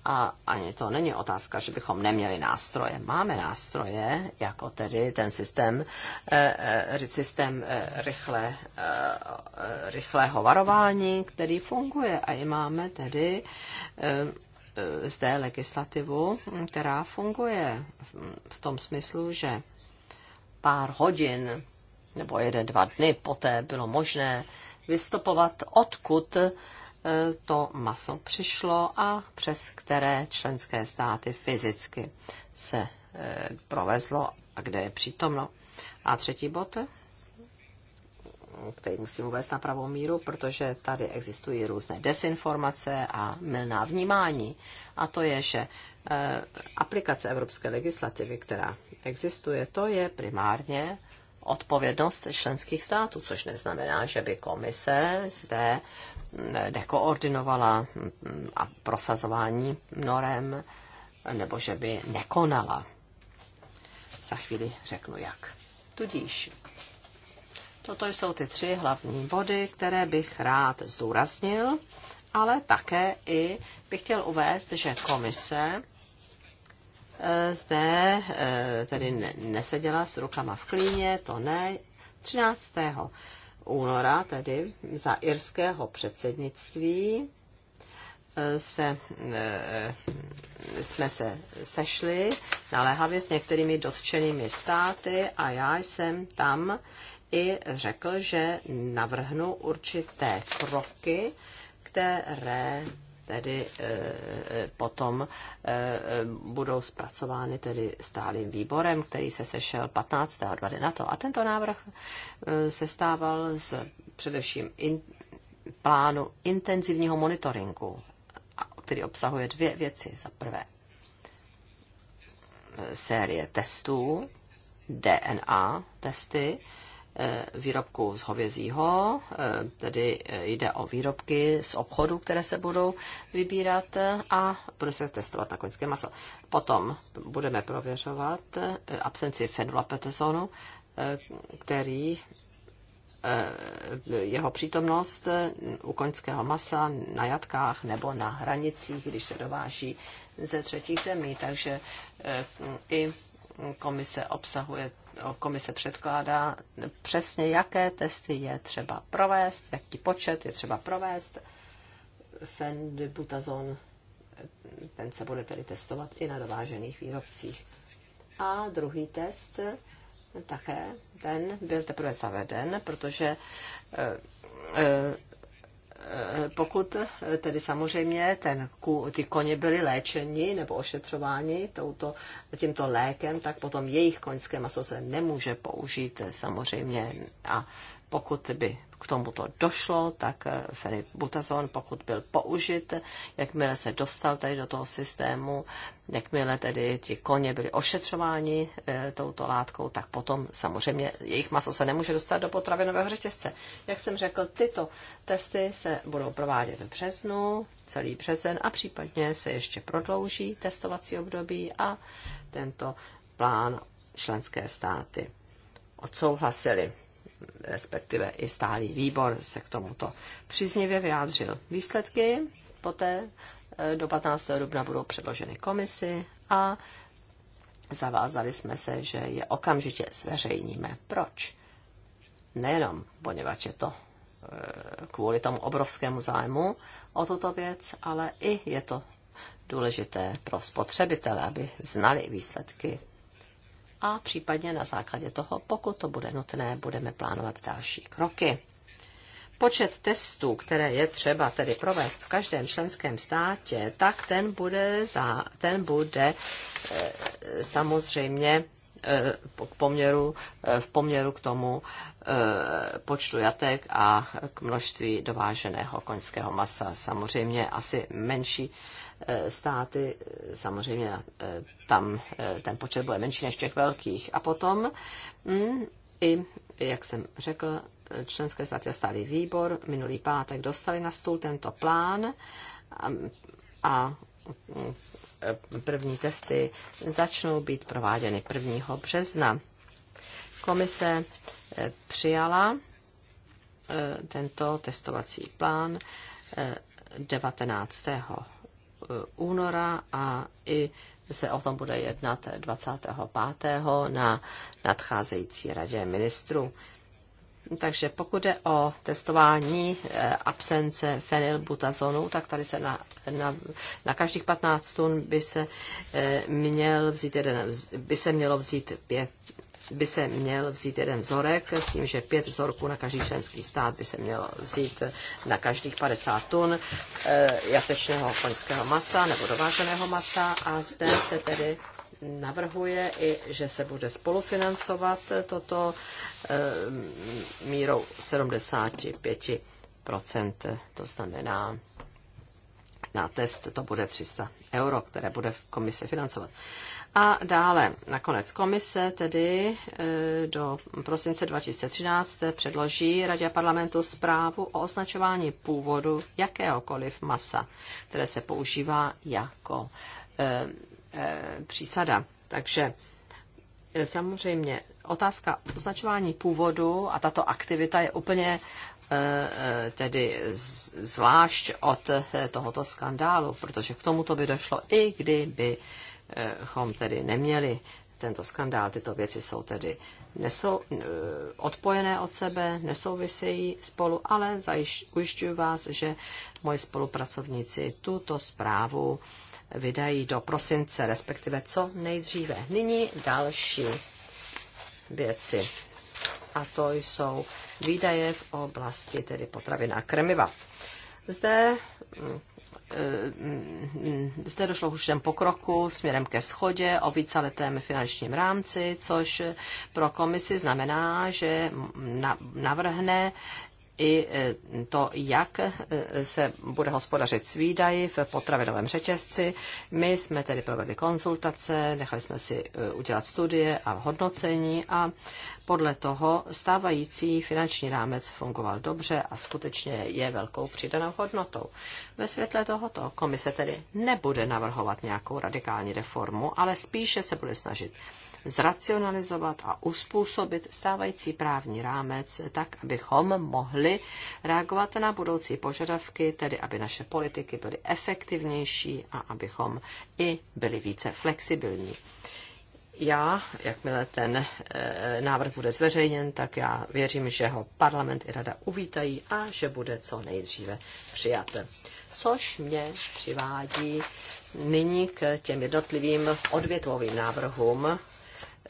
A ani to není otázka, že bychom neměli nástroje. Máme nástroje, jako tedy ten systém, eh, eh, systém rychle, rychlého varování, který funguje. A i máme tedy zde legislativu, která funguje v tom smyslu, že pár hodin nebo jeden, dva dny poté bylo možné vystopovat, odkud eh, to maso přišlo a přes které členské státy fyzicky se eh, provezlo a kde je přítomno. A třetí bod, který musím uvést na pravou míru, protože tady existují různé desinformace a mylná vnímání. A to je, že eh, aplikace evropské legislativy, která existuje, to je primárně odpovědnost členských států, což neznamená, že by komise zde mm, nekoordinovala mm, a prosazování norem, nebo že by nekonala. Za chvíli řeknu jak. Tudíž toto jsou ty tři hlavní body, které bych rád zdůraznil, ale také i bych chtěl uvést, že komise Eh, zde eh, tedy neseděla s rukama v klíně, to ne, 13. února, tedy za irského předsednictví, eh, se, jsme se sešli naléhavě s některými dotčenými státy a já jsem tam i řekl, že navrhnu určité kroky, které tedy eh, eh, potom eh, budou zpracovány tedy stálým výborem, který se sešel 15. a 20. na to. A tento návrh se stával z především in, plánu intenzivního monitoringu, který obsahuje dvě věci. Za prvé série testů, DNA testy, Eh, výrobků z hovězího, eh, tedy eh, jde o výrobky z obchodu, které se budou vybírat a bude se testovat na koňské maso. Potom budeme prověřovat absenci fenolapetazonu, který jeho přítomnost u koňského masa na jatkách nebo na hranicích, když se dováží ze třetích zemí. Takže i komise obsahuje komise předkládá přesně, jaké testy je třeba provést, jaký počet je třeba provést. Fendibutazon, ten se bude tedy testovat i na dovážených výrobcích. A druhý test také, ten byl teprve zaveden, protože eh, eh, Eh, pokud eh, tedy samozřejmě ten, ty koně byly léčeni nebo ošetřováni touto, tímto lékem, tak potom jejich koňské maso se nemůže použít eh, samozřejmě a pokud by k tomuto došlo, tak eh, fenibutazon, pokud byl použit, jakmile se dostal tady do toho systému, jakmile tedy ti koně byli ošetřováni e, touto látkou, tak potom samozřejmě jejich maso se nemůže dostat do potravinového řetězce. Jak jsem řekl, tyto testy se budou provádět v březnu, celý březen a případně se ještě prodlouží testovací období a tento plán členské státy odsouhlasili respektive i stálý výbor se k tomuto příznivě vyjádřil. Výsledky poté e, do 15. dubna budou předloženy komisi a zavázali jsme se, že je okamžitě zveřejníme. Proč? Nejenom, poněvadž je to e, kvůli tomu obrovskému zájmu o tuto věc, ale i je to důležité pro spotřebitele, aby znali výsledky a případně na základě toho, pokud to bude nutné, budeme plánovat další kroky. Počet testů, které je třeba tedy provést v každém členském státě, tak ten bude, za, ten bude e, samozřejmě e, eh, k poměru, e, v poměru k tomu e, počtu jatek a k množství dováženého koňského masa. Samozřejmě asi menší e, Eh, státy, eh, samozřejmě eh, tam ten počet bude menší než těch velkých. A potom hm, i, jak jsem řekl, členské státy a stálý výbor minulý pátek dostali na stůl tento plán a, a hm, první testy začnou být prováděny 1. března. Komise přijala tento testovací plán 19 února a i se o tom bude jednat 25. na nadcházející radě ministrů. Takže pokud jde o testování eh, absence fenylbutazonu, tak tady se na, na, na každých 15 tun by se eh, měl vzít jeden, by se mělo vzít pět by se měl vzít jeden vzorek s tím, že pět vzorků na každý členský stát by se mělo vzít na každých 50 tun eh, jatečného koňského masa nebo dováženého masa a zde se tedy navrhuje i, že se bude spolufinancovat toto eh, mírou 75 to znamená na test to bude 300 euro, které bude komise financovat. A dále, nakonec komise tedy e, do prosince 2013 předloží Radě parlamentu zprávu o označování původu jakéhokoliv masa, které se používá jako e, e, přísada. Takže e, samozřejmě otázka označování původu a tato aktivita je úplně e, tedy zvlášť od tohoto skandálu, protože k tomuto by došlo i kdyby chom tedy neměli tento skandál. Tyto věci jsou tedy nesou, e, odpojené od sebe, nesouvisejí spolu, ale zajiš, ujišťuji vás, že moji spolupracovníci tuto zprávu vydají do prosince, respektive co nejdříve. Nyní další věci. A to jsou výdaje v oblasti tedy potravin a krmiva. Zde Eh, zde došlo k určitém pokroku směrem ke schodě o víceletém finančním rámci, což pro komisi znamená, že navrhne i e, to, jak e, se bude hospodařit s výdaji v potravinovém řetězci. My jsme tedy provedli konzultace, nechali jsme si e, udělat studie a hodnocení a podle toho stávající finanční rámec fungoval dobře a skutečně je velkou přidanou hodnotou. Ve světle tohoto komise tedy nebude navrhovat nějakou radikální reformu, ale spíše se bude snažit zracionalizovat a uspůsobit stávající právní rámec tak, abychom mohli reagovat na budoucí požadavky, tedy aby naše politiky byly efektivnější a abychom i byli více flexibilní já, jakmile ten e, návrh bude zveřejněn, tak já věřím, že ho parlament i rada uvítají a že bude co nejdříve přijat. Což mě přivádí nyní k těm jednotlivým odvětvovým návrhům,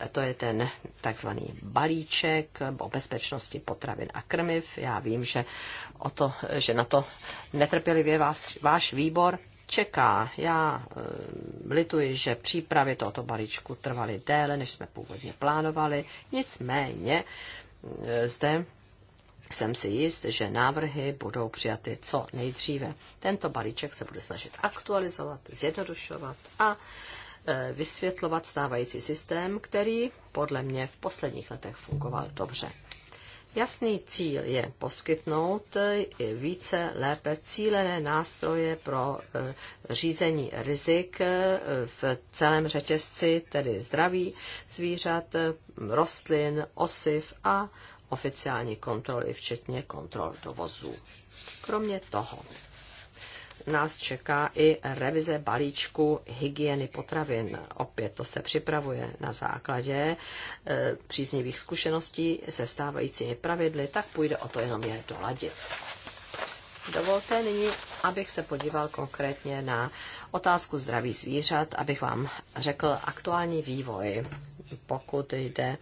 to je ten takzvaný balíček o bezpečnosti potravin a krmiv. Já vím, že, o to, že na to netrpělivě vás, váš výbor čeká. Já e, lituji, že přípravy tohoto balíčku trvaly déle, než jsme původně plánovali. Nicméně e, zde jsem si jist, že návrhy budou přijaty co nejdříve. Tento balíček se bude snažit aktualizovat, zjednodušovat a Eh, vysvětlovat stávající systém, který podle mě v posledních letech fungoval dobře. Jasný cíl je poskytnout eh, více lépe cílené nástroje pro eh, řízení rizik v celém řetězci, tedy zdraví zvířat, rostlin, osiv a oficiální kontroly, včetně kontrol dovozů. Kromě toho nás čeká i revize balíčku hygieny potravin. Opět to se připravuje na základě e, příznivých zkušeností se stávajícími pravidly, tak půjde o to jenom je doladit. Dovolte nyní, abych se podíval konkrétně na otázku zdraví zvířat, abych vám řekl aktuální vývoj, pokud jde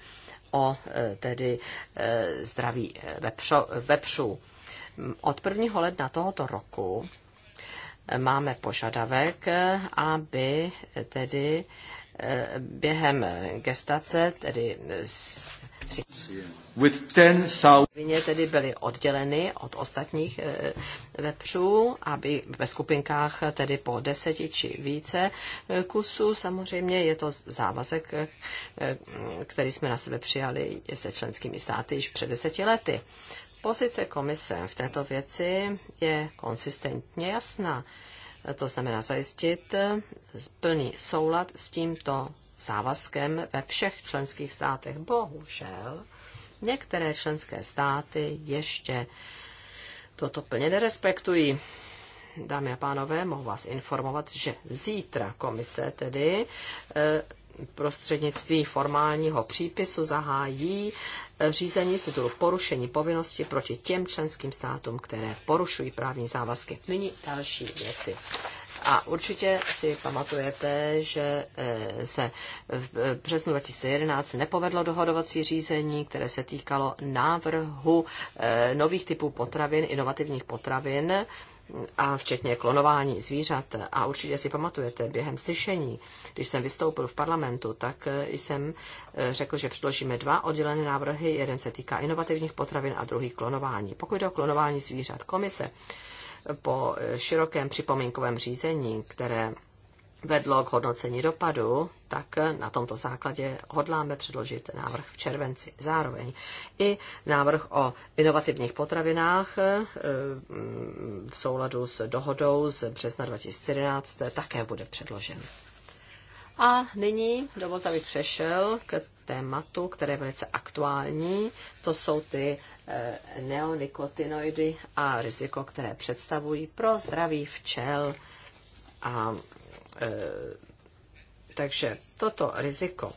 o e, tedy e, zdraví vepřů. Od 1. ledna tohoto roku máme požadavek, aby tedy eh, během gestace, tedy With Vině tedy byly odděleny od ostatních eh, vepřů, aby ve skupinkách tedy po deseti či více eh, kusů. Samozřejmě je to závazek, který jsme na sebe přijali se členskými státy již před deseti lety. Pozice komise v této věci je konsistentně jasná. To znamená zajistit plný soulad s tímto závazkem ve všech členských státech. Bohužel některé členské státy ještě toto plně nerespektují. Dámy a pánové, mohu vás informovat, že zítra komise tedy eh, prostřednictví formálního přípisu zahájí eh, řízení z titulu porušení povinnosti proti těm členským státům, které porušují právní závazky. Nyní další věci. A určitě si pamatujete, že eh, se v eh, březnu 2011 nepovedlo dohodovací řízení, které se týkalo návrhu nových typů potravin, inovativních potravin, a včetně klonování zvířat. A určitě si pamatujete, během slyšení, když jsem vystoupil v parlamentu, tak eh, jsem eh, řekl, že předložíme dva oddělené návrhy. Jeden se týká inovativních potravin a druhý klonování. Pokud jde o klonování zvířat, komise eh, po širokém připomínkovém řízení, které vedlo k hodnocení dopadu, tak na tomto základě hodláme předložit návrh v červenci. Zároveň i návrh o inovativních potravinách eh, v souladu s dohodou z března 2014 také bude předložen. A nyní dovolte, abych přešel k tématu, které je velice aktuální. To jsou ty eh, neonikotinoidy a riziko, které představují pro zdraví včel a Eh, takže toto riziko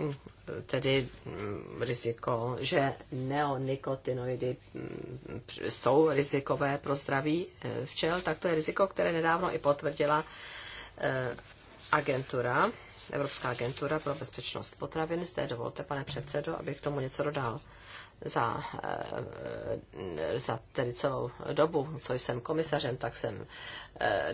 hm, tedy hm, riziko, že neonikotinoidy hm, jsou rizikové pro zdraví eh, včel, tak to je riziko, které nedávno i potvrdila eh, agentura, Evropská agentura pro bezpečnost potravin. Zde dovolte, pane předsedo, abych k tomu něco dodal za, eh, za tedy celou dobu, co jsem komisařem, tak jsem, eh,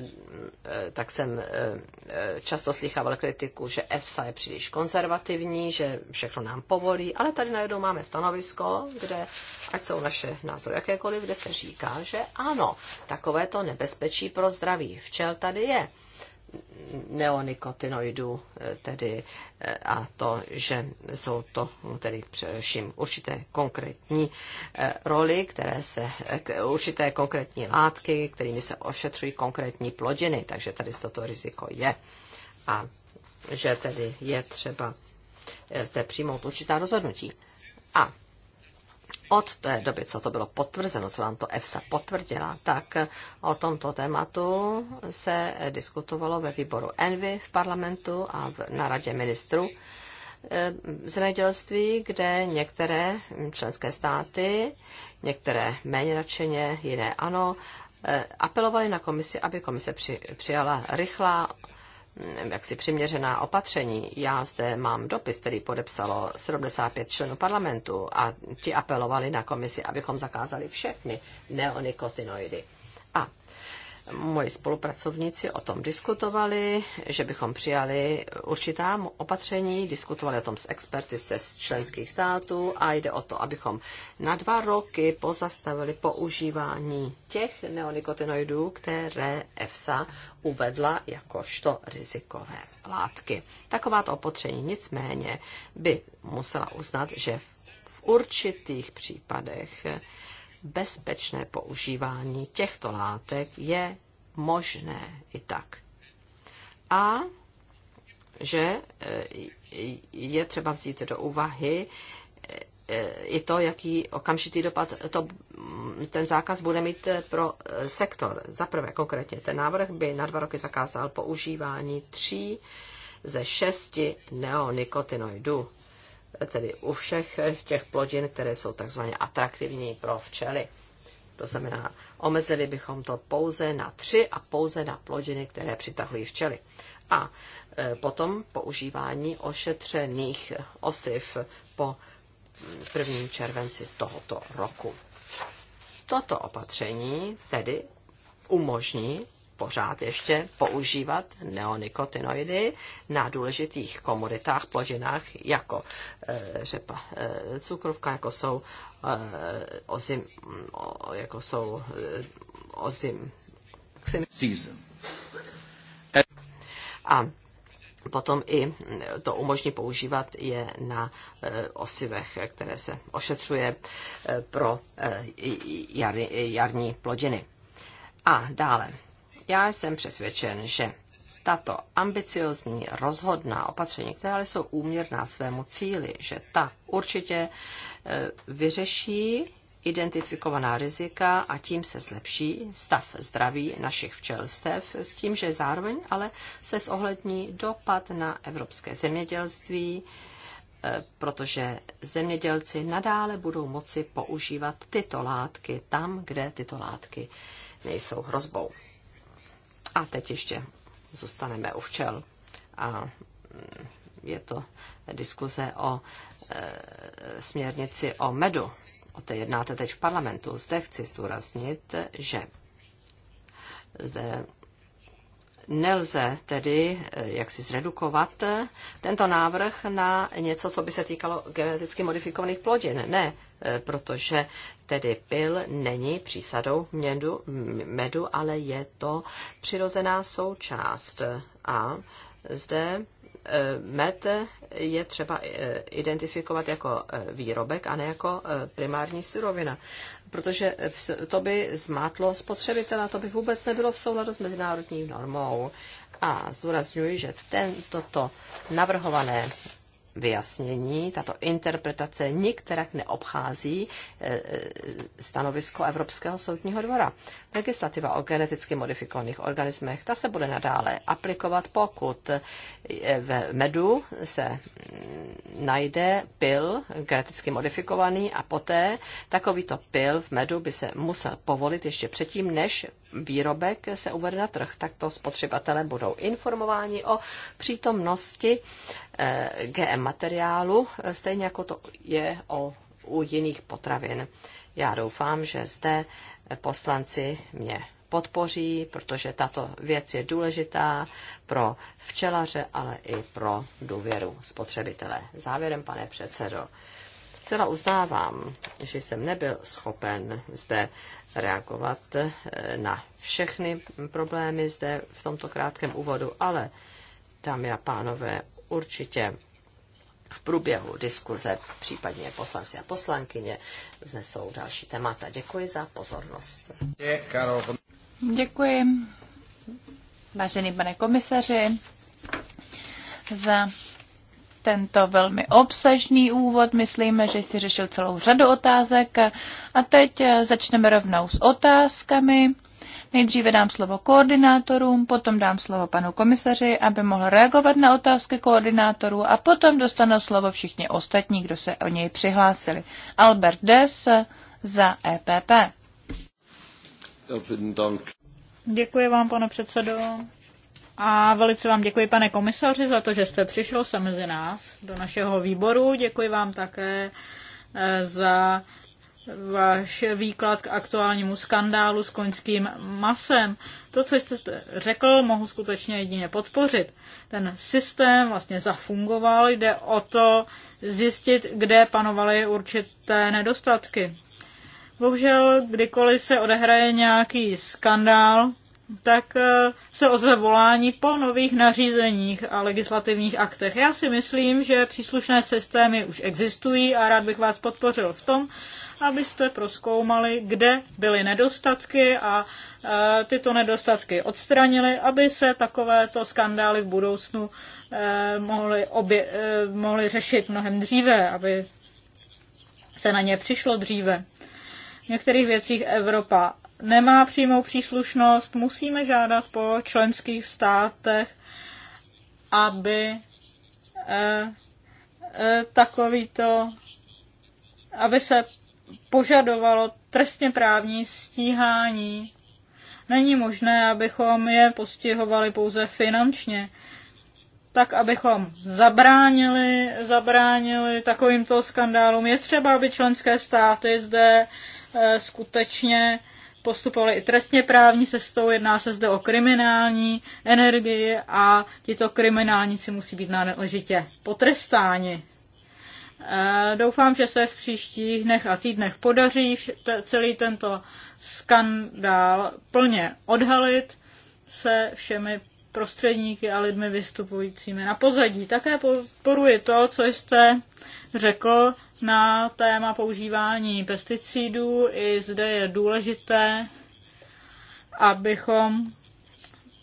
tak jsem eh, často slychával kritiku, že EFSA je příliš konzervativní, že všechno nám povolí, ale tady najednou máme stanovisko, kde, ať jsou naše názory jakékoliv, kde se říká, že ano, takové to nebezpečí pro zdraví včel tady je neonikotinoidů, eh, tedy eh, a to, že jsou to tedy především určité konkrétní eh, roli, které se, určité konkrétní látky, kterými se ošetřují konkrétní plodiny, takže tady toto riziko je. A že tedy je třeba zde přijmout určitá rozhodnutí. A od té doby, co to bylo potvrzeno, co vám to EFSA potvrdila, tak o tomto tématu se diskutovalo ve výboru ENVY v parlamentu a na radě ministrů eh, zemědělství, kde některé členské státy, některé méně nadšeně, jiné ano, eh, apelovali na komisi, aby komise při, přijala rychlá Mm, jaksi přiměřená opatření. Já zde mám dopis, který podepsalo 75 členů parlamentu a ti apelovali na komisi, abychom zakázali všechny neonikotinoidy moji spolupracovníci o tom diskutovali, že bychom přijali určitá opatření, diskutovali o tom s experty ze členských států a jde o to, abychom na dva roky pozastavili používání těch neonikotinoidů, které EFSA uvedla jakožto rizikové látky. Takováto opatření nicméně by musela uznat, že v určitých případech bezpečné používání těchto látek je možné i tak. A že eh, je třeba vzít do úvahy eh, i to, jaký okamžitý dopad to, mm, ten zákaz bude mít pro eh, sektor. Za prvé konkrétně, ten návrh by na dva roky zakázal používání tří ze šesti neonikotinoidů tedy u všech těch plodin, které jsou takzvaně atraktivní pro včely. To znamená, omezili bychom to pouze na tři a pouze na plodiny, které přitahují včely. A e, potom používání ošetřených osiv po prvním červenci tohoto roku. Toto opatření tedy umožní pořád ještě používat neonikotinoidy na důležitých komoditách, plodinách, jako eh, řepa eh, cukrovka, jako jsou, eh, ozim, jako jsou ozim. Season. A potom i to umožní používat je na osivech, které se ošetřuje pro jarní plodiny. A dále já jsem přesvědčen, že tato ambiciozní rozhodná opatření, která jsou úměrná svému cíli, že ta určitě e, vyřeší identifikovaná rizika a tím se zlepší stav zdraví našich včelstev, s tím, že zároveň ale se zohlední dopad na evropské zemědělství, e, protože zemědělci nadále budou moci používat tyto látky tam, kde tyto látky nejsou hrozbou. A teď ještě zůstaneme u včel. A mm, je to diskuze o e, směrnici o medu. O té jednáte teď v parlamentu. Zde chci zdůraznit, že zde nelze tedy e, jak si zredukovat e, tento návrh na něco, co by se týkalo geneticky modifikovaných plodin. Ne, Eh, protože tedy pil není přísadou mědu, medu, ale je to přirozená součást. A zde eh, med je třeba eh, identifikovat jako výrobek a ne jako primární surovina, protože to by zmátlo spotřebitela, to by vůbec nebylo v souladu s mezinárodní normou. A zdůrazňuji, že tento navrhované vyjasnění, tato interpretace nikterak neobchází e, e, stanovisko Evropského soudního dvora. Legislativa o geneticky modifikovaných organismech, ta se bude nadále aplikovat, pokud v medu se najde pil geneticky modifikovaný a poté takovýto pil v medu by se musel povolit ještě předtím, než výrobek se uvede na trh. Takto spotřebitelé budou informováni o přítomnosti eh, GM materiálu, eh, stejně jako to je o, u jiných potravin. Já doufám, že zde eh, poslanci mě podpoří, protože tato věc je důležitá pro včelaře, ale i pro důvěru spotřebitele. Závěrem, pane předsedo, zcela uznávám, že jsem nebyl schopen zde reagovat eh, na všechny problémy zde v tomto krátkém úvodu, ale dámy a pánové, určitě v průběhu diskuze, případně poslanci a poslankyně, vznesou další témata. Děkuji za pozornost. Děkuji, vážený pane komisaři, za tento velmi obsažný úvod. Myslíme, že jsi řešil celou řadu otázek a teď eh, začneme rovnou s otázkami. Nejdříve dám slovo koordinátorům, potom dám slovo panu komisaři, aby mohl reagovat na otázky koordinátorů a potom dostanou slovo všichni ostatní, kdo se o něj přihlásili. Albert Des eh, za EPP. Děkuji vám, pane předsedo. A velice vám děkuji, pane komisaři, za to, že jste přišel se mezi nás do našeho výboru. Děkuji vám také eh, za váš výklad k aktuálnímu skandálu s koňským masem. To, co jste řekl, mohu skutečně jedině podpořit. Ten systém vlastně zafungoval, jde o to zjistit, kde panovaly určité nedostatky. Bohužel, kdykoliv se odehraje nějaký skandál, tak eh, se ozve volání po nových nařízeních a legislativních aktech. Já si myslím, že příslušné systémy už existují a rád bych vás podpořil v tom, abyste proskoumali, kde byly nedostatky a eh, tyto nedostatky odstranili, aby se takovéto skandály v budoucnu eh, mohly, obě, mohly řešit mnohem dříve, aby se na ně přišlo dříve. V některých věcích Evropa nemá přímou příslušnost, musíme žádat po členských státech, aby eh, eh, takovýto, aby se požadovalo trestně právní stíhání. Není možné, abychom je postihovali pouze finančně, tak abychom zabránili, zabránili takovýmto skandálům. Je třeba, aby členské státy zde eh, skutečně postupovali i trestně právní cestou, jedná se zde o kriminální energii a tito kriminálníci musí být náležitě potrestáni. E, doufám, že se v příštích dnech a týdnech podaří celý tento skandál plně odhalit se všemi prostředníky a lidmi vystupujícími na pozadí. Také podporuji to, co jste řekl na téma používání pesticidů. I zde je důležité, abychom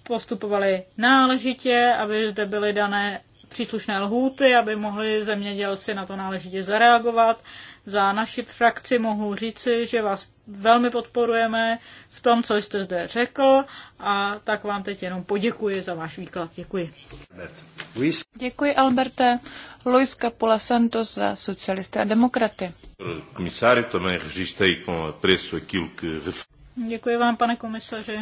postupovali náležitě, aby zde byly dané příslušné lhůty, aby mohli zemědělci na to náležitě zareagovat. Za naši frakci mohu říci, že vás velmi podporujeme v tom, co jste zde řekl a tak vám teď jenom poděkuji za váš výklad. Děkuji. Děkuji, Alberte. Luis Capula Santos za socialisty a demokraty. Děkuji vám, pane komisaři.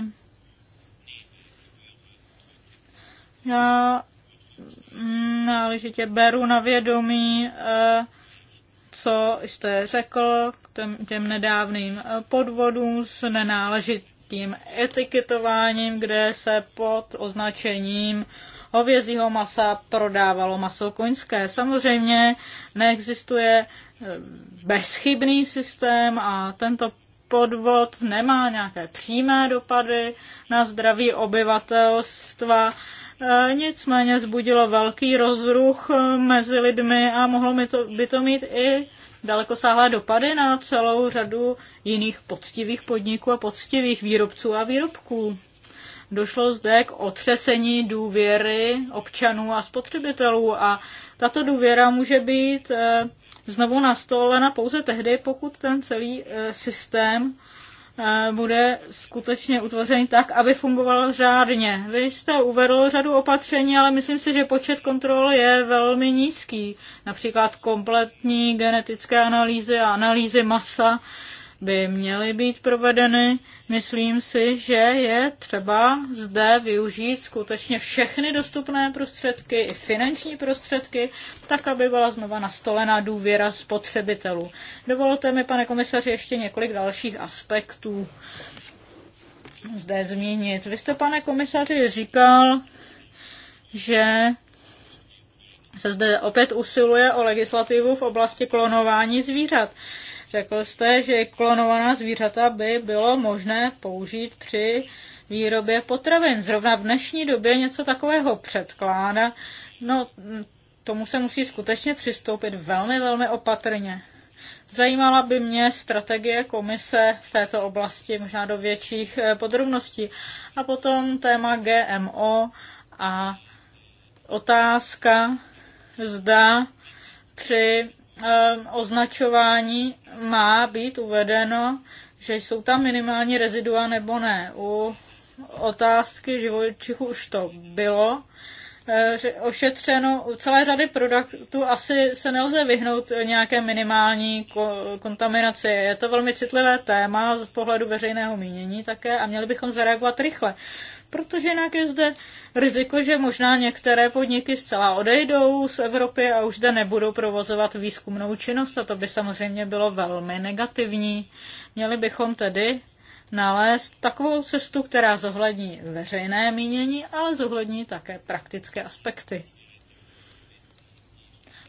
Já náležitě beru na vědomí, eh, co jste řekl k těm nedávným eh, podvodům s nenáležitým etiketováním, kde se pod označením hovězího masa prodávalo maso koňské. Samozřejmě neexistuje eh, bezchybný systém a tento podvod nemá nějaké přímé dopady na zdraví obyvatelstva. Eh, nicméně zbudilo velký rozruch eh, mezi lidmi a mohlo by to, by to mít i daleko sáhlé dopady na celou řadu jiných poctivých podniků a poctivých výrobců a výrobků. Došlo zde k otřesení důvěry občanů a spotřebitelů a tato důvěra může být eh, znovu nastolena pouze tehdy, pokud ten celý eh, systém eh, bude skutečně utvořen tak, aby fungoval řádně. Vy jste uvedl řadu opatření, ale myslím si, že počet kontrol je velmi nízký. Například kompletní genetické analýzy a analýzy masa by měly být provedeny Myslím si, že je třeba zde využít skutečně všechny dostupné prostředky, i finanční prostředky, tak, aby byla znova nastolena důvěra spotřebitelů. Dovolte mi, pane komisaři, ještě několik dalších aspektů zde zmínit. Vy jste, pane komisaři, říkal, že se zde opět usiluje o legislativu v oblasti klonování zvířat. Řekl jste, že klonovaná zvířata by bylo možné použít při výrobě potravin. Zrovna v dnešní době něco takového předkládá. No, tomu se musí skutečně přistoupit velmi, velmi opatrně. Zajímala by mě strategie komise v této oblasti, možná do větších eh, podrobností. A potom téma GMO a otázka, zda při Ehm, označování má být uvedeno, že jsou tam minimální rezidua nebo ne. U otázky živočichů už to bylo ehm, ošetřeno. U celé řady produktů asi se nelze vyhnout nějaké minimální kontaminaci. Je to velmi citlivé téma z pohledu veřejného mínění také a měli bychom zareagovat rychle protože jinak je zde riziko, že možná některé podniky zcela odejdou z Evropy a už zde nebudou provozovat výzkumnou činnost a to by samozřejmě bylo velmi negativní. Měli bychom tedy nalézt takovou cestu, která zohlední veřejné mínění, ale zohlední také praktické aspekty.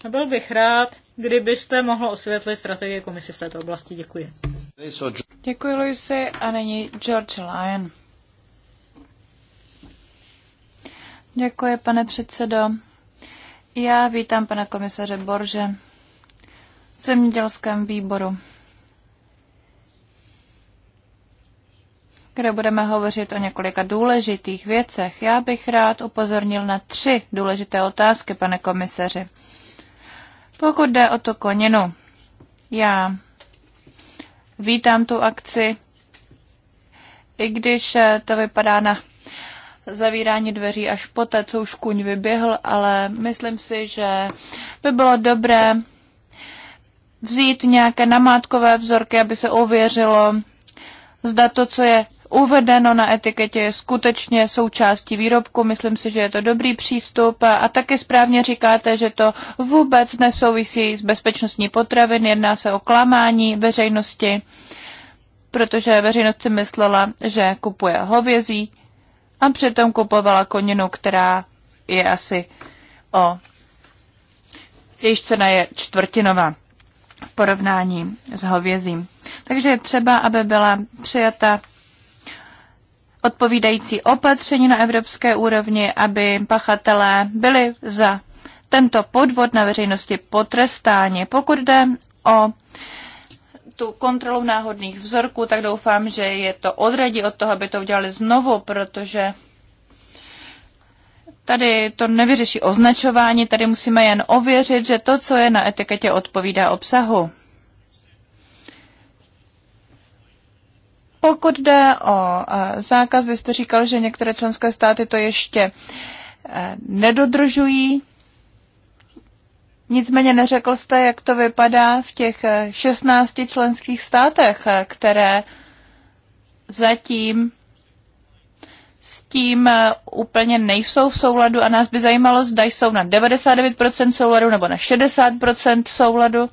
A byl bych rád, kdybyste mohl osvětlit strategii komise v této oblasti. Děkuji. Děkuji, Luisi. A nyní George Lyon. Děkuji, pane předsedo. Já vítám pana komisaře Borže v zemědělském výboru, kde budeme hovořit o několika důležitých věcech. Já bych rád upozornil na tři důležité otázky, pane komisaři. Pokud jde o tu koninu, já vítám tu akci, i když to vypadá na zavírání dveří až poté, co už kuň vyběhl, ale myslím si, že by bylo dobré vzít nějaké namátkové vzorky, aby se ověřilo, zda to, co je uvedeno na etiketě, je skutečně součástí výrobku. Myslím si, že je to dobrý přístup a, a taky správně říkáte, že to vůbec nesouvisí s bezpečnostní potravin, jedná se o klamání veřejnosti, protože veřejnost si myslela, že kupuje hovězí a přitom kupovala koninu, která je asi o... Jejíž cena je čtvrtinová v porovnání s hovězím. Takže je třeba, aby byla přijata odpovídající opatření na evropské úrovni, aby pachatelé byli za tento podvod na veřejnosti potrestáni. Pokud jde o tu kontrolu náhodných vzorků, tak doufám, že je to odradí od toho, aby to udělali znovu, protože tady to nevyřeší označování, tady musíme jen ověřit, že to, co je na etiketě, odpovídá obsahu. Pokud jde o e, zákaz, vy jste říkal, že některé členské státy to ještě e, nedodržují. Nicméně neřekl jste, jak to vypadá v těch 16 eh, členských státech, eh, které zatím s tím eh, úplně nejsou v souladu a nás by zajímalo, zda jsou na 99% souladu nebo na 60% souladu,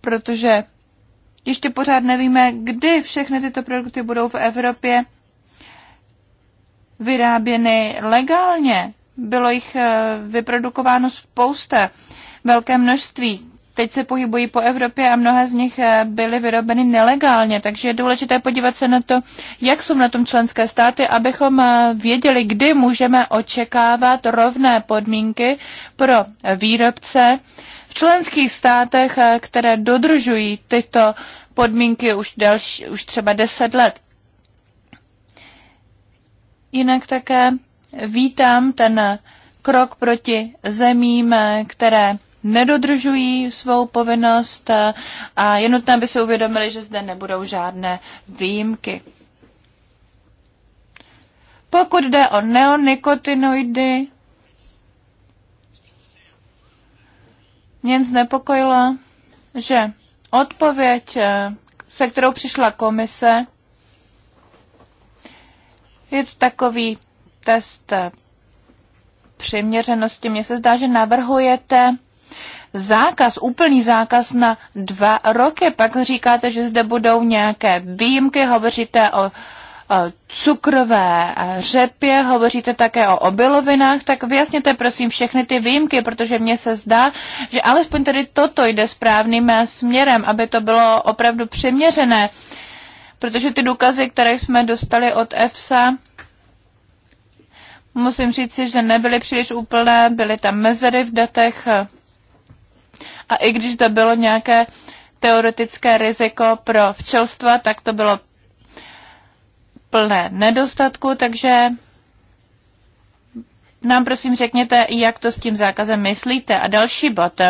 protože ještě pořád nevíme, kdy všechny tyto produkty budou v Evropě vyráběny legálně. Bylo jich eh, vyprodukováno spousta, velké množství. Teď se pohybují po Evropě a mnohé z nich eh, byly vyrobeny nelegálně, takže je důležité podívat se na to, jak jsou na tom členské státy, abychom eh, věděli, kdy můžeme očekávat rovné podmínky pro výrobce v členských státech, které dodržují tyto podmínky už, další, už třeba 10 let. Jinak také vítám ten krok proti zemím, které nedodržují svou povinnost a je nutné, aby se uvědomili, že zde nebudou žádné výjimky. Pokud jde o neonikotinoidy, mě znepokojilo, že odpověď, se kterou přišla komise, je to takový test přiměřenosti. Mně se zdá, že navrhujete zákaz, úplný zákaz na dva roky. Pak říkáte, že zde budou nějaké výjimky, hovoříte o, cukrové řepě, hovoříte také o obilovinách, tak vyjasněte prosím všechny ty výjimky, protože mně se zdá, že alespoň tedy toto jde správným směrem, aby to bylo opravdu přiměřené, protože ty důkazy, které jsme dostali od EFSA, Musím říci, že nebyly příliš úplné, byly tam mezery v datech a i když to bylo nějaké teoretické riziko pro včelstva, tak to bylo plné nedostatku, takže nám prosím řekněte, jak to s tím zákazem myslíte. A další bod,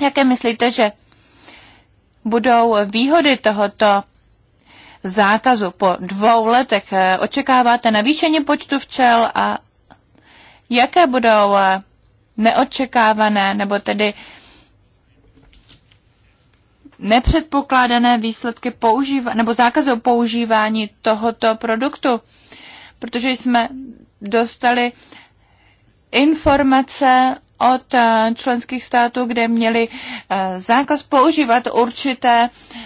jaké myslíte, že budou výhody tohoto zákazu po dvou letech eh, očekáváte navýšení počtu včel a jaké budou eh, neočekávané nebo tedy nepředpokládané výsledky používa- nebo zákazu používání tohoto produktu, protože jsme dostali informace od eh, členských států, kde měli zákaz používat určité uh,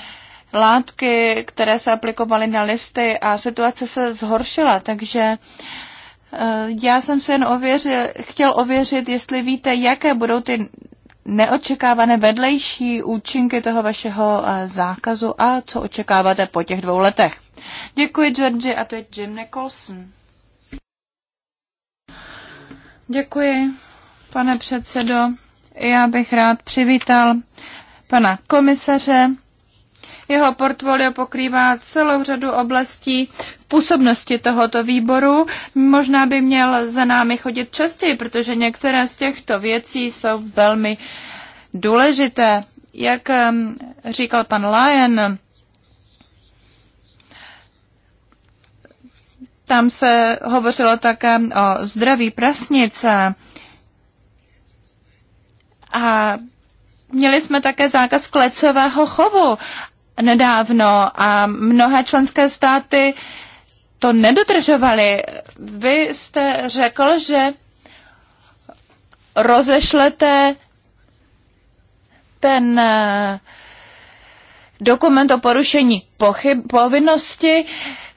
látky, které se aplikovaly na listy a situace se zhoršila, takže eh, já jsem se jen ověřil, chtěl ověřit, jestli víte, jaké budou ty neočekávané vedlejší účinky toho vašeho eh, zákazu a co očekáváte po těch dvou letech. Děkuji, Georgi, a to je Jim Nicholson. Děkuji, pane předsedo. Já bych rád přivítal pana komisaře jeho portfolio pokrývá celou řadu oblastí v působnosti tohoto výboru. Možná by měl za námi chodit častěji, protože některé z těchto věcí jsou velmi důležité. Jak říkal pan Lyon, tam se hovořilo také o zdraví prasnice. A měli jsme také zákaz klecového chovu nedávno a mnohé členské státy to nedodržovaly. Vy jste řekl, že rozešlete ten eh, dokument o porušení pochyb, povinnosti.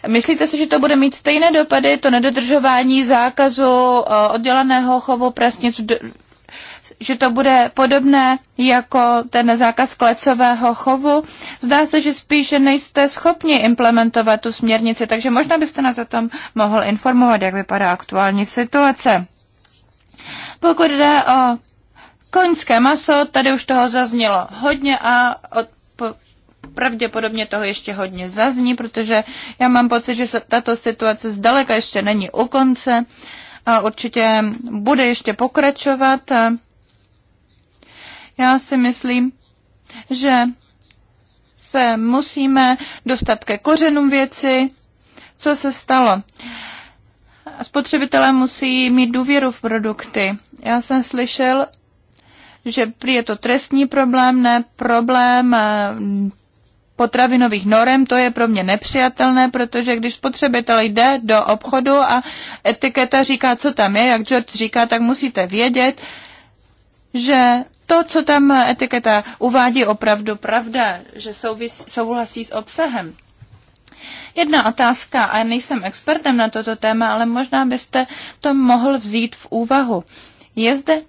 Myslíte si, že to bude mít stejné dopady, to nedodržování zákazu eh, odděleného chovu prasnic že to bude podobné jako ten zákaz klecového chovu. Zdá se, že spíše nejste schopni implementovat tu směrnici, takže možná byste nás o tom mohl informovat, jak vypadá aktuální situace. Pokud jde o koňské maso, tady už toho zaznělo hodně a od, pravděpodobně toho ještě hodně zazní, protože já mám pocit, že tato situace zdaleka ještě není u konce a určitě bude ještě pokračovat. Já si myslím, že se musíme dostat ke kořenům věci, co se stalo. Spotřebitelé musí mít důvěru v produkty. Já jsem slyšel, že prý je to trestní problém, ne problém eh, potravinových norem, to je pro mě nepřijatelné, protože když spotřebitel jde do obchodu a etiketa říká, co tam je, jak George říká, tak musíte vědět, že to, co tam etiketa uvádí, opravdu pravda, že souvis, souhlasí s obsahem. Jedna otázka, a nejsem expertem na toto téma, ale možná byste to mohl vzít v úvahu. Je zde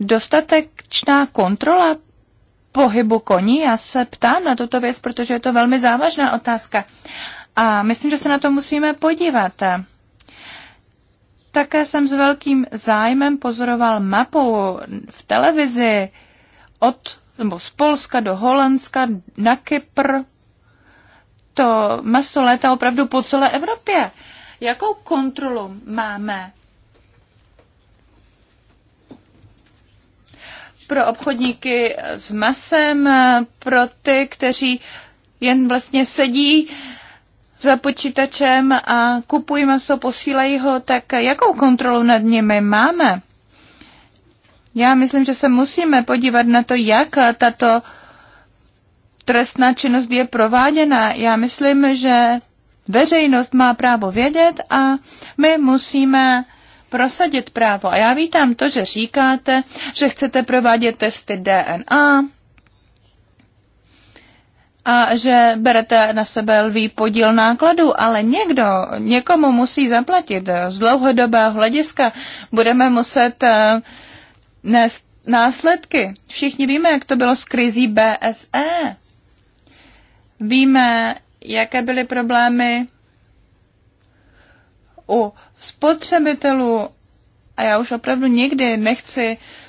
dostatečná kontrola pohybu koní? Já se ptám na tuto věc, protože je to velmi závažná otázka. A myslím, že se na to musíme podívat. Také jsem s velkým zájmem pozoroval mapu v televizi od, nebo z Polska do Holandska, na Kypr. To maso léta opravdu po celé Evropě. Jakou kontrolu máme pro obchodníky s masem, pro ty, kteří jen vlastně sedí za počítačem a kupují maso, posílají ho, tak jakou kontrolu nad nimi máme? Já myslím, že se musíme podívat na to, jak tato trestná činnost je prováděna. Já myslím, že veřejnost má právo vědět a my musíme prosadit právo. A já vítám to, že říkáte, že chcete provádět testy DNA, a že berete na sebe lvý podíl nákladů, ale někdo, někomu musí zaplatit. Z dlouhodobého hlediska budeme muset eh, nést následky. Všichni víme, jak to bylo s krizí BSE. Víme, jaké byly problémy u spotřebitelů. A já už opravdu nikdy nechci uh,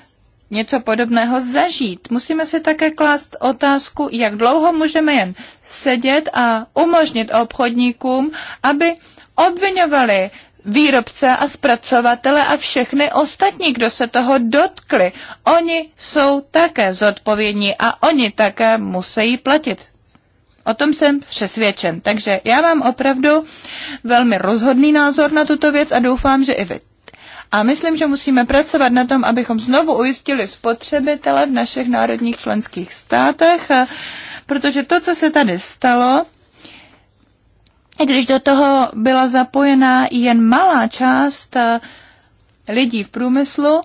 něco podobného zažít. Musíme si také klást otázku, jak dlouho můžeme jen sedět a umožnit obchodníkům, aby obvinovali výrobce a zpracovatele a všechny ostatní, kdo se toho dotkli. Oni jsou také zodpovědní a oni také musí platit. O tom jsem přesvědčen. Takže já mám opravdu velmi rozhodný názor na tuto věc a doufám, že i vy a myslím, že musíme pracovat na tom, abychom znovu ujistili spotřebitele v našich národních členských státech, eh, protože to, co se tady stalo, i když do toho byla zapojená jen malá část eh, lidí v průmyslu,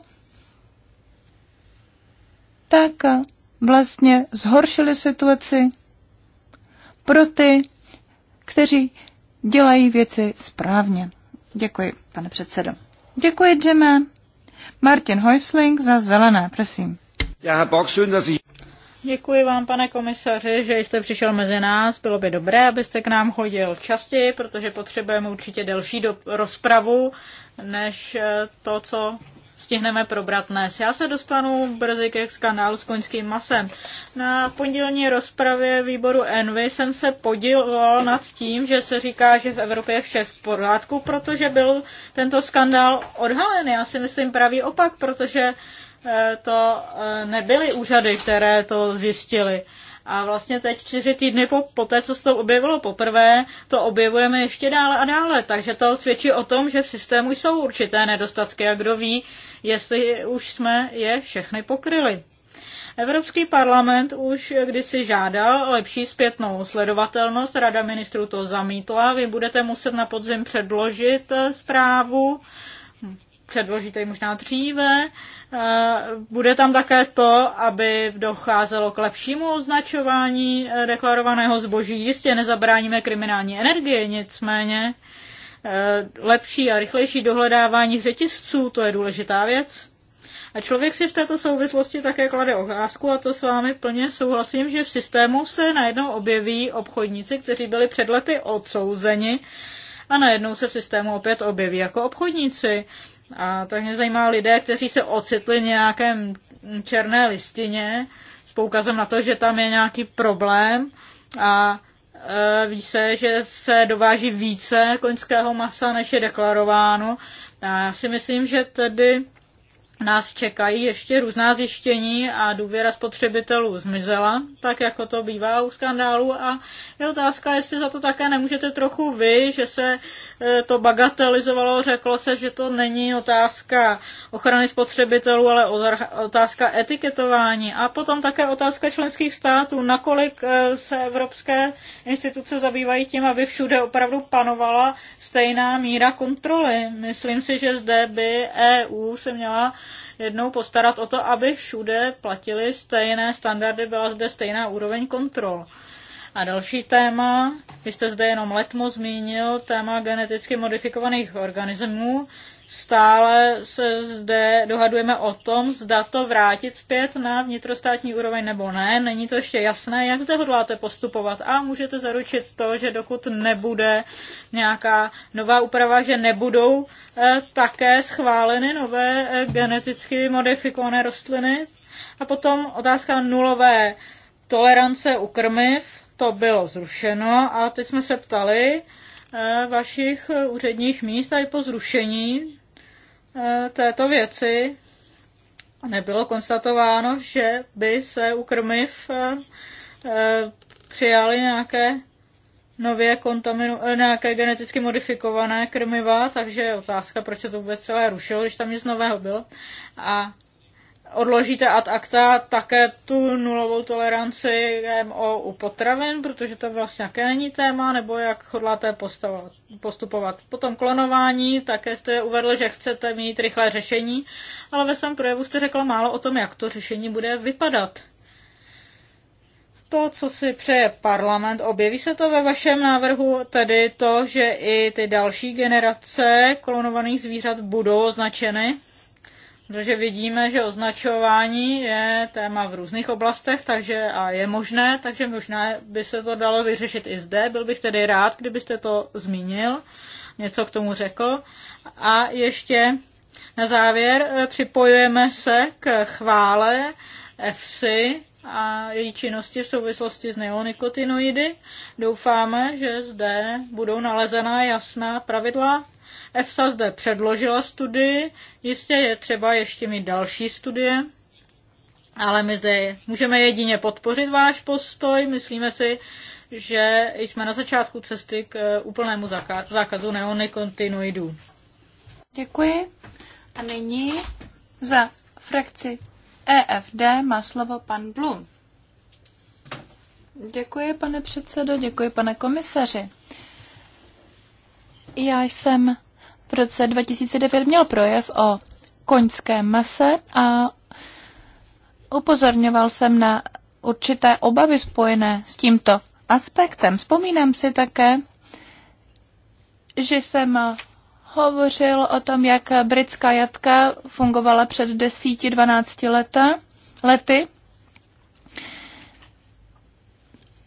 tak eh, vlastně zhoršili situaci pro ty, kteří dělají věci správně. Děkuji, pane předsedo. Děkuji, Jimmy. Martin Heusling za zelené, prosím. Já, Bock, schön, Děkuji vám, pane komisaři, že jste přišel mezi nás. Bylo by dobré, abyste k nám chodil častěji, protože potřebujeme určitě delší do- rozpravu než eh, to, co stihneme probrat dnes. Já se dostanu brzy ke skandálu s koňským masem. Na pondělní rozpravě výboru Envy jsem se podíval nad tím, že se říká, že v Evropě je vše v pořádku, protože byl tento skandál odhalen. Já si myslím pravý opak, protože eh, to eh, nebyly úřady, které to zjistily. A vlastně teď čtyři týdny po, po té, co se to objevilo poprvé, to objevujeme ještě dále a dále. Takže to svědčí o tom, že v systému jsou určité nedostatky a kdo ví, jestli už jsme je všechny pokryli. Evropský parlament už kdysi žádal lepší zpětnou sledovatelnost, Rada ministrů to zamítla, vy budete muset na podzim předložit eh, zprávu, hm, předložíte ji možná dříve, bude tam také to, aby docházelo k lepšímu označování eh, deklarovaného zboží. Jistě nezabráníme kriminální energie, nicméně eh, lepší a rychlejší dohledávání řetězců, to je důležitá věc. A člověk si v této souvislosti také klade otázku, a to s vámi plně souhlasím, že v systému se najednou objeví obchodníci, kteří byli před lety odsouzeni a najednou se v systému opět objeví jako obchodníci. A tak mě zajímá lidé, kteří se ocitli v nějakém černé listině s poukazem na to, že tam je nějaký problém a e, ví se, že se dováží více koňského masa, než je deklarováno. A já si myslím, že tedy nás čekají ještě různá zjištění a důvěra spotřebitelů zmizela, tak jako to bývá u skandálu a je otázka, jestli za to také nemůžete trochu vy, že se e, to bagatelizovalo, řeklo se, že to není otázka ochrany spotřebitelů, ale otázka etiketování a potom také otázka členských států, nakolik e, se evropské instituce zabývají tím, aby všude opravdu panovala stejná míra kontroly. Myslím si, že zde by EU se měla jednou postarat o to, aby všude platili stejné standardy, byla zde stejná úroveň kontrol. A další téma, vy jste zde jenom letmo zmínil, téma geneticky modifikovaných organismů stále se zde dohadujeme o tom, zda to vrátit zpět na vnitrostátní úroveň nebo ne. Není to ještě jasné, jak zde hodláte postupovat a můžete zaručit to, že dokud nebude nějaká nová úprava, že nebudou eh, také schváleny nové eh, geneticky modifikované rostliny. A potom otázka nulové tolerance u krmiv, to bylo zrušeno a teď jsme se ptali, eh, vašich úředních míst a i po zrušení Eh, této věci nebylo konstatováno, že by se u krmiv eh, eh, přijaly nějaké nově kontaminu- nějaké geneticky modifikované krmiva, takže je otázka, proč se to vůbec celé rušilo, když tam nic nového bylo. A odložíte ad acta také tu nulovou toleranci GMO u potravin, protože to vlastně také není téma, nebo jak hodláte postupovat. Potom klonování, také jste uvedl, že chcete mít rychlé řešení, ale ve svém projevu jste řekla málo o tom, jak to řešení bude vypadat. To, co si přeje parlament, objeví se to ve vašem návrhu, tedy to, že i ty další generace klonovaných zvířat budou označeny protože vidíme, že označování je téma v různých oblastech, takže a je možné, takže možná by se to dalo vyřešit i zde. Byl bych tedy rád, kdybyste to zmínil, něco k tomu řekl. A ještě na závěr eh, připojujeme se k chvále FC a její činnosti v souvislosti s neonikotinoidy. Doufáme, že zde budou nalezena jasná pravidla EFSA zde předložila studii, jistě je třeba ještě mít další studie, ale my zde můžeme jedině podpořit váš postoj. Myslíme si, že jsme na začátku cesty k eh, úplnému zákazu neonikotinoidů. Děkuji. A nyní za frakci EFD má slovo pan Blum. Děkuji, pane předsedo, děkuji, pane komisaři. Já jsem v roce 2009 měl projev o koňském mase a upozorňoval jsem na určité obavy spojené s tímto aspektem. Vzpomínám si také, že jsem hovořil o tom, jak britská jatka fungovala před 10-12 leta, lety.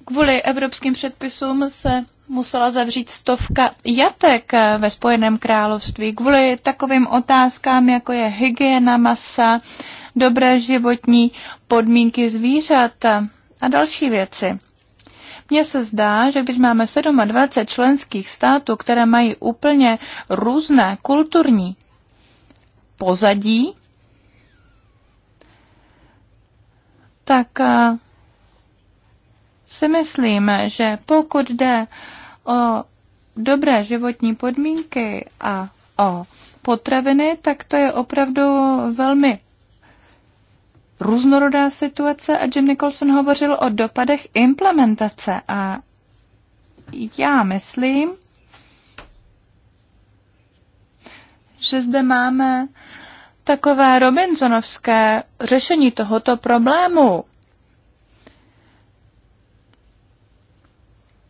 Kvůli evropským předpisům se musela zavřít stovka jatek ve Spojeném království kvůli takovým otázkám, jako je hygiena masa, dobré životní podmínky zvířat a další věci. Mně se zdá, že když máme 27 členských států, které mají úplně různé kulturní pozadí, tak eh, si myslím, že pokud jde o dobré životní podmínky a o potraviny, tak to je opravdu velmi různorodá situace a Jim Nicholson hovořil o dopadech implementace a já myslím, že zde máme takové Robinsonovské řešení tohoto problému.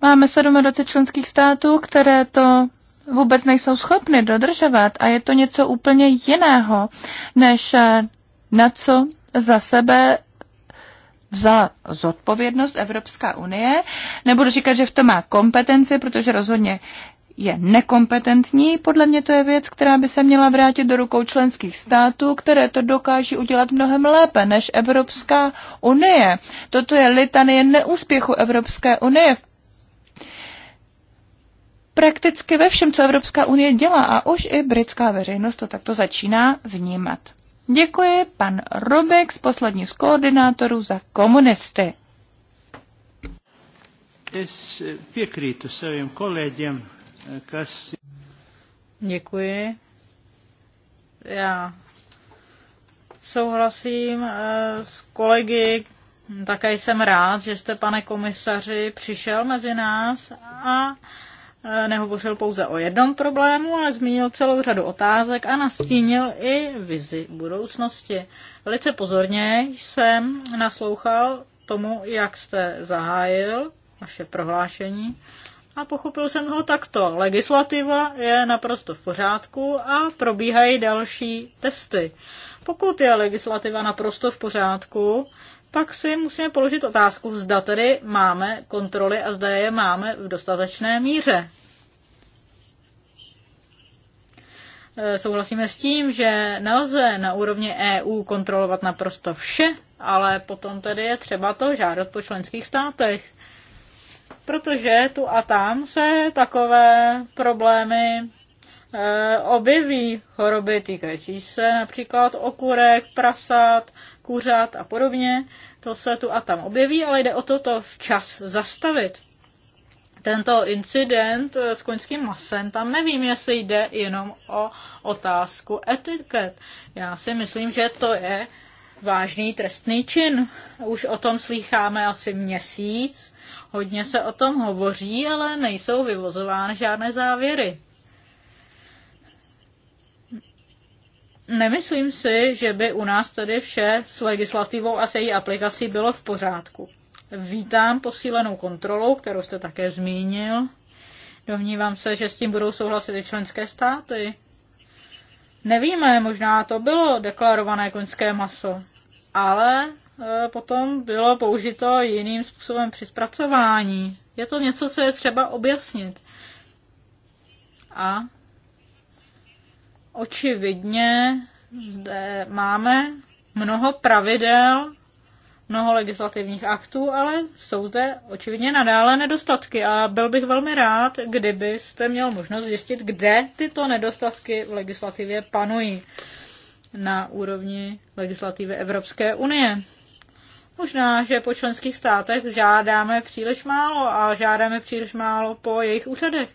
Máme 27 členských států, které to vůbec nejsou schopny dodržovat a je to něco úplně jiného, než eh, na co za sebe vzala zodpovědnost Evropská unie. Nebudu říkat, že v tom má kompetenci, protože rozhodně je nekompetentní. Podle mě to je věc, která by se měla vrátit do rukou členských států, které to dokáží udělat mnohem lépe než Evropská unie. Toto je litanie neúspěchu Evropské unie v prakticky ve všem, co Evropská unie dělá a už i britská veřejnost to takto začíná vnímat. Děkuji pan Robek z poslední z koordinátorů za komunisty. Děkuji. Já souhlasím eh, s kolegy, také jsem rád, že jste, pane komisaři, přišel mezi nás a nehovořil pouze o jednom problému, ale zmínil celou řadu otázek a nastínil i vizi budoucnosti. Velice pozorně jsem naslouchal tomu, jak jste zahájil vaše prohlášení a pochopil jsem ho no takto. Legislativa je naprosto v pořádku a probíhají další testy. Pokud je legislativa naprosto v pořádku, pak si musíme položit otázku, zda tedy máme kontroly a zda je máme v dostatečné míře. E, souhlasíme s tím, že nelze na úrovni EU kontrolovat naprosto vše, ale potom tedy je třeba to žádat po členských státech. Protože tu a tam se takové problémy Eh, objeví choroby týkající se například okurek, prasat, kuřat a podobně. To se tu a tam objeví, ale jde o to to včas zastavit. Tento incident eh, s koňským masem, tam nevím, jestli jde jenom o otázku etiket. Já si myslím, že to je vážný trestný čin. Už o tom slýcháme asi měsíc, hodně se o tom hovoří, ale nejsou vyvozovány žádné závěry. nemyslím si, že by u nás tady vše s legislativou a s její aplikací bylo v pořádku. Vítám posílenou kontrolu, kterou jste také zmínil. Domnívám se, že s tím budou souhlasit i členské státy. Nevíme, možná to bylo deklarované koňské maso, ale e, potom bylo použito jiným způsobem při zpracování. Je to něco, co je třeba objasnit. A Očividně zde máme mnoho pravidel, mnoho legislativních aktů, ale jsou zde očividně nadále nedostatky a byl bych velmi rád, kdybyste měl možnost zjistit, kde tyto nedostatky v legislativě panují na úrovni legislativy Evropské unie. Možná, že po členských státech žádáme příliš málo a žádáme příliš málo po jejich úřadech.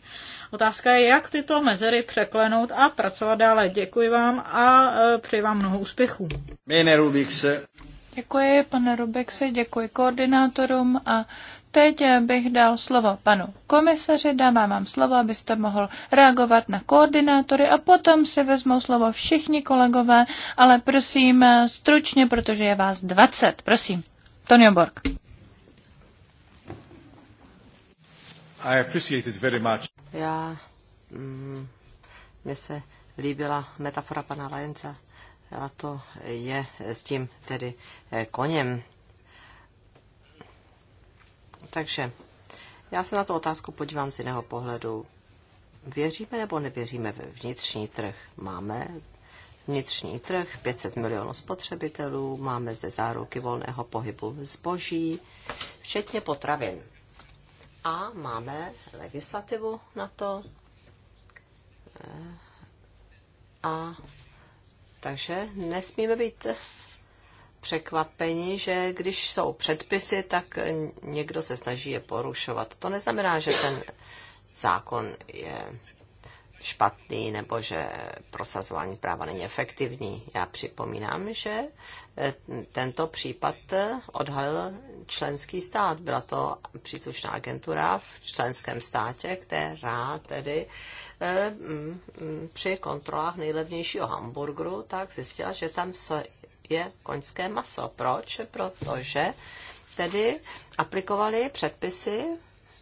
Otázka je, jak tyto mezery překlenout a pracovat dále. Děkuji vám a e, přeji vám mnoho úspěchů. Bene, Děkuji, pane Rubikse, děkuji koordinátorům a teď e, bych dal slovo panu komisaři, dávám vám slovo, abyste mohl reagovat na koordinátory a potom si vezmou slovo všichni kolegové, ale prosím e, stručně, protože je vás 20. Prosím, Tonio Borg. I appreciate it very much. Já, mm, mně se líbila metafora pana Lajenca. A to je s tím tedy eh, koněm. Takže já se na tu otázku podívám z jiného pohledu. Věříme nebo nevěříme ve vnitřní trh? Máme vnitřní trh, 500 milionů spotřebitelů, máme zde záruky volného pohybu zboží, včetně potravin a máme legislativu na to. Eh, a takže nesmíme být překvapeni, že když jsou předpisy, tak někdo se snaží je porušovat. To neznamená, že ten zákon je špatný nebo že prosazování práva není efektivní. Já připomínám, že eh, tento případ odhalil členský stát. Byla to příslušná agentura v členském státě, která tedy eh, mm, mm, při kontrolách nejlevnějšího hamburgeru tak zjistila, že tam je koňské maso. Proč? Protože tedy aplikovali předpisy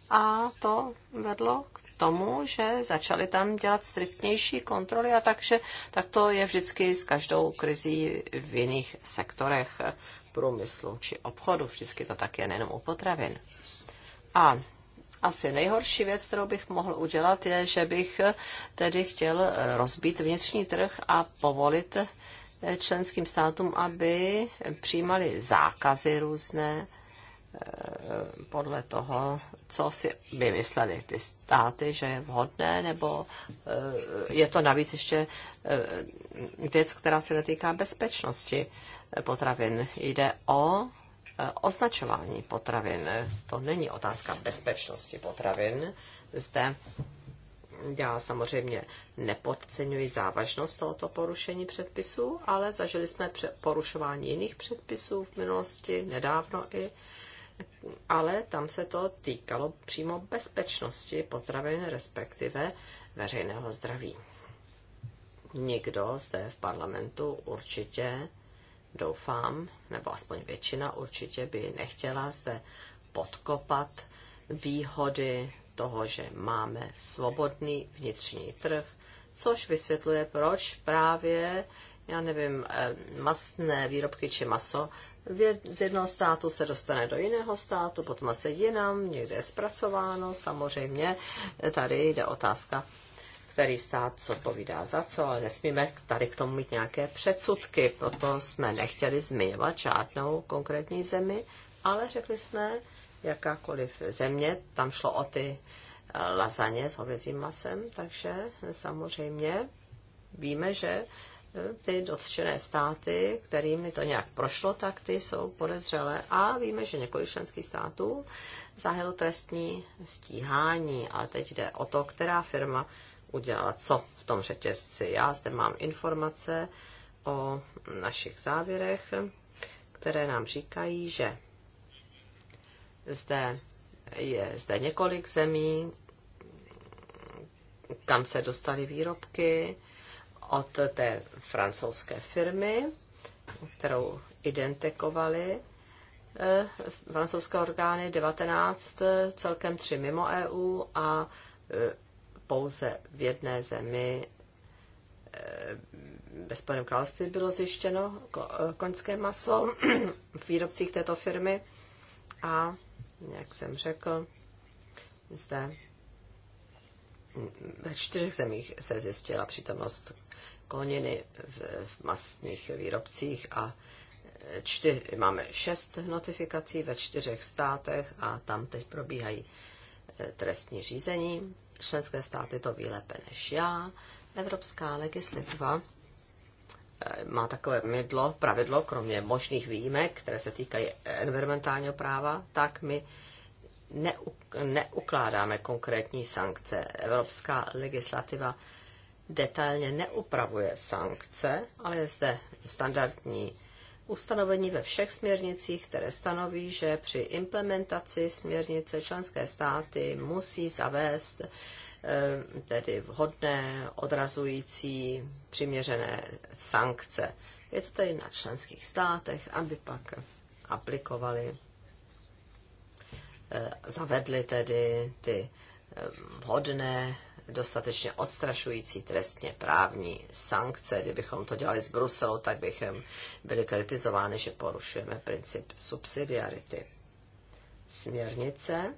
a to vedlo k tomu, že začali tam dělat striktnější kontroly a takže tak to je vždycky s každou krizí v jiných sektorech průmyslu či obchodu. Vždycky to tak je, nejenom u potravin. A asi nejhorší věc, kterou bych mohl udělat, je, že bych tedy chtěl rozbít vnitřní trh a povolit členským státům, aby přijímali zákazy různé eh, podle toho, co si vymysleli ty státy, že je vhodné, nebo eh, je to navíc ještě eh, věc, která se netýká bezpečnosti potravin. Jde o e, označování potravin. To není otázka bezpečnosti potravin. Zde já samozřejmě nepodceňuji závažnost tohoto porušení předpisů, ale zažili jsme porušování jiných předpisů v minulosti, nedávno i, ale tam se to týkalo přímo bezpečnosti potravin, respektive veřejného zdraví. Nikdo zde v parlamentu určitě doufám, nebo aspoň většina určitě by nechtěla zde podkopat výhody toho, že máme svobodný vnitřní trh, což vysvětluje, proč právě, já nevím, eh, masné výrobky či maso z jednoho státu se dostane do jiného státu, potom se jinam, někde je zpracováno. Samozřejmě eh, tady jde otázka který stát co povídá za co, ale nesmíme tady k tomu mít nějaké předsudky, proto jsme nechtěli zmiňovat žádnou konkrétní zemi, ale řekli jsme, jakákoliv země, tam šlo o ty eh, lazaně s hovězím masem, takže samozřejmě víme, že eh, ty dotčené státy, kterými to nějak prošlo, tak ty jsou podezřelé. A víme, že několik členských států zahájilo trestní stíhání. A teď jde o to, která firma udělala co v tom řetězci. Já zde mám informace o našich závěrech, které nám říkají, že zde je zde několik zemí, kam se dostaly výrobky od té francouzské firmy, kterou identikovali eh, francouzské orgány 19, eh, celkem 3 mimo EU a eh, pouze v jedné zemi eh, ve Spojeném království bylo zjištěno eh, koňské maso v výrobcích této firmy a, jak jsem řekl, zde ve čtyřech zemích se zjistila přítomnost koniny v, v masných výrobcích a čtyři máme šest notifikací ve čtyřech státech a tam teď probíhají eh, trestní řízení členské státy to ví lépe než já. Evropská legislativa eh, má takové mydlo, pravidlo, kromě možných výjimek, které se týkají environmentálního práva, tak my neukládáme konkrétní sankce. Evropská legislativa detailně neupravuje sankce, ale je zde standardní ustanovení ve všech směrnicích, které stanoví, že při implementaci směrnice členské státy musí zavést eh, tedy vhodné, odrazující, přiměřené sankce. Je to tedy na členských státech, aby pak aplikovali, eh, zavedli tedy ty eh, vhodné dostatečně odstrašující trestně právní sankce. Kdybychom to dělali z Bruselu, tak bychom byli kritizováni, že porušujeme princip subsidiarity. Směrnice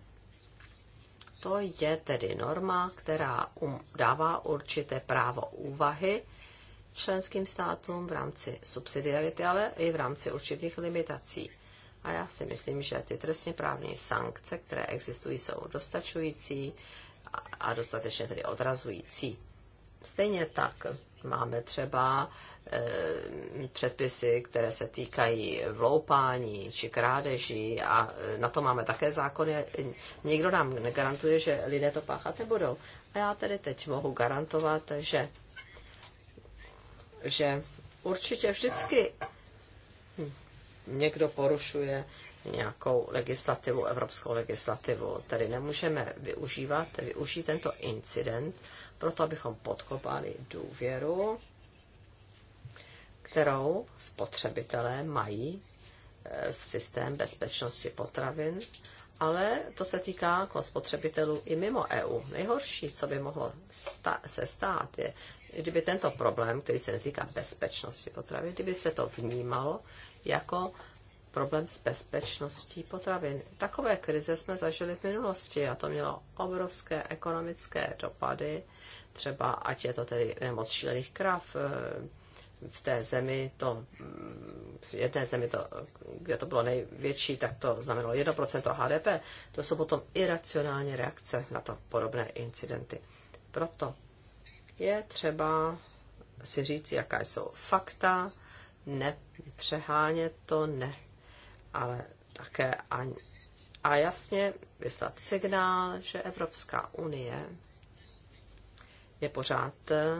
to je tedy norma, která um, dává určité právo úvahy členským státům v rámci subsidiarity, ale i v rámci určitých limitací. A já si myslím, že ty trestně právní sankce, které existují, jsou dostačující a dostatečně tedy odrazující. Stejně tak máme třeba eh, předpisy, které se týkají vloupání či krádeží a eh, na to máme také zákony. Nikdo nám negarantuje, že lidé to páchat nebudou. A já tedy teď mohu garantovat, že, že určitě vždycky někdo porušuje nějakou legislativu, evropskou legislativu. Tedy nemůžeme využívat, využít tento incident, proto abychom podkopali důvěru, kterou spotřebitelé mají eh, v systém bezpečnosti potravin, ale to se týká jako spotřebitelů i mimo EU. Nejhorší, co by mohlo sta- se stát, je, kdyby tento problém, který se netýká bezpečnosti potravin, kdyby se to vnímalo jako problém s bezpečností potravin. Takové krize jsme zažili v minulosti a to mělo obrovské ekonomické dopady, třeba ať je to tedy nemoc šílených krav, eh, v té zemi to, mm, v jedné zemi, to, kde to bylo největší, tak to znamenalo 1% HDP. To jsou potom iracionální reakce na to podobné incidenty. Proto je třeba si říct, jaká jsou fakta, nepřehánět to, ne ale také ani, a jasně vyslat signál, že Evropská unie je pořád eh,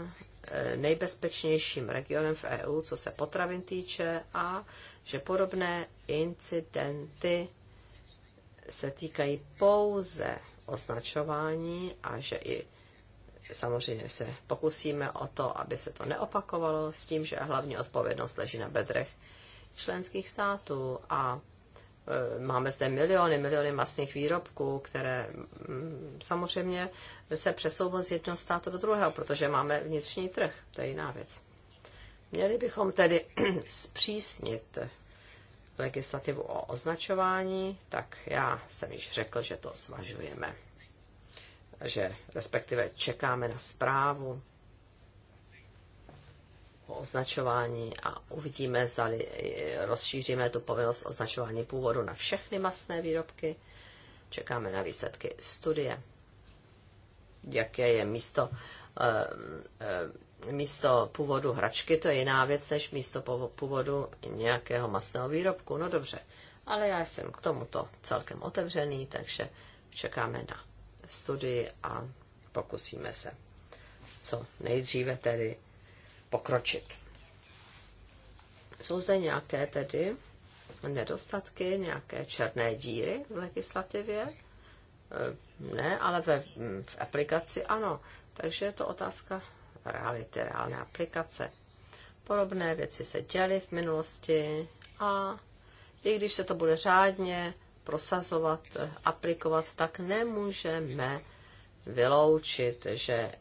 nejbezpečnějším regionem v EU, co se potravin týče, a že podobné incidenty se týkají pouze označování a že i samozřejmě se pokusíme o to, aby se to neopakovalo s tím, že hlavní odpovědnost leží na bedrech členských států a e, máme zde miliony, miliony masných výrobků, které mm, samozřejmě se přesouvají z jednoho státu do druhého, protože máme vnitřní trh, to je jiná věc. Měli bychom tedy zpřísnit legislativu o označování, tak já jsem již řekl, že to zvažujeme že respektive čekáme na zprávu označování a uvidíme, zda eh, rozšíříme tu povinnost označování původu na všechny masné výrobky. Čekáme na výsledky studie, jaké je místo, eh, eh, místo původu hračky, to je jiná věc než místo původu nějakého masného výrobku. No dobře, ale já jsem k tomuto celkem otevřený, takže čekáme na studii a pokusíme se co nejdříve tedy pokročit. Jsou zde nějaké tedy nedostatky, nějaké černé díry v legislativě? Eh, ne, ale ve, v aplikaci ano. Takže je to otázka reality, reálné aplikace. Podobné věci se děly v minulosti a i když se to bude řádně prosazovat, aplikovat, tak nemůžeme vyloučit, že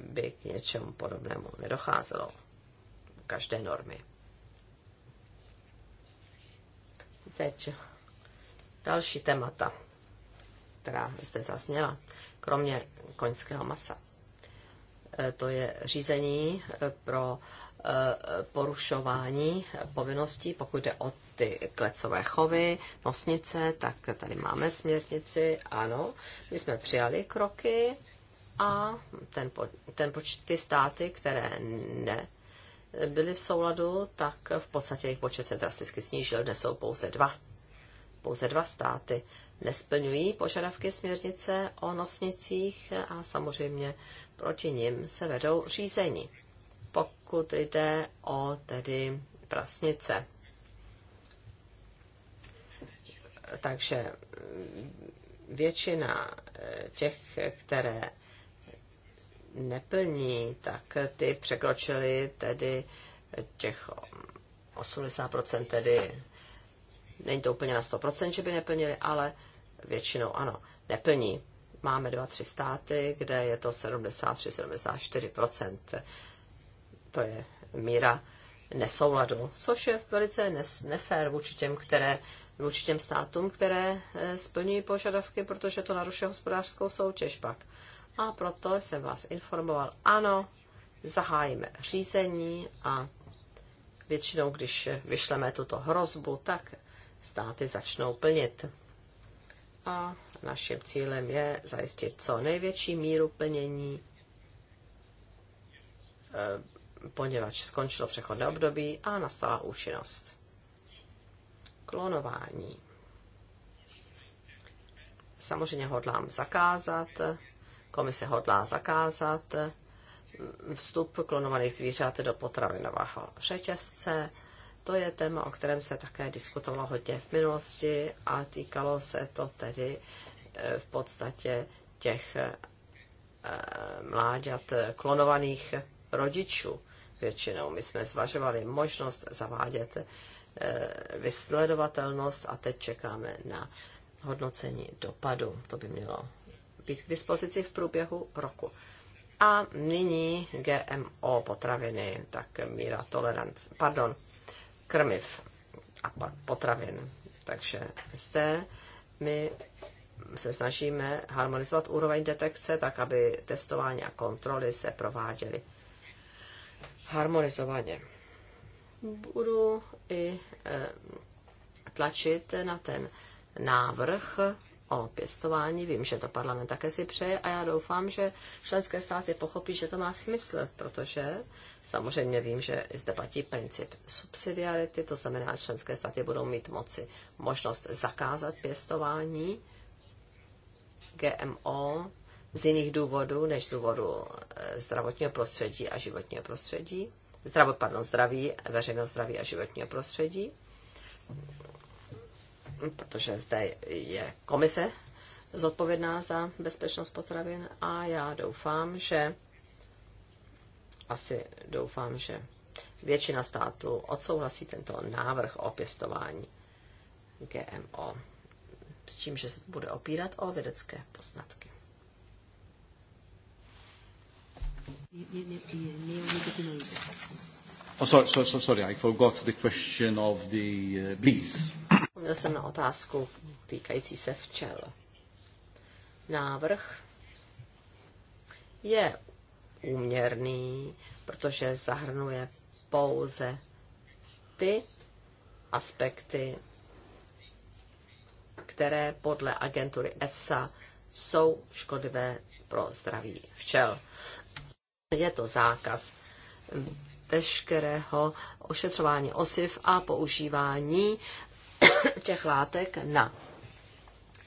by k něčemu podobnému nedocházelo. Každé normy. Teď další témata, která zde zazněla, kromě koňského masa. E, to je řízení e, pro e, porušování povinností, pokud jde o ty klecové chovy, nosnice, tak tady máme směrnici, ano. My jsme přijali kroky, a ten, ten počet, ty státy, které ne byly v souladu, tak v podstatě jejich počet se drasticky snížil. Dnes jsou pouze dva. Pouze dva státy nesplňují požadavky směrnice o nosnicích a samozřejmě proti nim se vedou řízení. Pokud jde o tedy prasnice. Takže většina eh, těch, které neplní, tak ty překročily tedy těch 80%, tedy není to úplně na 100%, že by neplnili, ale většinou ano, neplní. Máme dva, tři státy, kde je to 73-74%. To je míra nesouladu, což je velice nefér vůči těm, které, vůči těm státům, které eh, splňují požadavky, protože to narušuje hospodářskou soutěž pak. A proto jsem vás informoval, ano, zahájíme řízení a většinou, když vyšleme tuto hrozbu, tak státy začnou plnit. A naším cílem je zajistit co největší míru plnění, eh, poněvadž skončilo přechodné období a nastala účinnost. Klonování. Samozřejmě hodlám zakázat Komise hodlá zakázat vstup klonovaných zvířat do potravinového řetězce. To je téma, o kterém se také diskutovalo hodně v minulosti a týkalo se to tedy eh, v podstatě těch eh, mláďat klonovaných rodičů většinou. My jsme zvažovali možnost zavádět eh, vysledovatelnost a teď čekáme na hodnocení dopadu. To by mělo být k dispozici v průběhu roku. A nyní GMO potraviny, tak míra tolerance, pardon, krmiv a potravin. Takže zde my se snažíme harmonizovat úroveň detekce tak, aby testování a kontroly se prováděly harmonizovaně. Budu i eh, tlačit na ten návrh o pěstování. Vím, že to parlament také si přeje a já doufám, že členské státy pochopí, že to má smysl, protože samozřejmě vím, že zde platí princip subsidiarity, to znamená, že členské státy budou mít moci možnost zakázat pěstování GMO z jiných důvodů, než z důvodu eh, zdravotního prostředí a životního prostředí, zdravo, pardon, zdraví, veřejného zdraví a životního prostředí protože zde je komise zodpovědná za bezpečnost potravin a já doufám, že asi doufám, že většina států odsouhlasí tento návrh o pěstování GMO, s tím, že se bude opírat o vědecké poznatky. Oh, sorry, sorry, sorry, I forgot the question of the uh, bees. Měl jsem na otázku týkající se včel. Návrh je úměrný, protože zahrnuje pouze ty aspekty, které podle agentury EFSA jsou škodlivé pro zdraví včel. Je to zákaz veškerého ošetřování osiv a používání těch látek na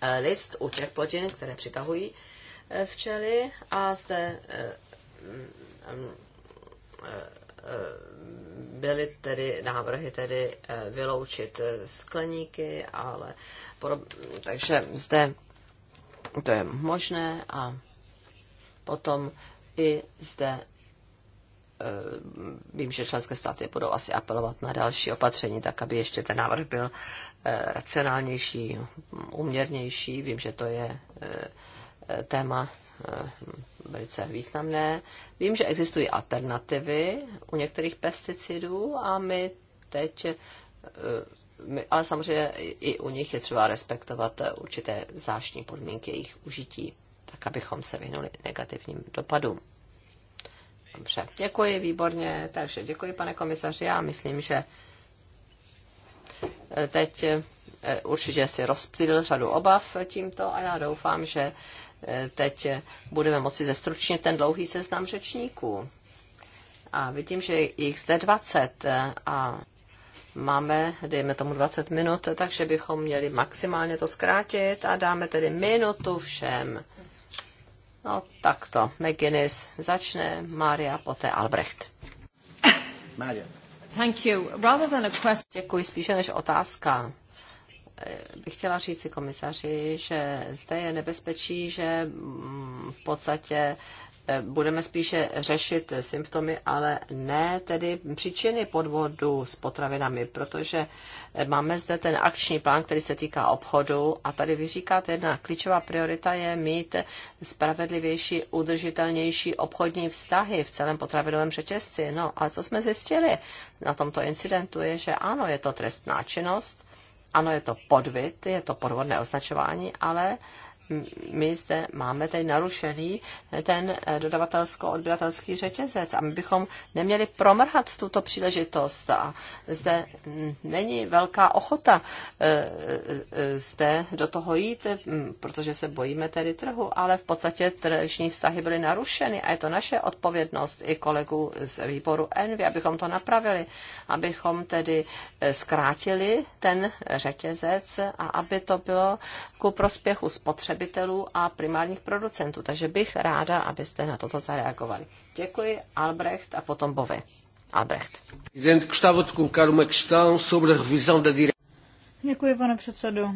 eh, list u těch plodin, které přitahují eh, včely a zde eh, mm, byly tedy návrhy tedy vyloučit skleníky, ale takže zde to je možné a potom i zde Eh, vím, že členské státy budou asi apelovat na další opatření, tak aby ještě ten návrh byl eh, racionálnější, uměrnější. Vím, že to je eh, téma velice významné. Vím, že existují alternativy u některých pesticidů a my teď, my, ale samozřejmě i u nich je třeba respektovat určité zvláštní podmínky jejich užití, tak abychom se vyhnuli negativním dopadům. Dobře, děkuji, výborně. Takže děkuji, pane komisaři. Já myslím, že eh, teď eh, určitě si rozptýlil řadu obav tímto a já doufám, že eh, teď budeme moci zestručnit ten dlouhý seznam řečníků. A vidím, že jich zde 20 a máme, dejme tomu 20 minut, takže bychom měli maximálně to zkrátit a dáme tedy minutu všem. No tak to, McGuinness začne, Maria, poté Albrecht. Maria. Thank you. Rather than a question... Děkuji, spíše než otázka eh, bych chtěla říct si komisaři, že zde je nebezpečí, že mm, v podstatě Eh, budeme spíše řešit symptomy, ale ne tedy příčiny podvodu s potravinami, protože eh, máme zde ten akční plán, který se týká obchodu a tady vy říkáte, jedna klíčová priorita je mít spravedlivější, udržitelnější obchodní vztahy v celém potravinovém řetězci. No, ale co jsme zjistili na tomto incidentu je, že ano, je to trestná činnost, ano, je to podvit, je to podvodné označování, ale my zde máme tady narušený ten eh, dodavatelsko-odběratelský řetězec a my bychom neměli promrhat tuto příležitost. A zde není velká ochota eh, eh, zde do toho jít, protože se bojíme tedy trhu, ale v podstatě tržní vztahy byly narušeny a je to naše odpovědnost i kolegů z výboru Envy, abychom to napravili, abychom tedy zkrátili ten řetězec a aby to bylo ku prospěchu spotřeby spotřebitelů a primárních producentů. Takže bych ráda, abyste na toto zareagovali. Děkuji, Albrecht a potom Bove. Albrecht. Děkuji, pane předsedo.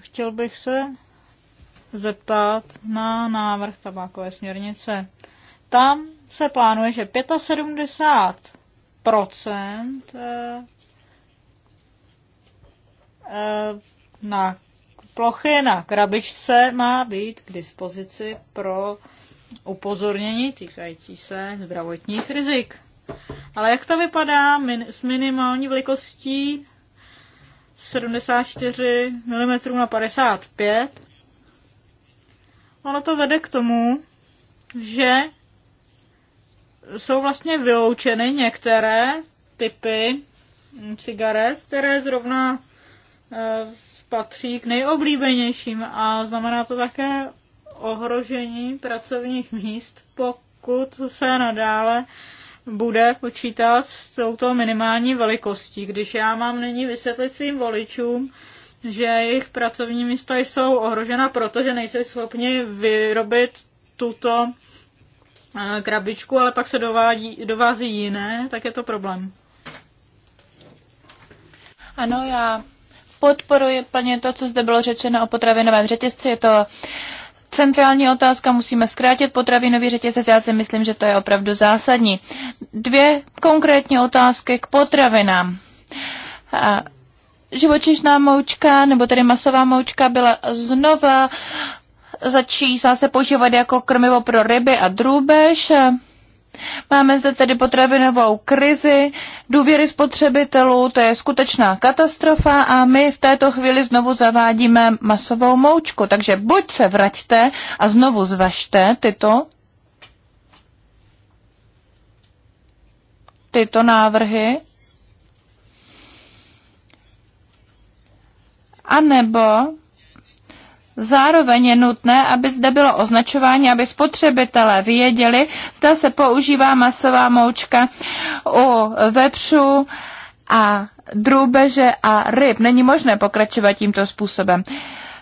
Chtěl bych se zeptat na návrh tabákové směrnice. Tam se plánuje, že 75% eh, na plochy na krabičce má být k dispozici pro upozornění týkající se zdravotních rizik. Ale jak to vypadá min- s minimální velikostí 74 mm na 55? Ono to vede k tomu, že jsou vlastně vyloučeny některé typy cigaret, které zrovna eh, patří k nejoblíbenějším a znamená to také ohrožení pracovních míst, pokud se nadále bude počítat s touto minimální velikostí. Když já mám nyní vysvětlit svým voličům, že jejich pracovní místa jsou ohrožena, protože nejsou schopni vyrobit tuto eh, krabičku, ale pak se dovádí, dovází jiné, tak je to problém. Ano, já podporuji plně to, co zde bylo řečeno o potravinovém řetězci. Je to centrální otázka, musíme zkrátit potravinový řetězec. Já si myslím, že to je opravdu zásadní. Dvě konkrétní otázky k potravinám. Živočišná moučka, nebo tedy masová moučka, byla znova začíná se používat jako krmivo pro ryby a drůbež. Máme zde tedy potravinovou krizi, důvěry spotřebitelů, to je skutečná katastrofa a my v této chvíli znovu zavádíme masovou moučku. Takže buď se vraťte a znovu zvažte tyto, tyto návrhy, anebo Zároveň je nutné, aby zde bylo označování, aby spotřebitelé věděli, zda se používá masová moučka u vepřů a drůbeže a ryb. Není možné pokračovat tímto způsobem.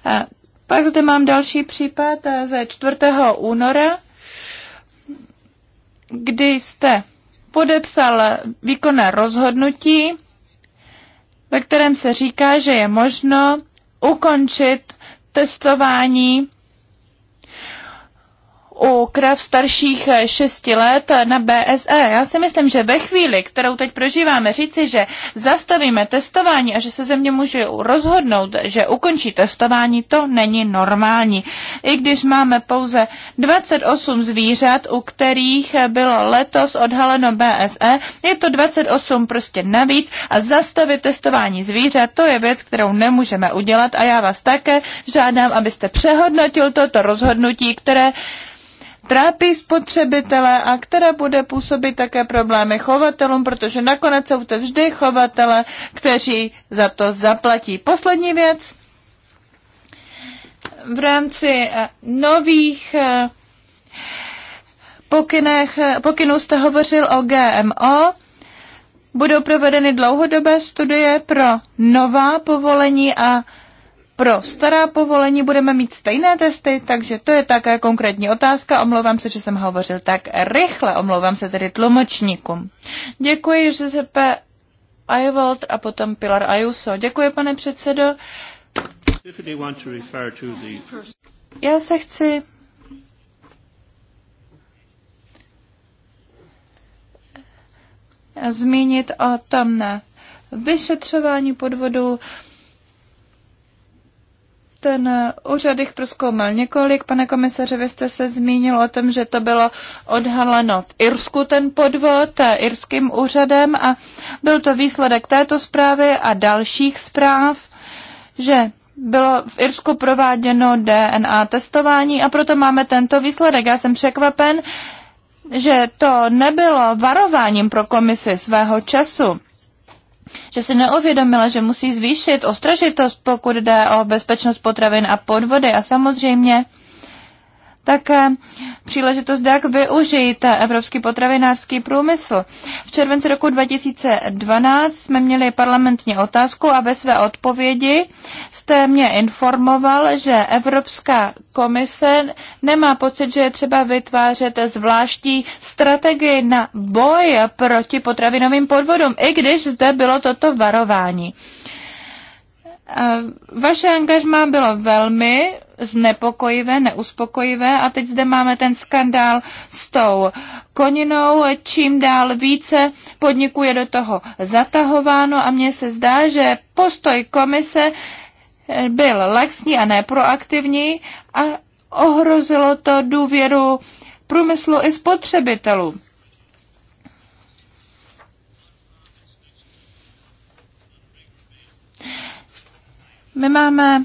Eh, pak zde mám další případ eh, ze 4. února, kdy jste podepsal výkonné rozhodnutí, ve kterém se říká, že je možno ukončit testování u krav starších 6 eh, let na BSE. Já si myslím, že ve chvíli, kterou teď prožíváme, říci, že zastavíme testování a že se země může rozhodnout, že ukončí testování, to není normální. I když máme pouze 28 zvířat, u kterých bylo letos odhaleno BSE, je to 28 prostě navíc a zastavit testování zvířat, to je věc, kterou nemůžeme udělat a já vás také žádám, abyste přehodnotil toto rozhodnutí, které trápí spotřebitele a která bude působit také problémy chovatelům, protože nakonec jsou to vždy chovatele, kteří za to zaplatí. Poslední věc. V rámci eh, nových eh, pokynech, eh, pokynů jste hovořil o GMO. Budou provedeny dlouhodobé studie pro nová povolení a pro stará povolení budeme mít stejné testy, takže to je také konkrétní otázka. Omlouvám se, že jsem hovořil tak rychle. Omlouvám se tedy tlumočníkům. Děkuji, že se p. Ayovold a potom Pilar Ayuso. Děkuji, pane předsedo. Já se chci zmínit o tom na vyšetřování podvodu ten úřad jich proskoumal několik. Pane komisaře, vy jste se zmínil o tom, že to bylo odhaleno v Irsku ten podvod eh, irským úřadem a byl to výsledek této zprávy a dalších zpráv, že bylo v Irsku prováděno DNA testování a proto máme tento výsledek. Já jsem překvapen, že to nebylo varováním pro komisi svého času že si neuvědomila, že musí zvýšit ostražitost, pokud jde o bezpečnost potravin a podvody. A samozřejmě také příležitost, jak využít evropský potravinářský průmysl. V červenci roku 2012 jsme měli parlamentní otázku a ve své odpovědi jste mě informoval, že Evropská komise nemá pocit, že je třeba vytvářet zvláštní strategii na boj proti potravinovým podvodům, i když zde bylo toto varování. Eh, vaše angažmá bylo velmi znepokojivé, neuspokojivé. A teď zde máme ten skandál s tou koninou. Čím dál více podniků je do toho zatahováno a mně se zdá, že postoj komise byl laxní a neproaktivní a ohrozilo to důvěru průmyslu i spotřebitelů. My máme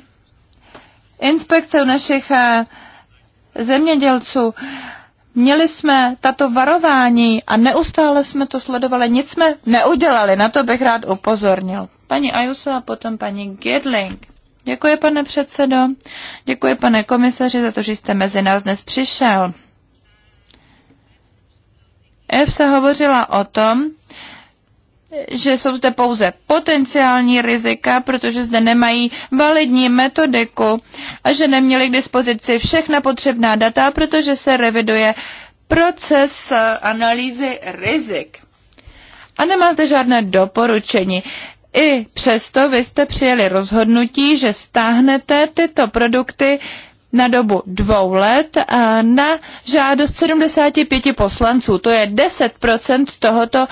inspekce u našich eh, zemědělců. Měli jsme tato varování a neustále jsme to sledovali, nic jsme neudělali, na to bych rád upozornil. Paní Ajuso a potom paní Gidling. Děkuji, pane předsedo. Děkuji, pane komisaři, za to, že jste mezi nás dnes přišel. EFSA hovořila o tom, že jsou zde pouze potenciální rizika, protože zde nemají validní metodiku a že neměli k dispozici všechna potřebná data, protože se reviduje proces analýzy rizik. A nemáte žádné doporučení. I přesto vy jste přijeli rozhodnutí, že stáhnete tyto produkty na dobu dvou let a na žádost 75 poslanců. To je 10% tohoto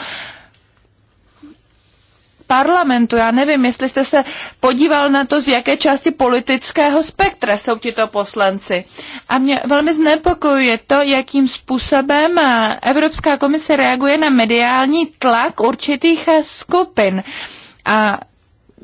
parlamentu. Já nevím, jestli jste se podíval na to, z jaké části politického spektra jsou tito poslanci. A mě velmi znepokojuje to, jakým způsobem eh, Evropská komise reaguje na mediální tlak určitých eh, skupin. A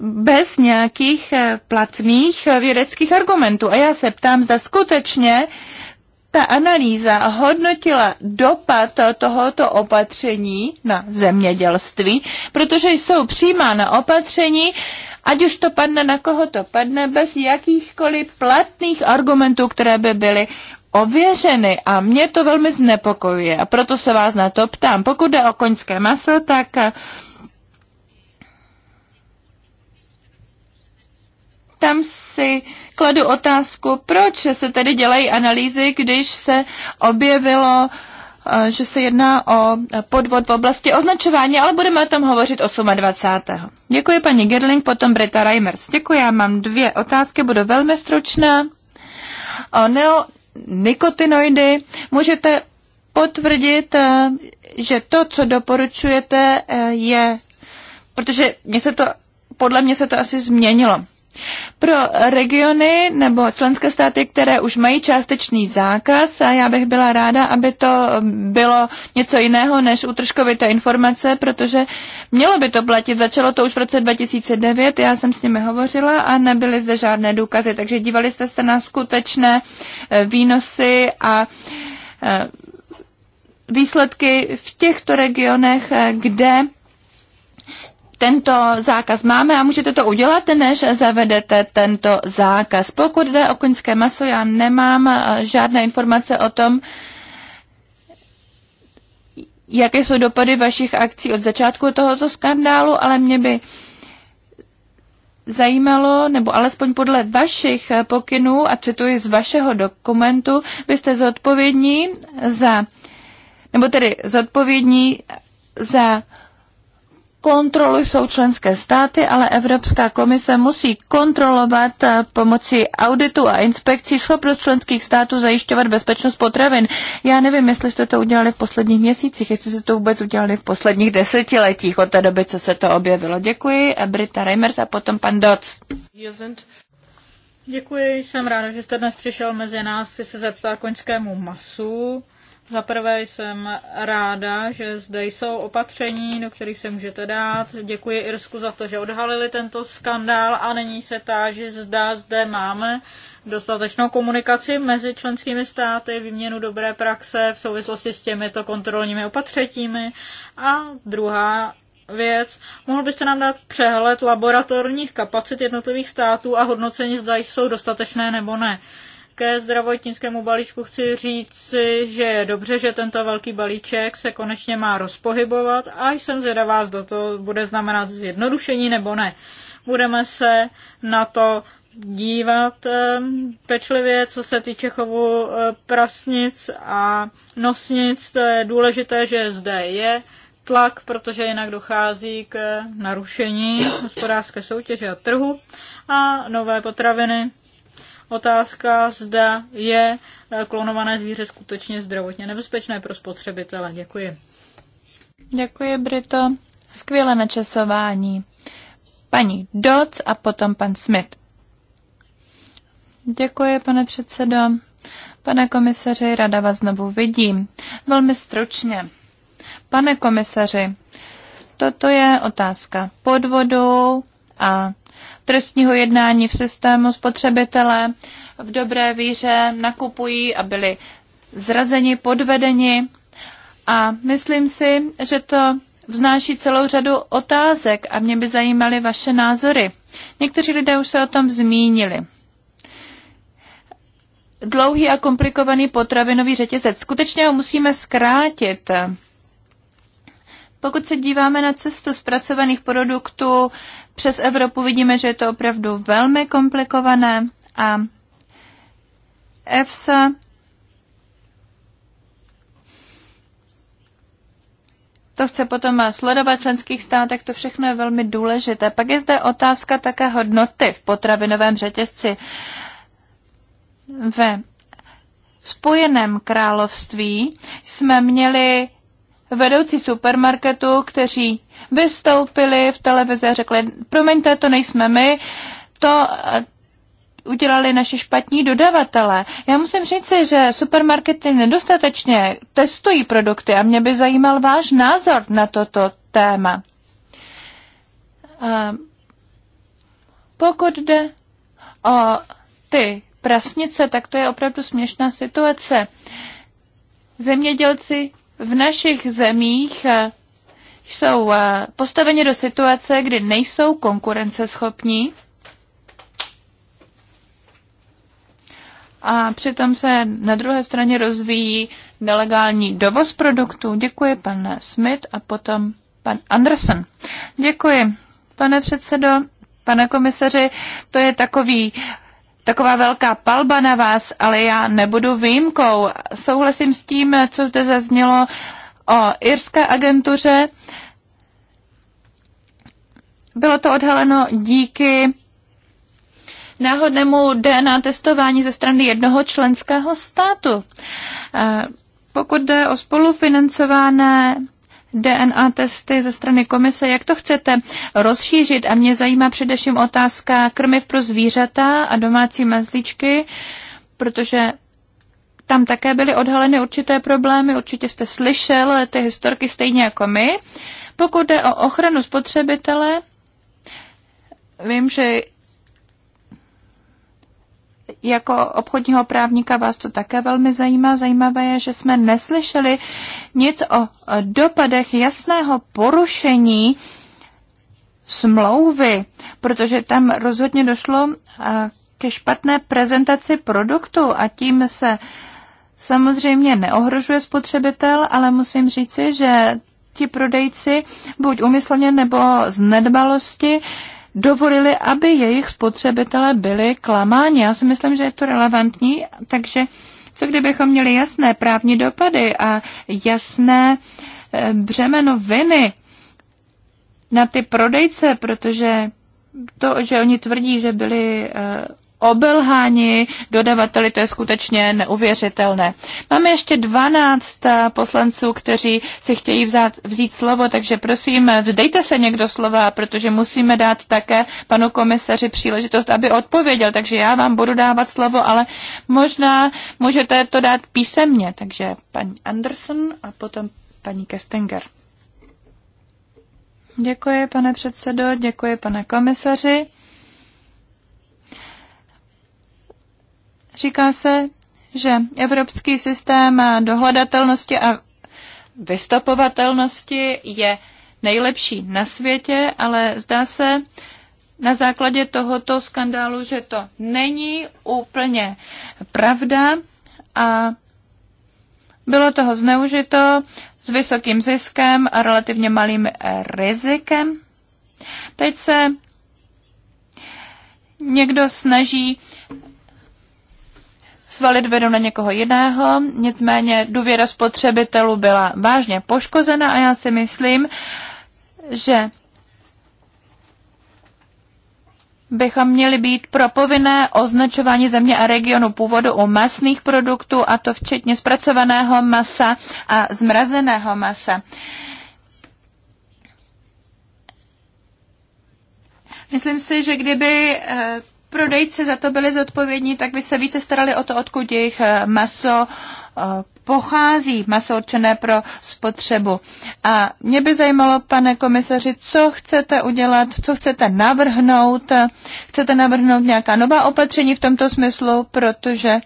bez nějakých eh, platných vědeckých argumentů. A já se ptám, zda skutečně uh, ta analýza hodnotila dopad tohoto opatření na zemědělství, protože jsou přijímána opatření, ať už to padne na koho to padne, bez jakýchkoliv platných argumentů, které by byly ověřeny a mě to velmi znepokojuje a proto se vás na to ptám. Pokud jde o koňské maso, tak eh, tam si uh, kladu otázku, proč se tedy dělají analýzy, když se objevilo eh, že se jedná o podvod v oblasti označování, ale budeme o tom hovořit 28. Děkuji paní Gerling, potom Brita Reimers. Děkuji, já mám dvě otázky, budu velmi stručná. O neonikotinoidy můžete potvrdit, eh, že to, co doporučujete, eh, je, protože mě se to, podle mě se to asi změnilo. Pro regiony nebo členské státy, které už mají částečný zákaz, a já bych byla ráda, aby to bylo něco jiného než útržkovité informace, protože mělo by to platit. Začalo to už v roce 2009, já jsem s nimi hovořila a nebyly zde žádné důkazy, takže dívali jste se na skutečné eh, výnosy a eh, výsledky v těchto regionech, eh, kde tento zákaz máme a můžete to udělat, než zavedete tento zákaz. Pokud jde o koňské maso, já nemám eh, žádné informace o tom, jaké jsou dopady vašich akcí od začátku tohoto skandálu, ale mě by zajímalo, nebo alespoň podle vašich eh, pokynů, a cituji z vašeho dokumentu, byste zodpovědní za, nebo tedy zodpovědní za kontrolu jsou členské státy, ale Evropská komise musí kontrolovat eh, pomocí auditu a inspekcí schopnost členských států zajišťovat bezpečnost potravin. Já nevím, jestli jste to udělali v posledních měsících, jestli jste to vůbec udělali v posledních desetiletích od té doby, co se to objevilo. Děkuji, eh, Brita Reimers a potom pan Doc. Děkuji, jsem ráda, že jste dnes přišel mezi nás. Chci se zeptat koňskému masu. Za prvé jsem ráda, že zde jsou opatření, do kterých se můžete dát. Děkuji Irsku za to, že odhalili tento skandál a není se že zda zde máme dostatečnou komunikaci mezi členskými státy, výměnu dobré praxe v souvislosti s těmito kontrolními opatřeními. A druhá věc, mohl byste nám dát přehled laboratorních kapacit jednotlivých států a hodnocení, zda jsou dostatečné nebo ne ke zdravotnickému balíčku chci říct, že je dobře, že tento velký balíček se konečně má rozpohybovat a jsem zvědavá, zda to bude znamenat zjednodušení nebo ne. Budeme se na to dívat pečlivě, co se týče chovu e, prasnic a nosnic. To je důležité, že zde je tlak, protože jinak dochází k narušení hospodářské soutěže a trhu a nové potraviny otázka, zda je eh, klonované zvíře skutečně zdravotně nebezpečné pro spotřebitele. Děkuji. Děkuji, Brito. Skvělé načasování. Paní Doc a potom pan Smith. Děkuji, pane předsedo. Pane komisaři, rada vás znovu vidím. Velmi stručně. Pane komisaři, toto je otázka podvodu a trestního jednání v systému spotřebitele v dobré víře nakupují a byli zrazeni, podvedeni. A myslím si, že to vznáší celou řadu otázek a mě by zajímaly vaše názory. Někteří lidé už se o tom zmínili. Dlouhý a komplikovaný potravinový řetězec. Skutečně ho musíme zkrátit. Pokud se díváme na cestu zpracovaných produktů, přes Evropu vidíme, že je to opravdu velmi komplikované a EFSA To chce potom sledovat v členských státech, to všechno je velmi důležité. Pak je zde otázka také hodnoty v potravinovém řetězci. Ve Spojeném království jsme měli vedoucí supermarketu, kteří vystoupili v televizi a řekli, promiňte, to nejsme my, to eh, udělali naše špatní dodavatele. Já musím říci, že supermarkety nedostatečně testují produkty a mě by zajímal váš názor na toto téma. Eh, pokud jde o ty prasnice, tak to je opravdu směšná situace. Zemědělci v našich zemích eh, jsou eh, postaveni do situace, kdy nejsou konkurenceschopní a přitom se na druhé straně rozvíjí nelegální dovoz produktů. Děkuji, pan Smith a potom pan Anderson. Děkuji, pane předsedo, pane komisaři. To je takový taková velká palba na vás, ale já nebudu výjimkou. Souhlasím s tím, co zde zaznělo o irské agentuře. Bylo to odhaleno díky náhodnému DNA testování ze strany jednoho členského státu. Eh, pokud jde o spolufinancované DNA testy ze strany komise, jak to chcete rozšířit? A mě zajímá především otázka krmiv pro zvířata a domácí mazlíčky, protože tam také byly odhaleny určité problémy, určitě jste slyšel ty historky stejně jako my. Pokud jde o ochranu spotřebitele, vím, že jako obchodního právníka vás to také velmi zajímá. Zajímavé je, že jsme neslyšeli nic o dopadech jasného porušení smlouvy, protože tam rozhodně došlo eh, ke špatné prezentaci produktu a tím se samozřejmě neohrožuje spotřebitel, ale musím říci, že ti prodejci buď umyslně nebo z nedbalosti dovolili, aby jejich spotřebitelé byli klamáni. Já si myslím, že je to relevantní, takže co kdybychom měli jasné právní dopady a jasné eh, břemeno viny na ty prodejce, protože to, že oni tvrdí, že byli eh, Obelhání dodavateli, to je skutečně neuvěřitelné. Máme ještě 12 eh, poslanců, kteří si chtějí vzát, vzít slovo, takže prosím, vzdejte se někdo slova, protože musíme dát také panu komisaři příležitost, aby odpověděl, takže já vám budu dávat slovo, ale možná můžete to dát písemně, takže paní Anderson a potom paní Kestinger. Děkuji, pane předsedo, děkuji, pane komisaři. Říká se, že evropský systém dohledatelnosti a vystopovatelnosti je nejlepší na světě, ale zdá se na základě tohoto skandálu, že to není úplně pravda a bylo toho zneužito s vysokým ziskem a relativně malým rizikem. Teď se někdo snaží svalit vinu na někoho jiného, nicméně důvěra spotřebitelů byla vážně poškozena a já si myslím, že bychom měli být pro povinné označování země a regionu původu u masných produktů, a to včetně zpracovaného masa a zmrazeného masa. Myslím si, že kdyby eh, prodejci za to byli zodpovědní, tak by se více starali o to, odkud jejich eh, maso eh, pochází, maso určené pro spotřebu. A mě by zajímalo, pane komisaři, co chcete udělat, co chcete navrhnout. Chcete navrhnout nějaká nová opatření v tomto smyslu, protože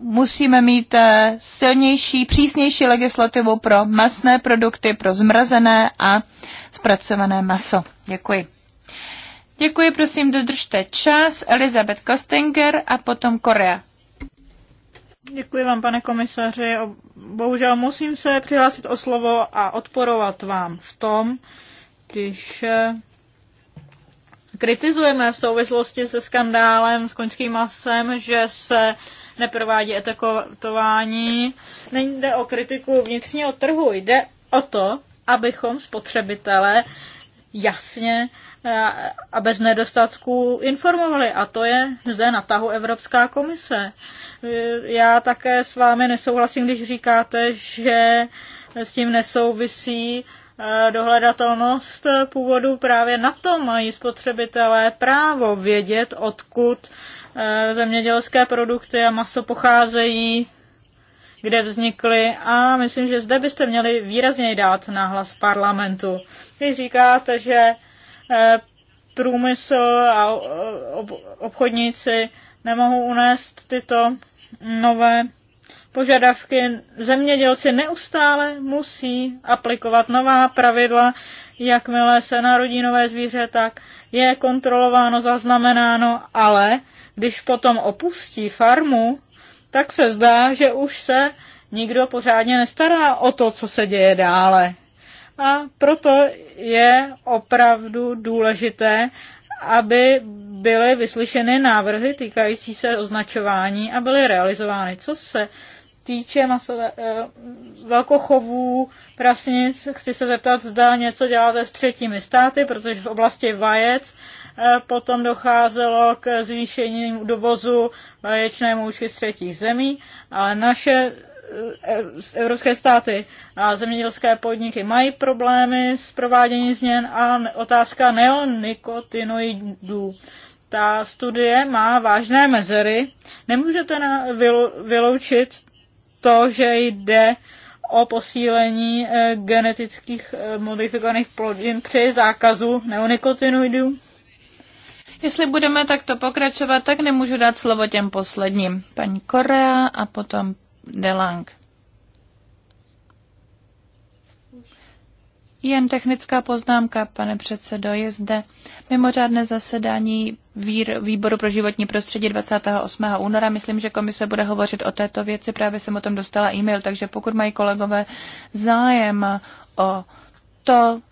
musíme mít eh, silnější, přísnější legislativu pro masné produkty, pro zmrazené a zpracované maso. Děkuji. Děkuji, prosím, dodržte čas. Elizabeth Kostinger a potom Korea. Děkuji vám, pane komisaři. Bohužel musím se přihlásit o slovo a odporovat vám v tom, když eh, kritizujeme v souvislosti se skandálem s koňským masem, že se neprovádí Není Nejde o kritiku vnitřního trhu, jde o to, abychom spotřebitele jasně a bez nedostatků informovali. A to je zde na tahu Evropská komise. Já také s vámi nesouhlasím, když říkáte, že s tím nesouvisí e, dohledatelnost původu právě na to mají spotřebitelé právo vědět, odkud e, zemědělské produkty a maso pocházejí, kde vznikly a myslím, že zde byste měli výrazněji dát náhlas parlamentu. Když říkáte, že Eh, průmysl a eh, obchodníci nemohou unést tyto nové požadavky. Zemědělci neustále musí aplikovat nová pravidla, jakmile se narodí nové zvíře, tak je kontrolováno, zaznamenáno, ale když potom opustí farmu, tak se zdá, že už se nikdo pořádně nestará o to, co se děje dále a proto je opravdu důležité, aby byly vyslyšeny návrhy týkající se označování a byly realizovány. Co se týče masové, eh, velkochovů, prasnic, chci se zeptat, zda něco děláte s třetími státy, protože v oblasti vajec eh, potom docházelo k zvýšení dovozu vaječné moučky z třetích zemí, ale naše evropské státy a zemědělské podniky mají problémy s prováděním změn a otázka neonikotinoidů. Ta studie má vážné mezery. Nemůžete vyloučit to, že jde o posílení eh, genetických eh, modifikovaných plodin při zákazu neonikotinoidů? Jestli budeme takto pokračovat, tak nemůžu dát slovo těm posledním. Paní Korea a potom Delang. Jen technická poznámka, pane předsedo, je zde mimořádné zasedání výr, výboru pro životní prostředí 28. února. Myslím, že komise bude hovořit o této věci. Právě jsem o tom dostala e-mail, takže pokud mají kolegové zájem o to,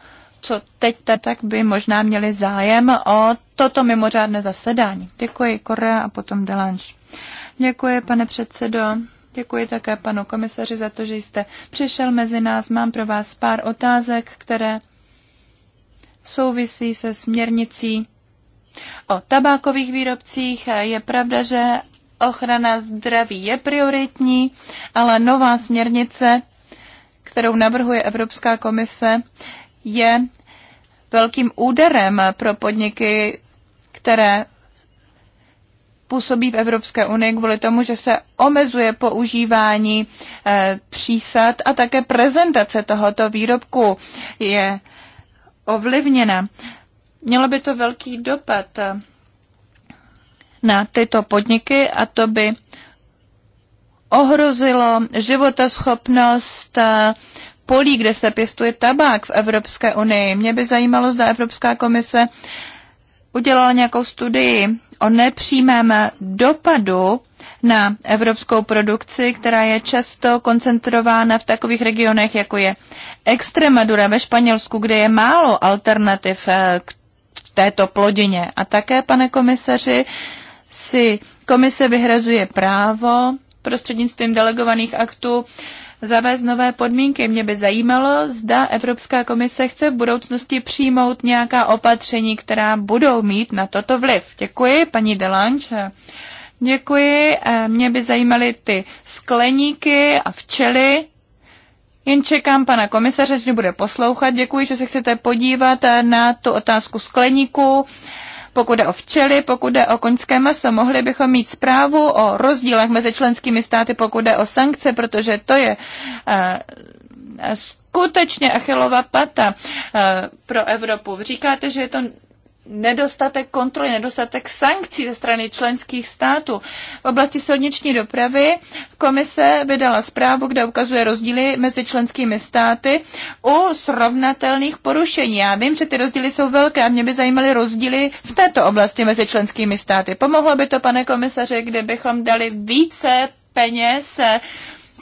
co teď, tak by možná měli zájem o toto mimořádné zasedání. Děkuji, Korea a potom Delange. Děkuji, pane předsedo. Děkuji také panu komisaři za to, že jste přišel mezi nás. Mám pro vás pár otázek, které souvisí se směrnicí o tabákových výrobcích. Je pravda, že ochrana zdraví je prioritní, ale nová směrnice, kterou navrhuje Evropská komise, je velkým úderem pro podniky, které působí v Evropské unii kvůli tomu, že se omezuje používání eh, přísad a také prezentace tohoto výrobku je ovlivněna. Mělo by to velký dopad eh, na tyto podniky a to by ohrozilo životaschopnost eh, polí, kde se pěstuje tabák v Evropské unii. Mě by zajímalo, zda Evropská komise udělala nějakou studii o nepřímém dopadu na evropskou produkci, která je často koncentrována v takových regionech, jako je Extremadura ve Španělsku, kde je málo alternativ eh, k této plodině. A také, pane komisaři, si komise vyhrazuje právo prostřednictvím delegovaných aktů zavést nové podmínky. Mě by zajímalo, zda Evropská komise chce v budoucnosti přijmout nějaká opatření, která budou mít na toto vliv. Děkuji, paní Delange. Děkuji. Eh, mě by zajímaly ty skleníky a včely. Jen čekám pana komisaře, že bude poslouchat. Děkuji, že se chcete podívat eh, na tu otázku skleníku pokud jde o včely, pokud jde o koňské maso. Mohli bychom mít zprávu o rozdílech mezi členskými státy, pokud jde o sankce, protože to je eh, skutečně achilová pata eh, pro Evropu. Říkáte, že je to nedostatek kontroly, nedostatek sankcí ze strany členských států. V oblasti silniční dopravy komise vydala zprávu, kde ukazuje rozdíly mezi členskými státy u srovnatelných porušení. Já vím, že ty rozdíly jsou velké a mě by zajímaly rozdíly v této oblasti mezi členskými státy. Pomohlo by to, pane komisaři, kdybychom dali více peněz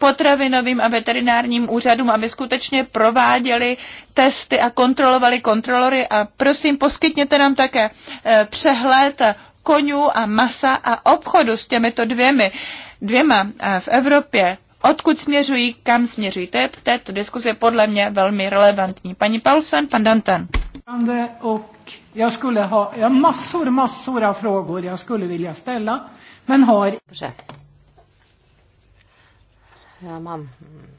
potravinovým a veterinárním úřadům, aby skutečně prováděli testy a kontrolovali kontrolory. A prosím, poskytněte nám také eh, přehled konů a masa a obchodu s těmito dvěmi, dvěma eh, v Evropě. Odkud směřují, kam směřují. To je v této diskuzi podle mě velmi relevantní. Paní Paulsen, pan Dantan. Dobře. Já mám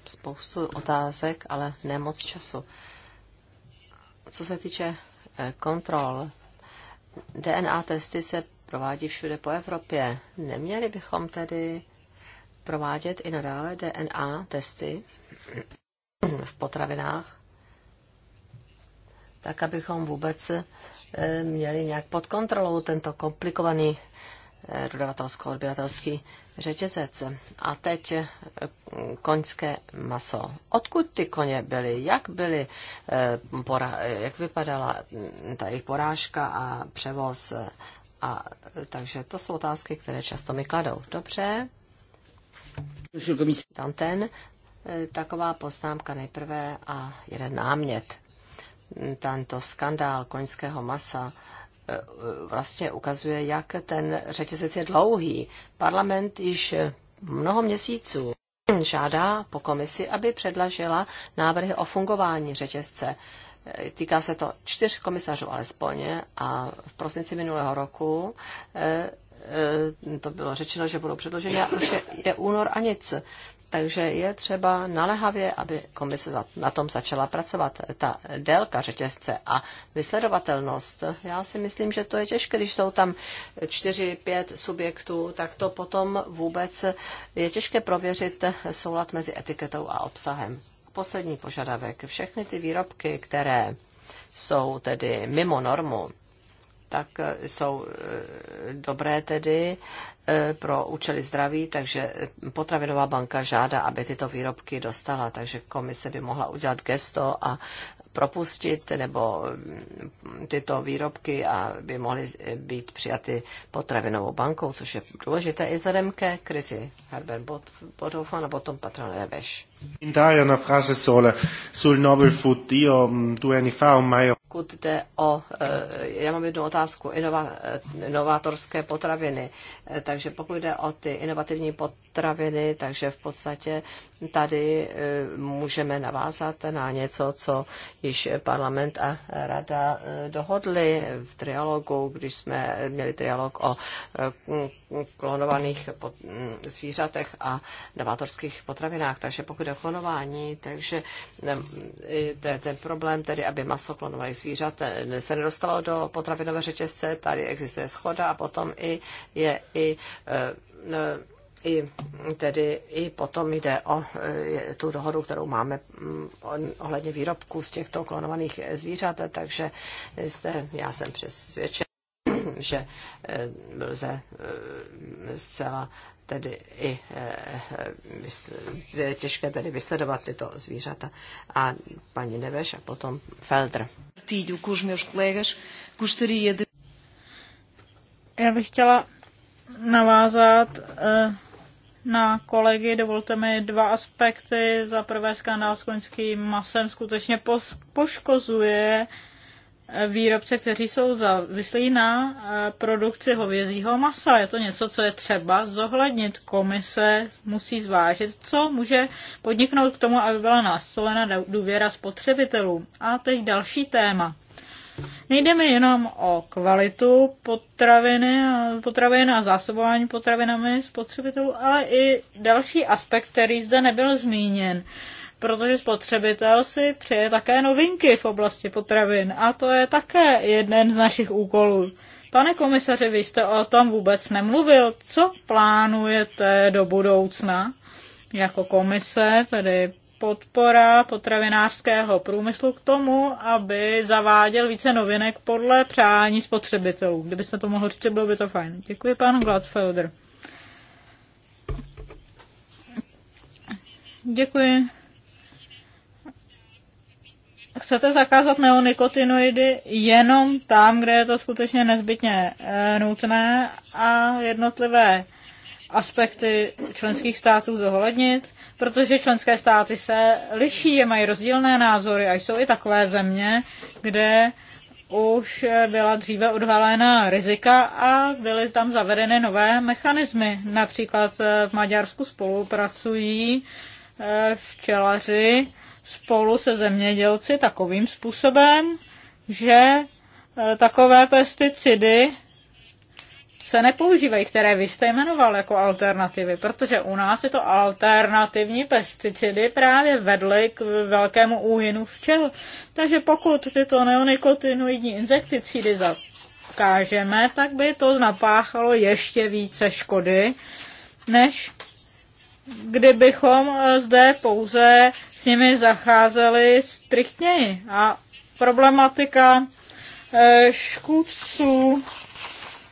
spoustu otázek, ale nemoc času. Co se týče eh, kontrol, DNA testy se provádí všude po Evropě. Neměli bychom tedy provádět i nadále DNA testy v potravinách, tak abychom vůbec eh, měli nějak pod kontrolou tento komplikovaný eh, dodavatelsko-odběratelský řetězec. A teď eh, koňské maso. Odkud ty koně byly? Jak, byly, eh, jak vypadala mm, ta jejich porážka a převoz? A, takže to jsou otázky, které často mi kladou. Dobře. ten, eh, taková poznámka nejprve a jeden námět. Tento skandál koňského masa Eh, vlastně ukazuje, jak ten řetězec je dlouhý. Parlament již mnoho měsíců žádá po komisi, aby předlažila návrhy o fungování řetězce. Eh, týká se to čtyř komisařů alespoň a v prosinci minulého roku eh, to bylo řečeno, že budou předloženy a už je, je únor a nic. Takže je třeba naléhavě, aby komise na tom začala pracovat. Ta délka řetězce a vysledovatelnost, já si myslím, že to je těžké. Když jsou tam čtyři, pět subjektů, tak to potom vůbec je těžké prověřit soulad mezi etiketou a obsahem. Poslední požadavek. Všechny ty výrobky, které jsou tedy mimo normu, tak eh, jsou eh, dobré tedy eh, pro účely zdraví, takže potravinová banka žádá, aby tyto výrobky dostala, takže komise by mohla udělat gesto a propustit nebo mm, tyto výrobky a by mohly být přijaty potravinovou bankou, což je důležité i vzhledem ke krizi. Herbert Bodoufan a potom patron Reveš. Pokud jde o, eh, já mám jednu otázku, inova, inovatorské eh, potraviny. Eh, takže pokud jde o ty inovativní potraviny, takže v podstatě tady můžeme navázat na něco, co již parlament a rada dohodli v trialogu, když jsme měli trialog o klonovaných pot, zvířatech a novatorských potravinách. Takže pokud je klonování, takže ten, ten problém tedy, aby maso klonovaných zvířat eh, se nedostalo do potravinové řetězce, tady existuje schoda a potom i je i eh, i tedy i potom jde o eh, je, tu dohodu, kterou máme mm, ohledně výrobku z těchto klonovaných zvířat, takže jste, já jsem přesvědčen, že eh, lze eh, zcela tedy i eh, je těžké tedy vysledovat tyto zvířata. A paní Neveš a potom Felder. Já bych chtěla navázat na kolegy. Dovolte mi dva aspekty. Za prvé skandál s koňským masem skutečně poškozuje výrobce, kteří jsou závislí na eh, produkci hovězího masa. Je to něco, co je třeba zohlednit. Komise musí zvážit, co může podniknout k tomu, aby byla nastolena důvěra spotřebitelů. A teď další téma. Nejde mi jenom o kvalitu potraviny, eh, potraviny a zásobování potravinami spotřebitelů, ale i další aspekt, který zde nebyl zmíněn protože spotřebitel si přeje také novinky v oblasti potravin a to je také jeden z našich úkolů. Pane komisaři, vy jste o tom vůbec nemluvil. Co plánujete do budoucna jako komise, tedy podpora potravinářského průmyslu k tomu, aby zaváděl více novinek podle přání spotřebitelů. Kdybyste to mohl říct, bylo by to fajn. Děkuji pan Gladfelder. Děkuji chcete zakázat neonikotinoidy jenom tam, kde je to skutečně nezbytně eh, nutné a jednotlivé aspekty členských států zohlednit, protože členské státy se liší, je mají rozdílné názory a jsou i takové země, kde už eh, byla dříve odhalena rizika a byly tam zavedeny nové mechanismy. Například eh, v Maďarsku spolupracují včelaři spolu se zemědělci takovým způsobem, že e, takové pesticidy se nepoužívají, které vy jste jmenoval jako alternativy, protože u nás tyto alternativní pesticidy právě vedly k velkému úhynu včel. Takže pokud tyto neonikotinoidní insekticidy zakážeme, tak by to napáchalo ještě více škody, než kdybychom eh, zde pouze s nimi zacházeli striktněji. A problematika eh, škůdců.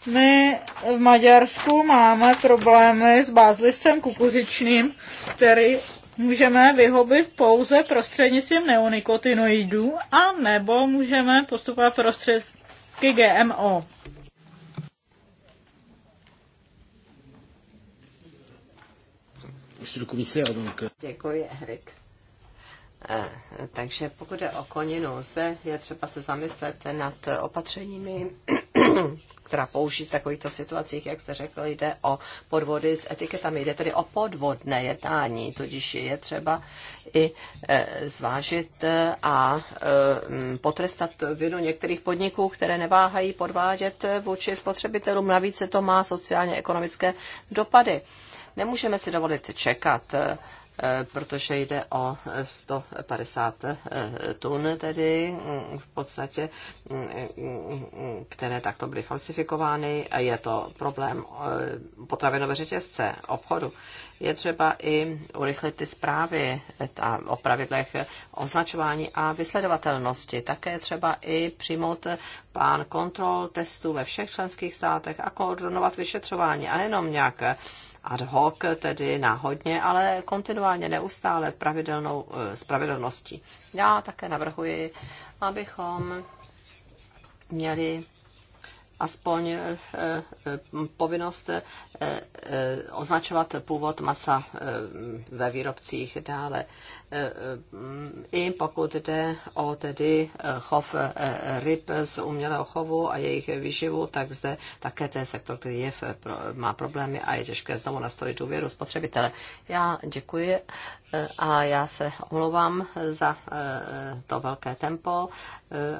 My v Maďarsku máme problémy s bázlivcem kukuřičným, který můžeme vyhobit pouze prostřednictvím neonikotinoidů a nebo můžeme postupovat prostředky GMO. Děkuji, Erik. Eh, takže pokud je o koninu, zde je třeba se zamyslet nad opatřeními, která použít v takovýchto situacích, jak jste řekl, jde o podvody s etiketami, jde tedy o podvodné jednání, tudíž je třeba i eh, zvážit eh, a potrestat vinu některých podniků, které neváhají podvádět vůči spotřebitelům. Navíc se to má sociálně-ekonomické dopady. Nemůžeme si dovolit čekat, eh, protože jde o 150 eh, tun tedy mm, v podstatě, mm, které takto byly falsifikovány. Je to problém eh, potravinové řetězce, obchodu. Je třeba i urychlit ty zprávy a o pravidlech označování a vysledovatelnosti. Také třeba i přijmout plán kontrol testů ve všech členských státech a koordinovat vyšetřování a jenom nějak ad hoc, tedy náhodně, ale kontinuálně, neustále, pravidelnou, eh, s pravidelností. Já také navrhuji, abychom měli aspoň eh, eh, povinnost eh, označovat původ masa ve výrobcích dále. I pokud jde o tedy chov ryb z umělého chovu a jejich výživu, tak zde také ten sektor, který je, má problémy a je těžké znovu nastavit důvěru spotřebitele. Já děkuji a já se omlouvám za eh, to velké tempo, eh,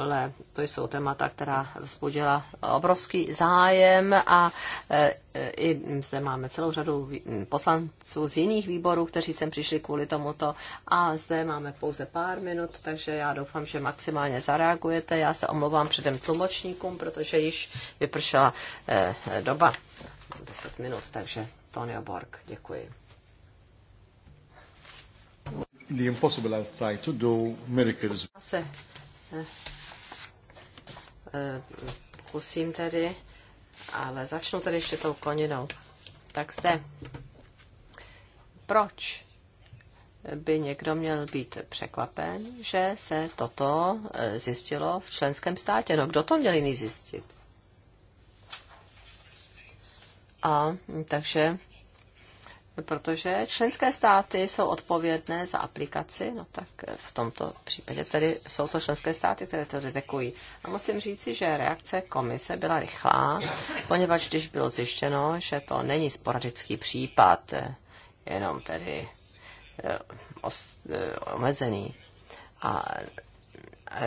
ale hm, to jsou témata, která vzbudila obrovský zájem a eh, i zde máme celou řadu hm, poslanců z jiných výborů, kteří sem přišli kvůli tomuto a zde máme pouze pár minut, takže já doufám, že maximálně zareagujete. Já se omlouvám předem tlumočníkům, protože již vypršela doba 10 minut, takže Tony Borg, děkuji the impossible. I'll try to do miracles. Se, pokusím eh, eh, tedy, ale začnu tedy ještě tou koninou. Tak zde, proč by někdo měl být překvapen, že se toto eh, zjistilo v členském státě? No kdo to měl jiný zjistit? A takže protože členské státy jsou odpovědné za aplikaci, no tak v tomto případě tedy jsou to členské státy, které to detekují. A musím říci, že reakce komise byla rychlá, poněvadž když bylo zjištěno, že to není sporadický případ, jenom tedy eh, eh, omezený a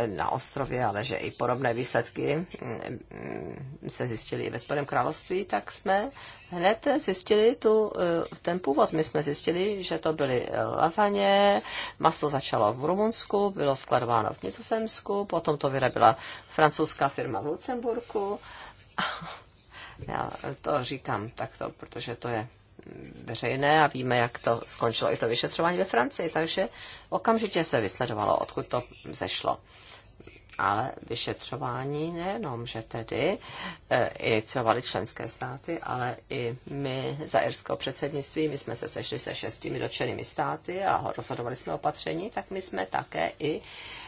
na ostrově, ale že i podobné výsledky mm, mm, se zjistily i ve Spojeném království, tak jsme hned zjistili tu, eh, ten původ. My jsme zjistili, že to byly lazaně, maso začalo v Rumunsku, bylo skladováno v Nizozemsku, potom to vyrobila francouzská firma v Lucemburku. Já to říkám takto, protože to je veřejné a víme, jak to skončilo i to vyšetřování ve Francii, takže okamžitě se vysledovalo, odkud to zešlo. Ale vyšetřování nejenom, že tedy e, iniciovali členské státy, ale i my za irského předsednictví, my jsme se sešli se šestimi dotčenými státy a rozhodovali jsme opatření, tak my jsme také i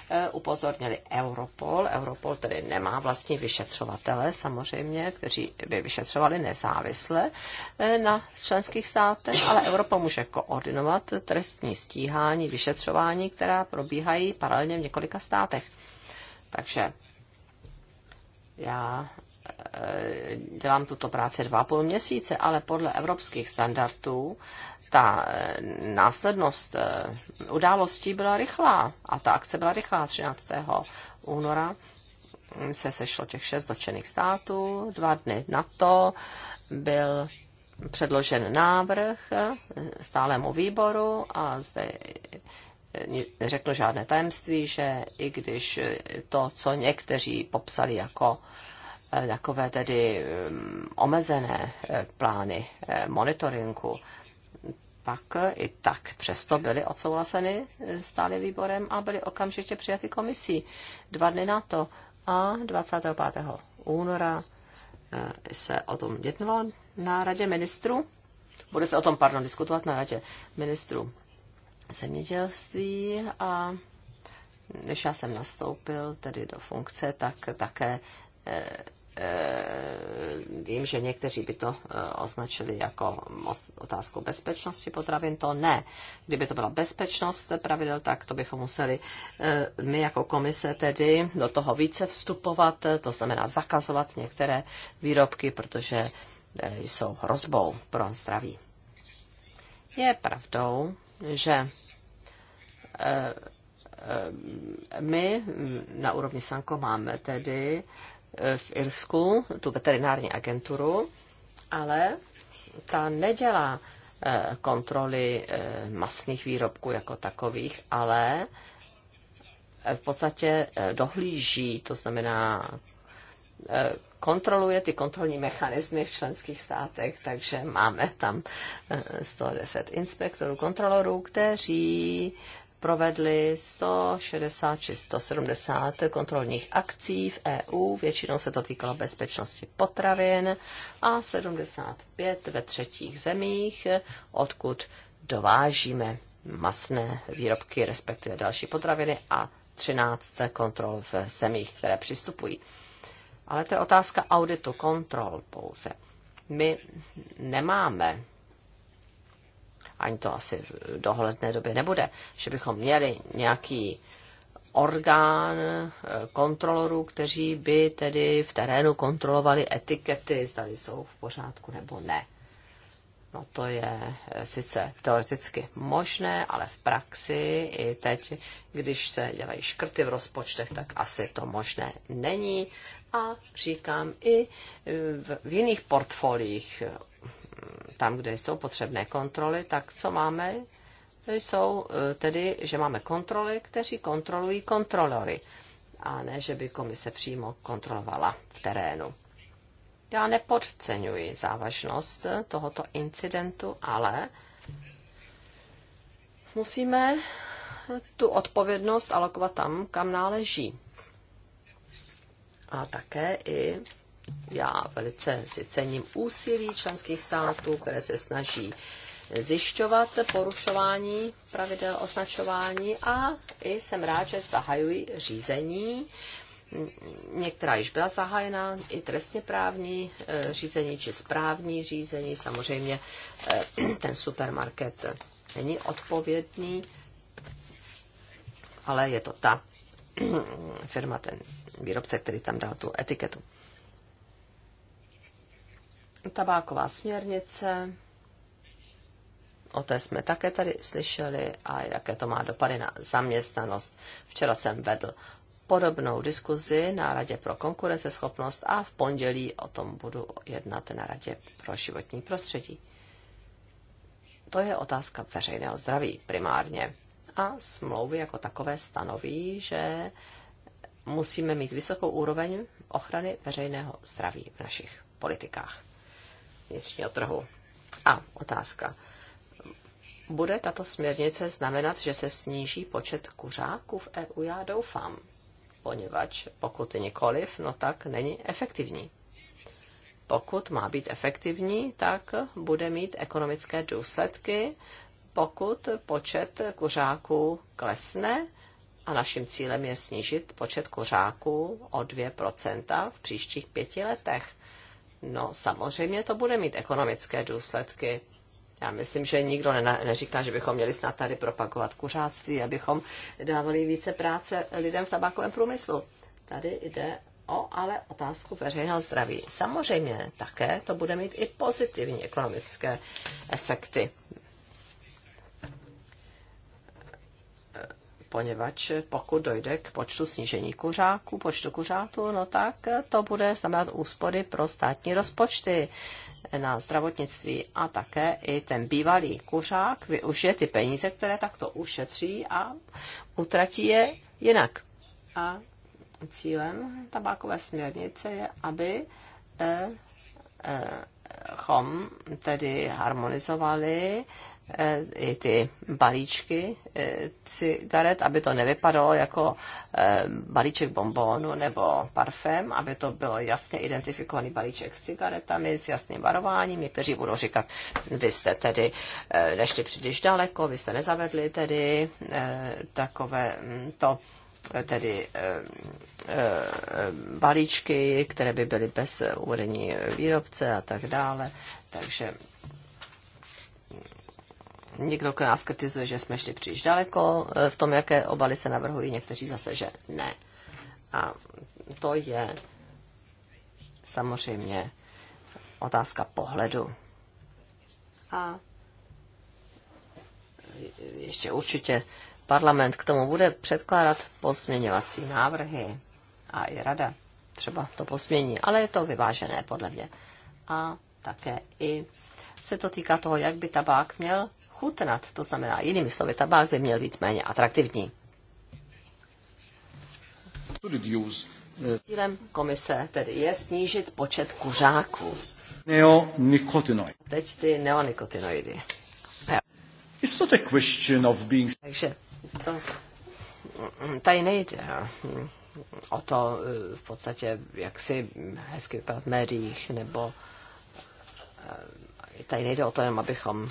Eh, upozornili Europol. Europol tedy nemá vlastní vyšetřovatele samozřejmě, kteří by vyšetřovali nezávisle eh, na členských státech, ale Europol může koordinovat trestní stíhání, vyšetřování, která probíhají paralelně v několika státech. Takže já eh, dělám tuto práci dva půl měsíce, ale podle evropských standardů ta eh, následnost eh, událostí byla rychlá a ta akce byla rychlá 13. února se sešlo těch šest dotčených států, dva dny na to byl předložen návrh eh, stálému výboru a zde neřeknu žádné tajemství, že i když to, co někteří popsali jako takové tedy mm, omezené plány monitoringu, pak i tak přesto byly odsouhlaseny e, stále výborem a byly okamžitě přijaty komisí. Dva dny na to a 25. února e, se o tom jednalo na radě ministrů. Bude se o tom, pardon, diskutovat na radě ministrů zemědělství a než já jsem nastoupil tedy do funkce, tak také e, Eh, vím, že někteří by to eh, označili jako otázku bezpečnosti potravin, to ne. Kdyby to byla bezpečnost pravidel, tak to bychom museli eh, my jako komise tedy do toho více vstupovat, to znamená zakazovat některé výrobky, protože jsou hrozbou pro zdraví. Je pravdou, že my mm, na úrovni Sanko máme tedy Eh, v Irsku, tu veterinární agenturu, ale ta nedělá eh, kontroly eh, masných výrobků jako takových, ale v podstatě dohlíží, to znamená kontroluje ty kontrolní mechanismy v členských státech, takže máme tam 110 inspektorů, kontrolorů, kteří provedli 160 170 kontrolních akcí v EU, většinou se to týkalo bezpečnosti potravin a 75 ve třetích zemích, odkud dovážíme masné výrobky, respektive další potraviny a 13 kontrol v zemích, které přistupují. Ale to je otázka auditu kontrol pouze. My nemáme ani to asi v dohledné době nebude, že bychom měli nějaký orgán eh, kontrolorů, kteří by tedy v terénu kontrolovali etikety, zda jsou v pořádku nebo ne. No to je eh, sice teoreticky možné, ale v praxi i teď, když se dělají škrty v rozpočtech, tak asi to možné není. A říkám i eh, v, v jiných portfoliích tam, kde jsou potřebné kontroly, tak co máme? Jsou e, tedy, že máme kontroly, kteří kontrolují kontrolory, a ne, že by komise přímo kontrolovala v terénu. Já nepodceňuji závažnost tohoto incidentu, ale musíme tu odpovědnost alokovat tam, kam náleží. A také i já velice si cením úsilí členských států, které se snaží zjišťovat porušování pravidel označování a i jsem rád, že zahajují řízení. Některá již byla zahájena, i trestně právní e, řízení či správní řízení. Samozřejmě e, ten supermarket není odpovědný, ale je to ta firma, ten výrobce, který tam dal tu etiketu tabáková směrnice, o té jsme také tady slyšeli a jaké to má dopady na zaměstnanost. Včera jsem vedl podobnou diskuzi na Radě pro konkurenceschopnost a v pondělí o tom budu jednat na Radě pro životní prostředí. To je otázka veřejného zdraví primárně. A smlouvy jako takové stanoví, že musíme mít vysokou úroveň ochrany veřejného zdraví v našich politikách vnitřního trhu. A otázka. Bude tato směrnice znamenat, že se sníží počet kuřáků v EU? Já doufám, poněvadž pokud nikoliv, no tak není efektivní. Pokud má být efektivní, tak bude mít ekonomické důsledky, pokud počet kuřáků klesne a naším cílem je snížit počet kuřáků o 2% v příštích pěti letech. No samozřejmě to bude mít ekonomické důsledky. Já myslím, že nikdo ne, neříká, že bychom měli snad tady propagovat kuřáctví, abychom dávali více práce lidem v tabákovém průmyslu. Tady jde o ale otázku veřejného zdraví. Samozřejmě také to bude mít i pozitivní ekonomické efekty poněvadž pokud dojde k počtu snížení kuřáků, počtu kuřátů, no tak to bude znamenat úspory pro státní rozpočty na zdravotnictví a také i ten bývalý kuřák využije ty peníze, které takto ušetří a utratí je jinak. A cílem tabákové směrnice je, aby eh, eh, chom tedy harmonizovali eh, Eh, i ty balíčky eh, cigaret, aby to nevypadalo jako eh, balíček bombónu nebo parfém, aby to bylo jasně identifikovaný balíček s cigaretami, s jasným varováním. Někteří budou říkat, vy jste tedy nešli příliš daleko, vy jste nezavedli tedy takové mm, to tedy balíčky, které by byly bez uvedení výrobce a tak dále. Takže Někdo k nás kritizuje, že jsme šli příliš daleko e, v tom, jaké obaly se navrhují, někteří zase, že ne. A to je samozřejmě otázka pohledu. A ještě určitě parlament k tomu bude předkládat posměňovací návrhy a i rada třeba to posmění, ale je to vyvážené podle mě. A také i se to týká toho, jak by tabák měl chutnat. To znamená, jinými slovy, tabák by měl být méně atraktivní. Cílem komise tedy je snížit počet kuřáků. Neonikotinoid. Teď ty neonikotinoidy. It's not a question of being... Takže to tady nejde hm, o to eh, v podstatě, jak si hezky vypadat v médiích, nebo eh, tady nejde o to jenom, abychom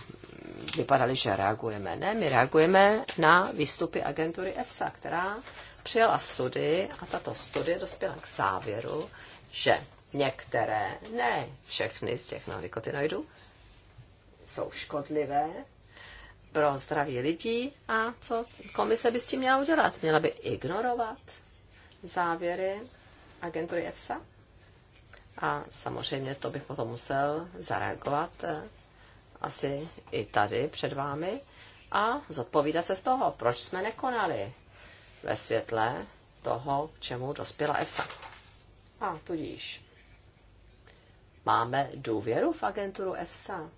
vypadaly, že reagujeme. Ne, my reagujeme na výstupy agentury EFSA, která přijala studii a tato studie dospěla k závěru, že některé, ne všechny z těch neonikotinoidů, jsou škodlivé pro zdraví lidí a co komise by s tím měla udělat? Měla by ignorovat závěry agentury EFSA? A samozřejmě to bych potom musel zareagovat eh, asi i tady před vámi a zodpovídat se z toho, proč jsme nekonali ve světle toho, k čemu dospěla EFSA. A tudíž máme důvěru v agenturu EFSA.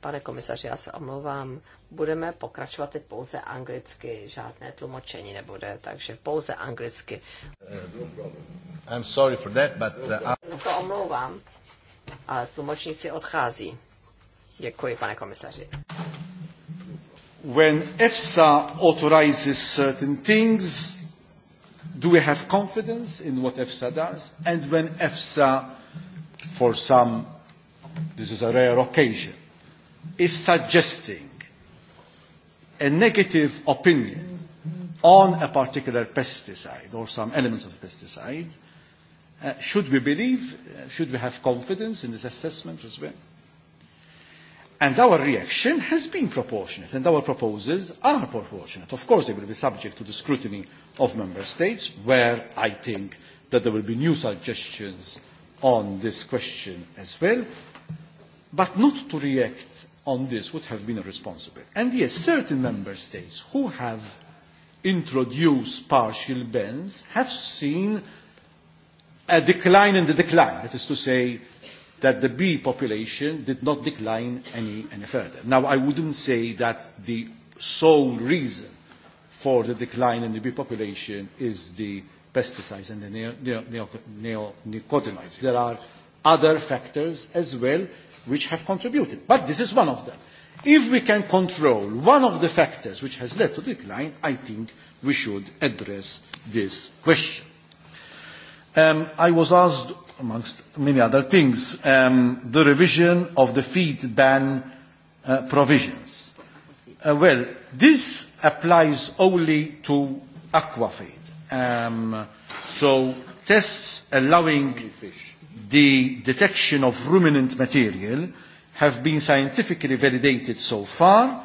Pane komisaři, já se omlouvám, budeme pokračovat teď pouze anglicky, žádné tlumočení nebude, takže pouze anglicky. I'm sorry for that, but... Uh, to omlouvám, ale tlumočníci odchází. Děkuji, pane komisaři. When EFSA authorizes certain things, do we have confidence in what EFSA does? And when EFSA, for some, this is a rare occasion, is suggesting a negative opinion on a particular pesticide or some elements of the pesticide, uh, should we believe, uh, should we have confidence in this assessment as well? And our reaction has been proportionate, and our proposals are proportionate. Of course, they will be subject to the scrutiny of member states, where I think that there will be new suggestions on this question as well. But not to react on this would have been irresponsible. And yes, certain member states who have introduced partial bans have seen a decline in the decline, that is to say, that the bee population did not decline any, any further. Now, I wouldn't say that the sole reason for the decline in the bee population is the pesticides and the neonicotinoids. There are other factors as well which have contributed, but this is one of them. If we can control one of the factors which has led to decline, I think we should address this question. Um, I was asked amongst many other things, um, the revision of the feed ban uh, provisions. Uh, well, this applies only to aquafeed. Um, so tests allowing the detection of ruminant material have been scientifically validated so far,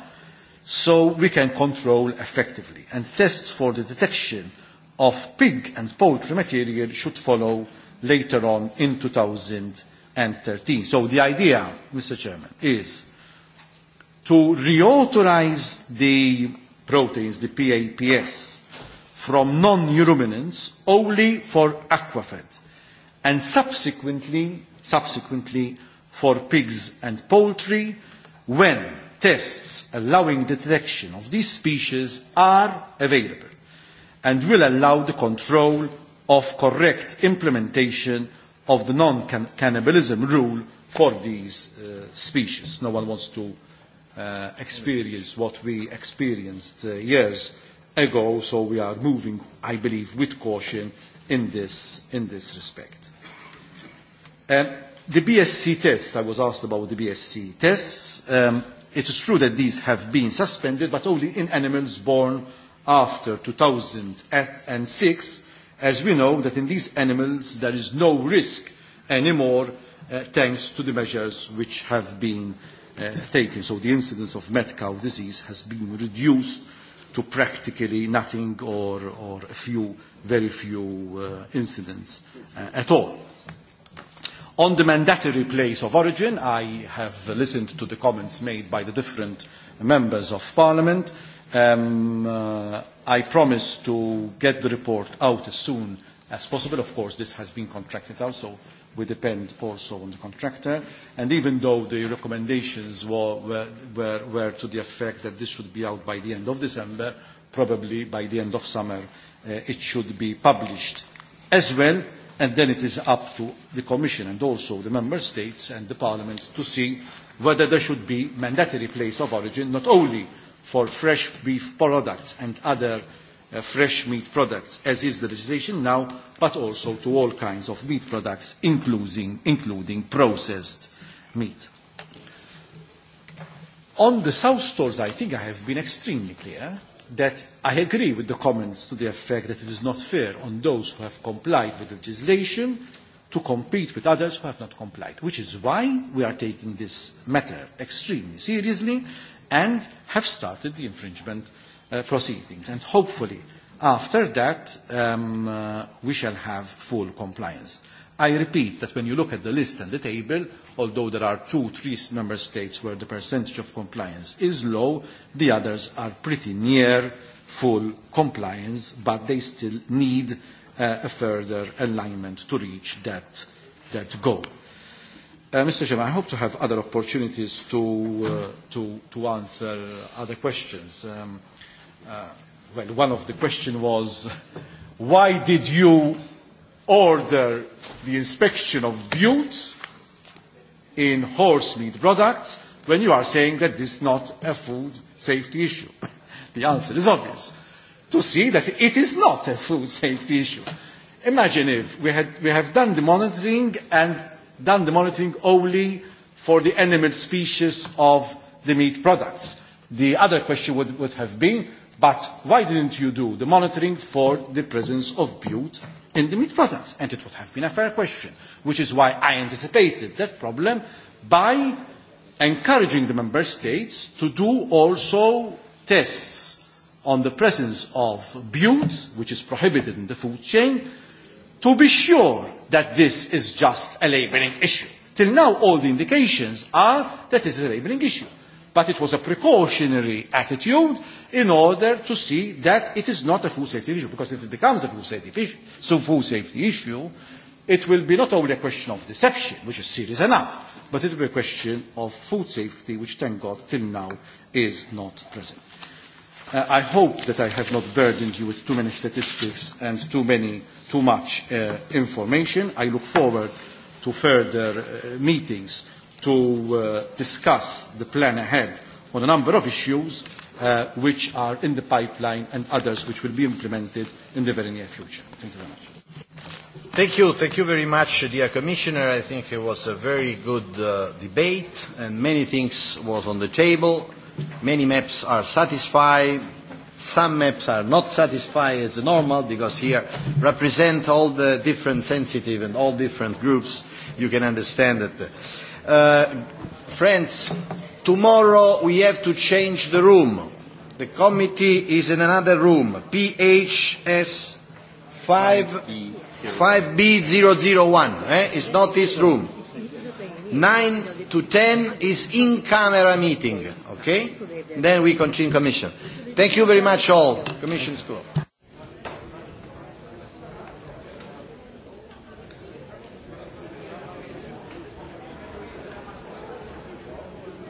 so we can control effectively. And tests for the detection of pig and poultry material should follow later on in 2013. So the idea, Mr. Chairman, is to reauthorize the proteins, the PAPS, from non-ruminants only for aquafed and subsequently, subsequently for pigs and poultry when tests allowing detection of these species are available and will allow the control of correct implementation of the non-cannibalism rule for these uh, species. No one wants to uh, experience what we experienced uh, years ago, so we are moving, I believe, with caution in this, in this respect. Um, the BSC tests, I was asked about the BSC tests. Um, it is true that these have been suspended, but only in animals born after 2006 as we know that in these animals there is no risk anymore uh, thanks to the measures which have been uh, taken. So the incidence of mad cow disease has been reduced to practically nothing or, or a few, very few uh, incidents uh, at all. On the mandatory place of origin, I have listened to the comments made by the different members of parliament. Um, uh, i promise to get the report out as soon as possible. Of course, this has been contracted out, so we depend also on the contractor. And even though the recommendations were, were, were, were to the effect that this should be out by the end of December, probably by the end of summer, uh, it should be published as well. And then it is up to the Commission and also the Member States and the Parliament to see whether there should be mandatory place of origin, not only for fresh beef products and other uh, fresh meat products, as is the legislation now, but also to all kinds of meat products, including, including processed meat. On the South stores, I think I have been extremely clear that I agree with the comments to the effect that it is not fair on those who have complied with the legislation to compete with others who have not complied, which is why we are taking this matter extremely seriously and have started the infringement uh, proceedings. And hopefully, after that, um, uh, we shall have full compliance. I repeat that when you look at the list and the table, although there are two, three member states where the percentage of compliance is low, the others are pretty near full compliance, but they still need uh, a further alignment to reach that, that goal. Uh, Mr. Chairman, I hope to have other opportunities to, uh, to, to answer other questions. Um, uh, well, one of the questions was, why did you order the inspection of butte in horse meat products when you are saying that this is not a food safety issue? the answer is obvious. To see that it is not a food safety issue. Imagine if we, had, we have done the monitoring and done the monitoring only for the animal species of the meat products. The other question would, would have been, but why didn't you do the monitoring for the presence of bute in the meat products? And it would have been a fair question, which is why I anticipated that problem by encouraging the member states to do also tests on the presence of bute, which is prohibited in the food chain, to be sure that this is just a labelling issue. Till now, all the indications are that it is a labelling issue. But it was a precautionary attitude in order to see that it is not a food safety issue, because if it becomes a food safety issue, so food safety issue, it will be not only a question of deception, which is serious enough, but it will be a question of food safety, which, thank God, till now is not present. Uh, I hope that I have not burdened you with too many statistics and too many too much uh, information. I look forward to further uh, meetings to uh, discuss the plan ahead on a number of issues uh, which are in the pipeline and others which will be implemented in the very near future. Thank you very much. Thank you. Thank you very much, dear Commissioner. I think it was a very good uh, debate and many things was on the table. Many maps are satisfied Some maps are not satisfied as normal because here represent all the different sensitive and all different groups. You can understand that. Uh, friends, tomorrow we have to change the room. The committee is in another room, PHS 5 5B001 eh? It's not this room. 9 to 10 is in-camera meeting, okay? Then we continue commission. Thank you very much all. Commission School.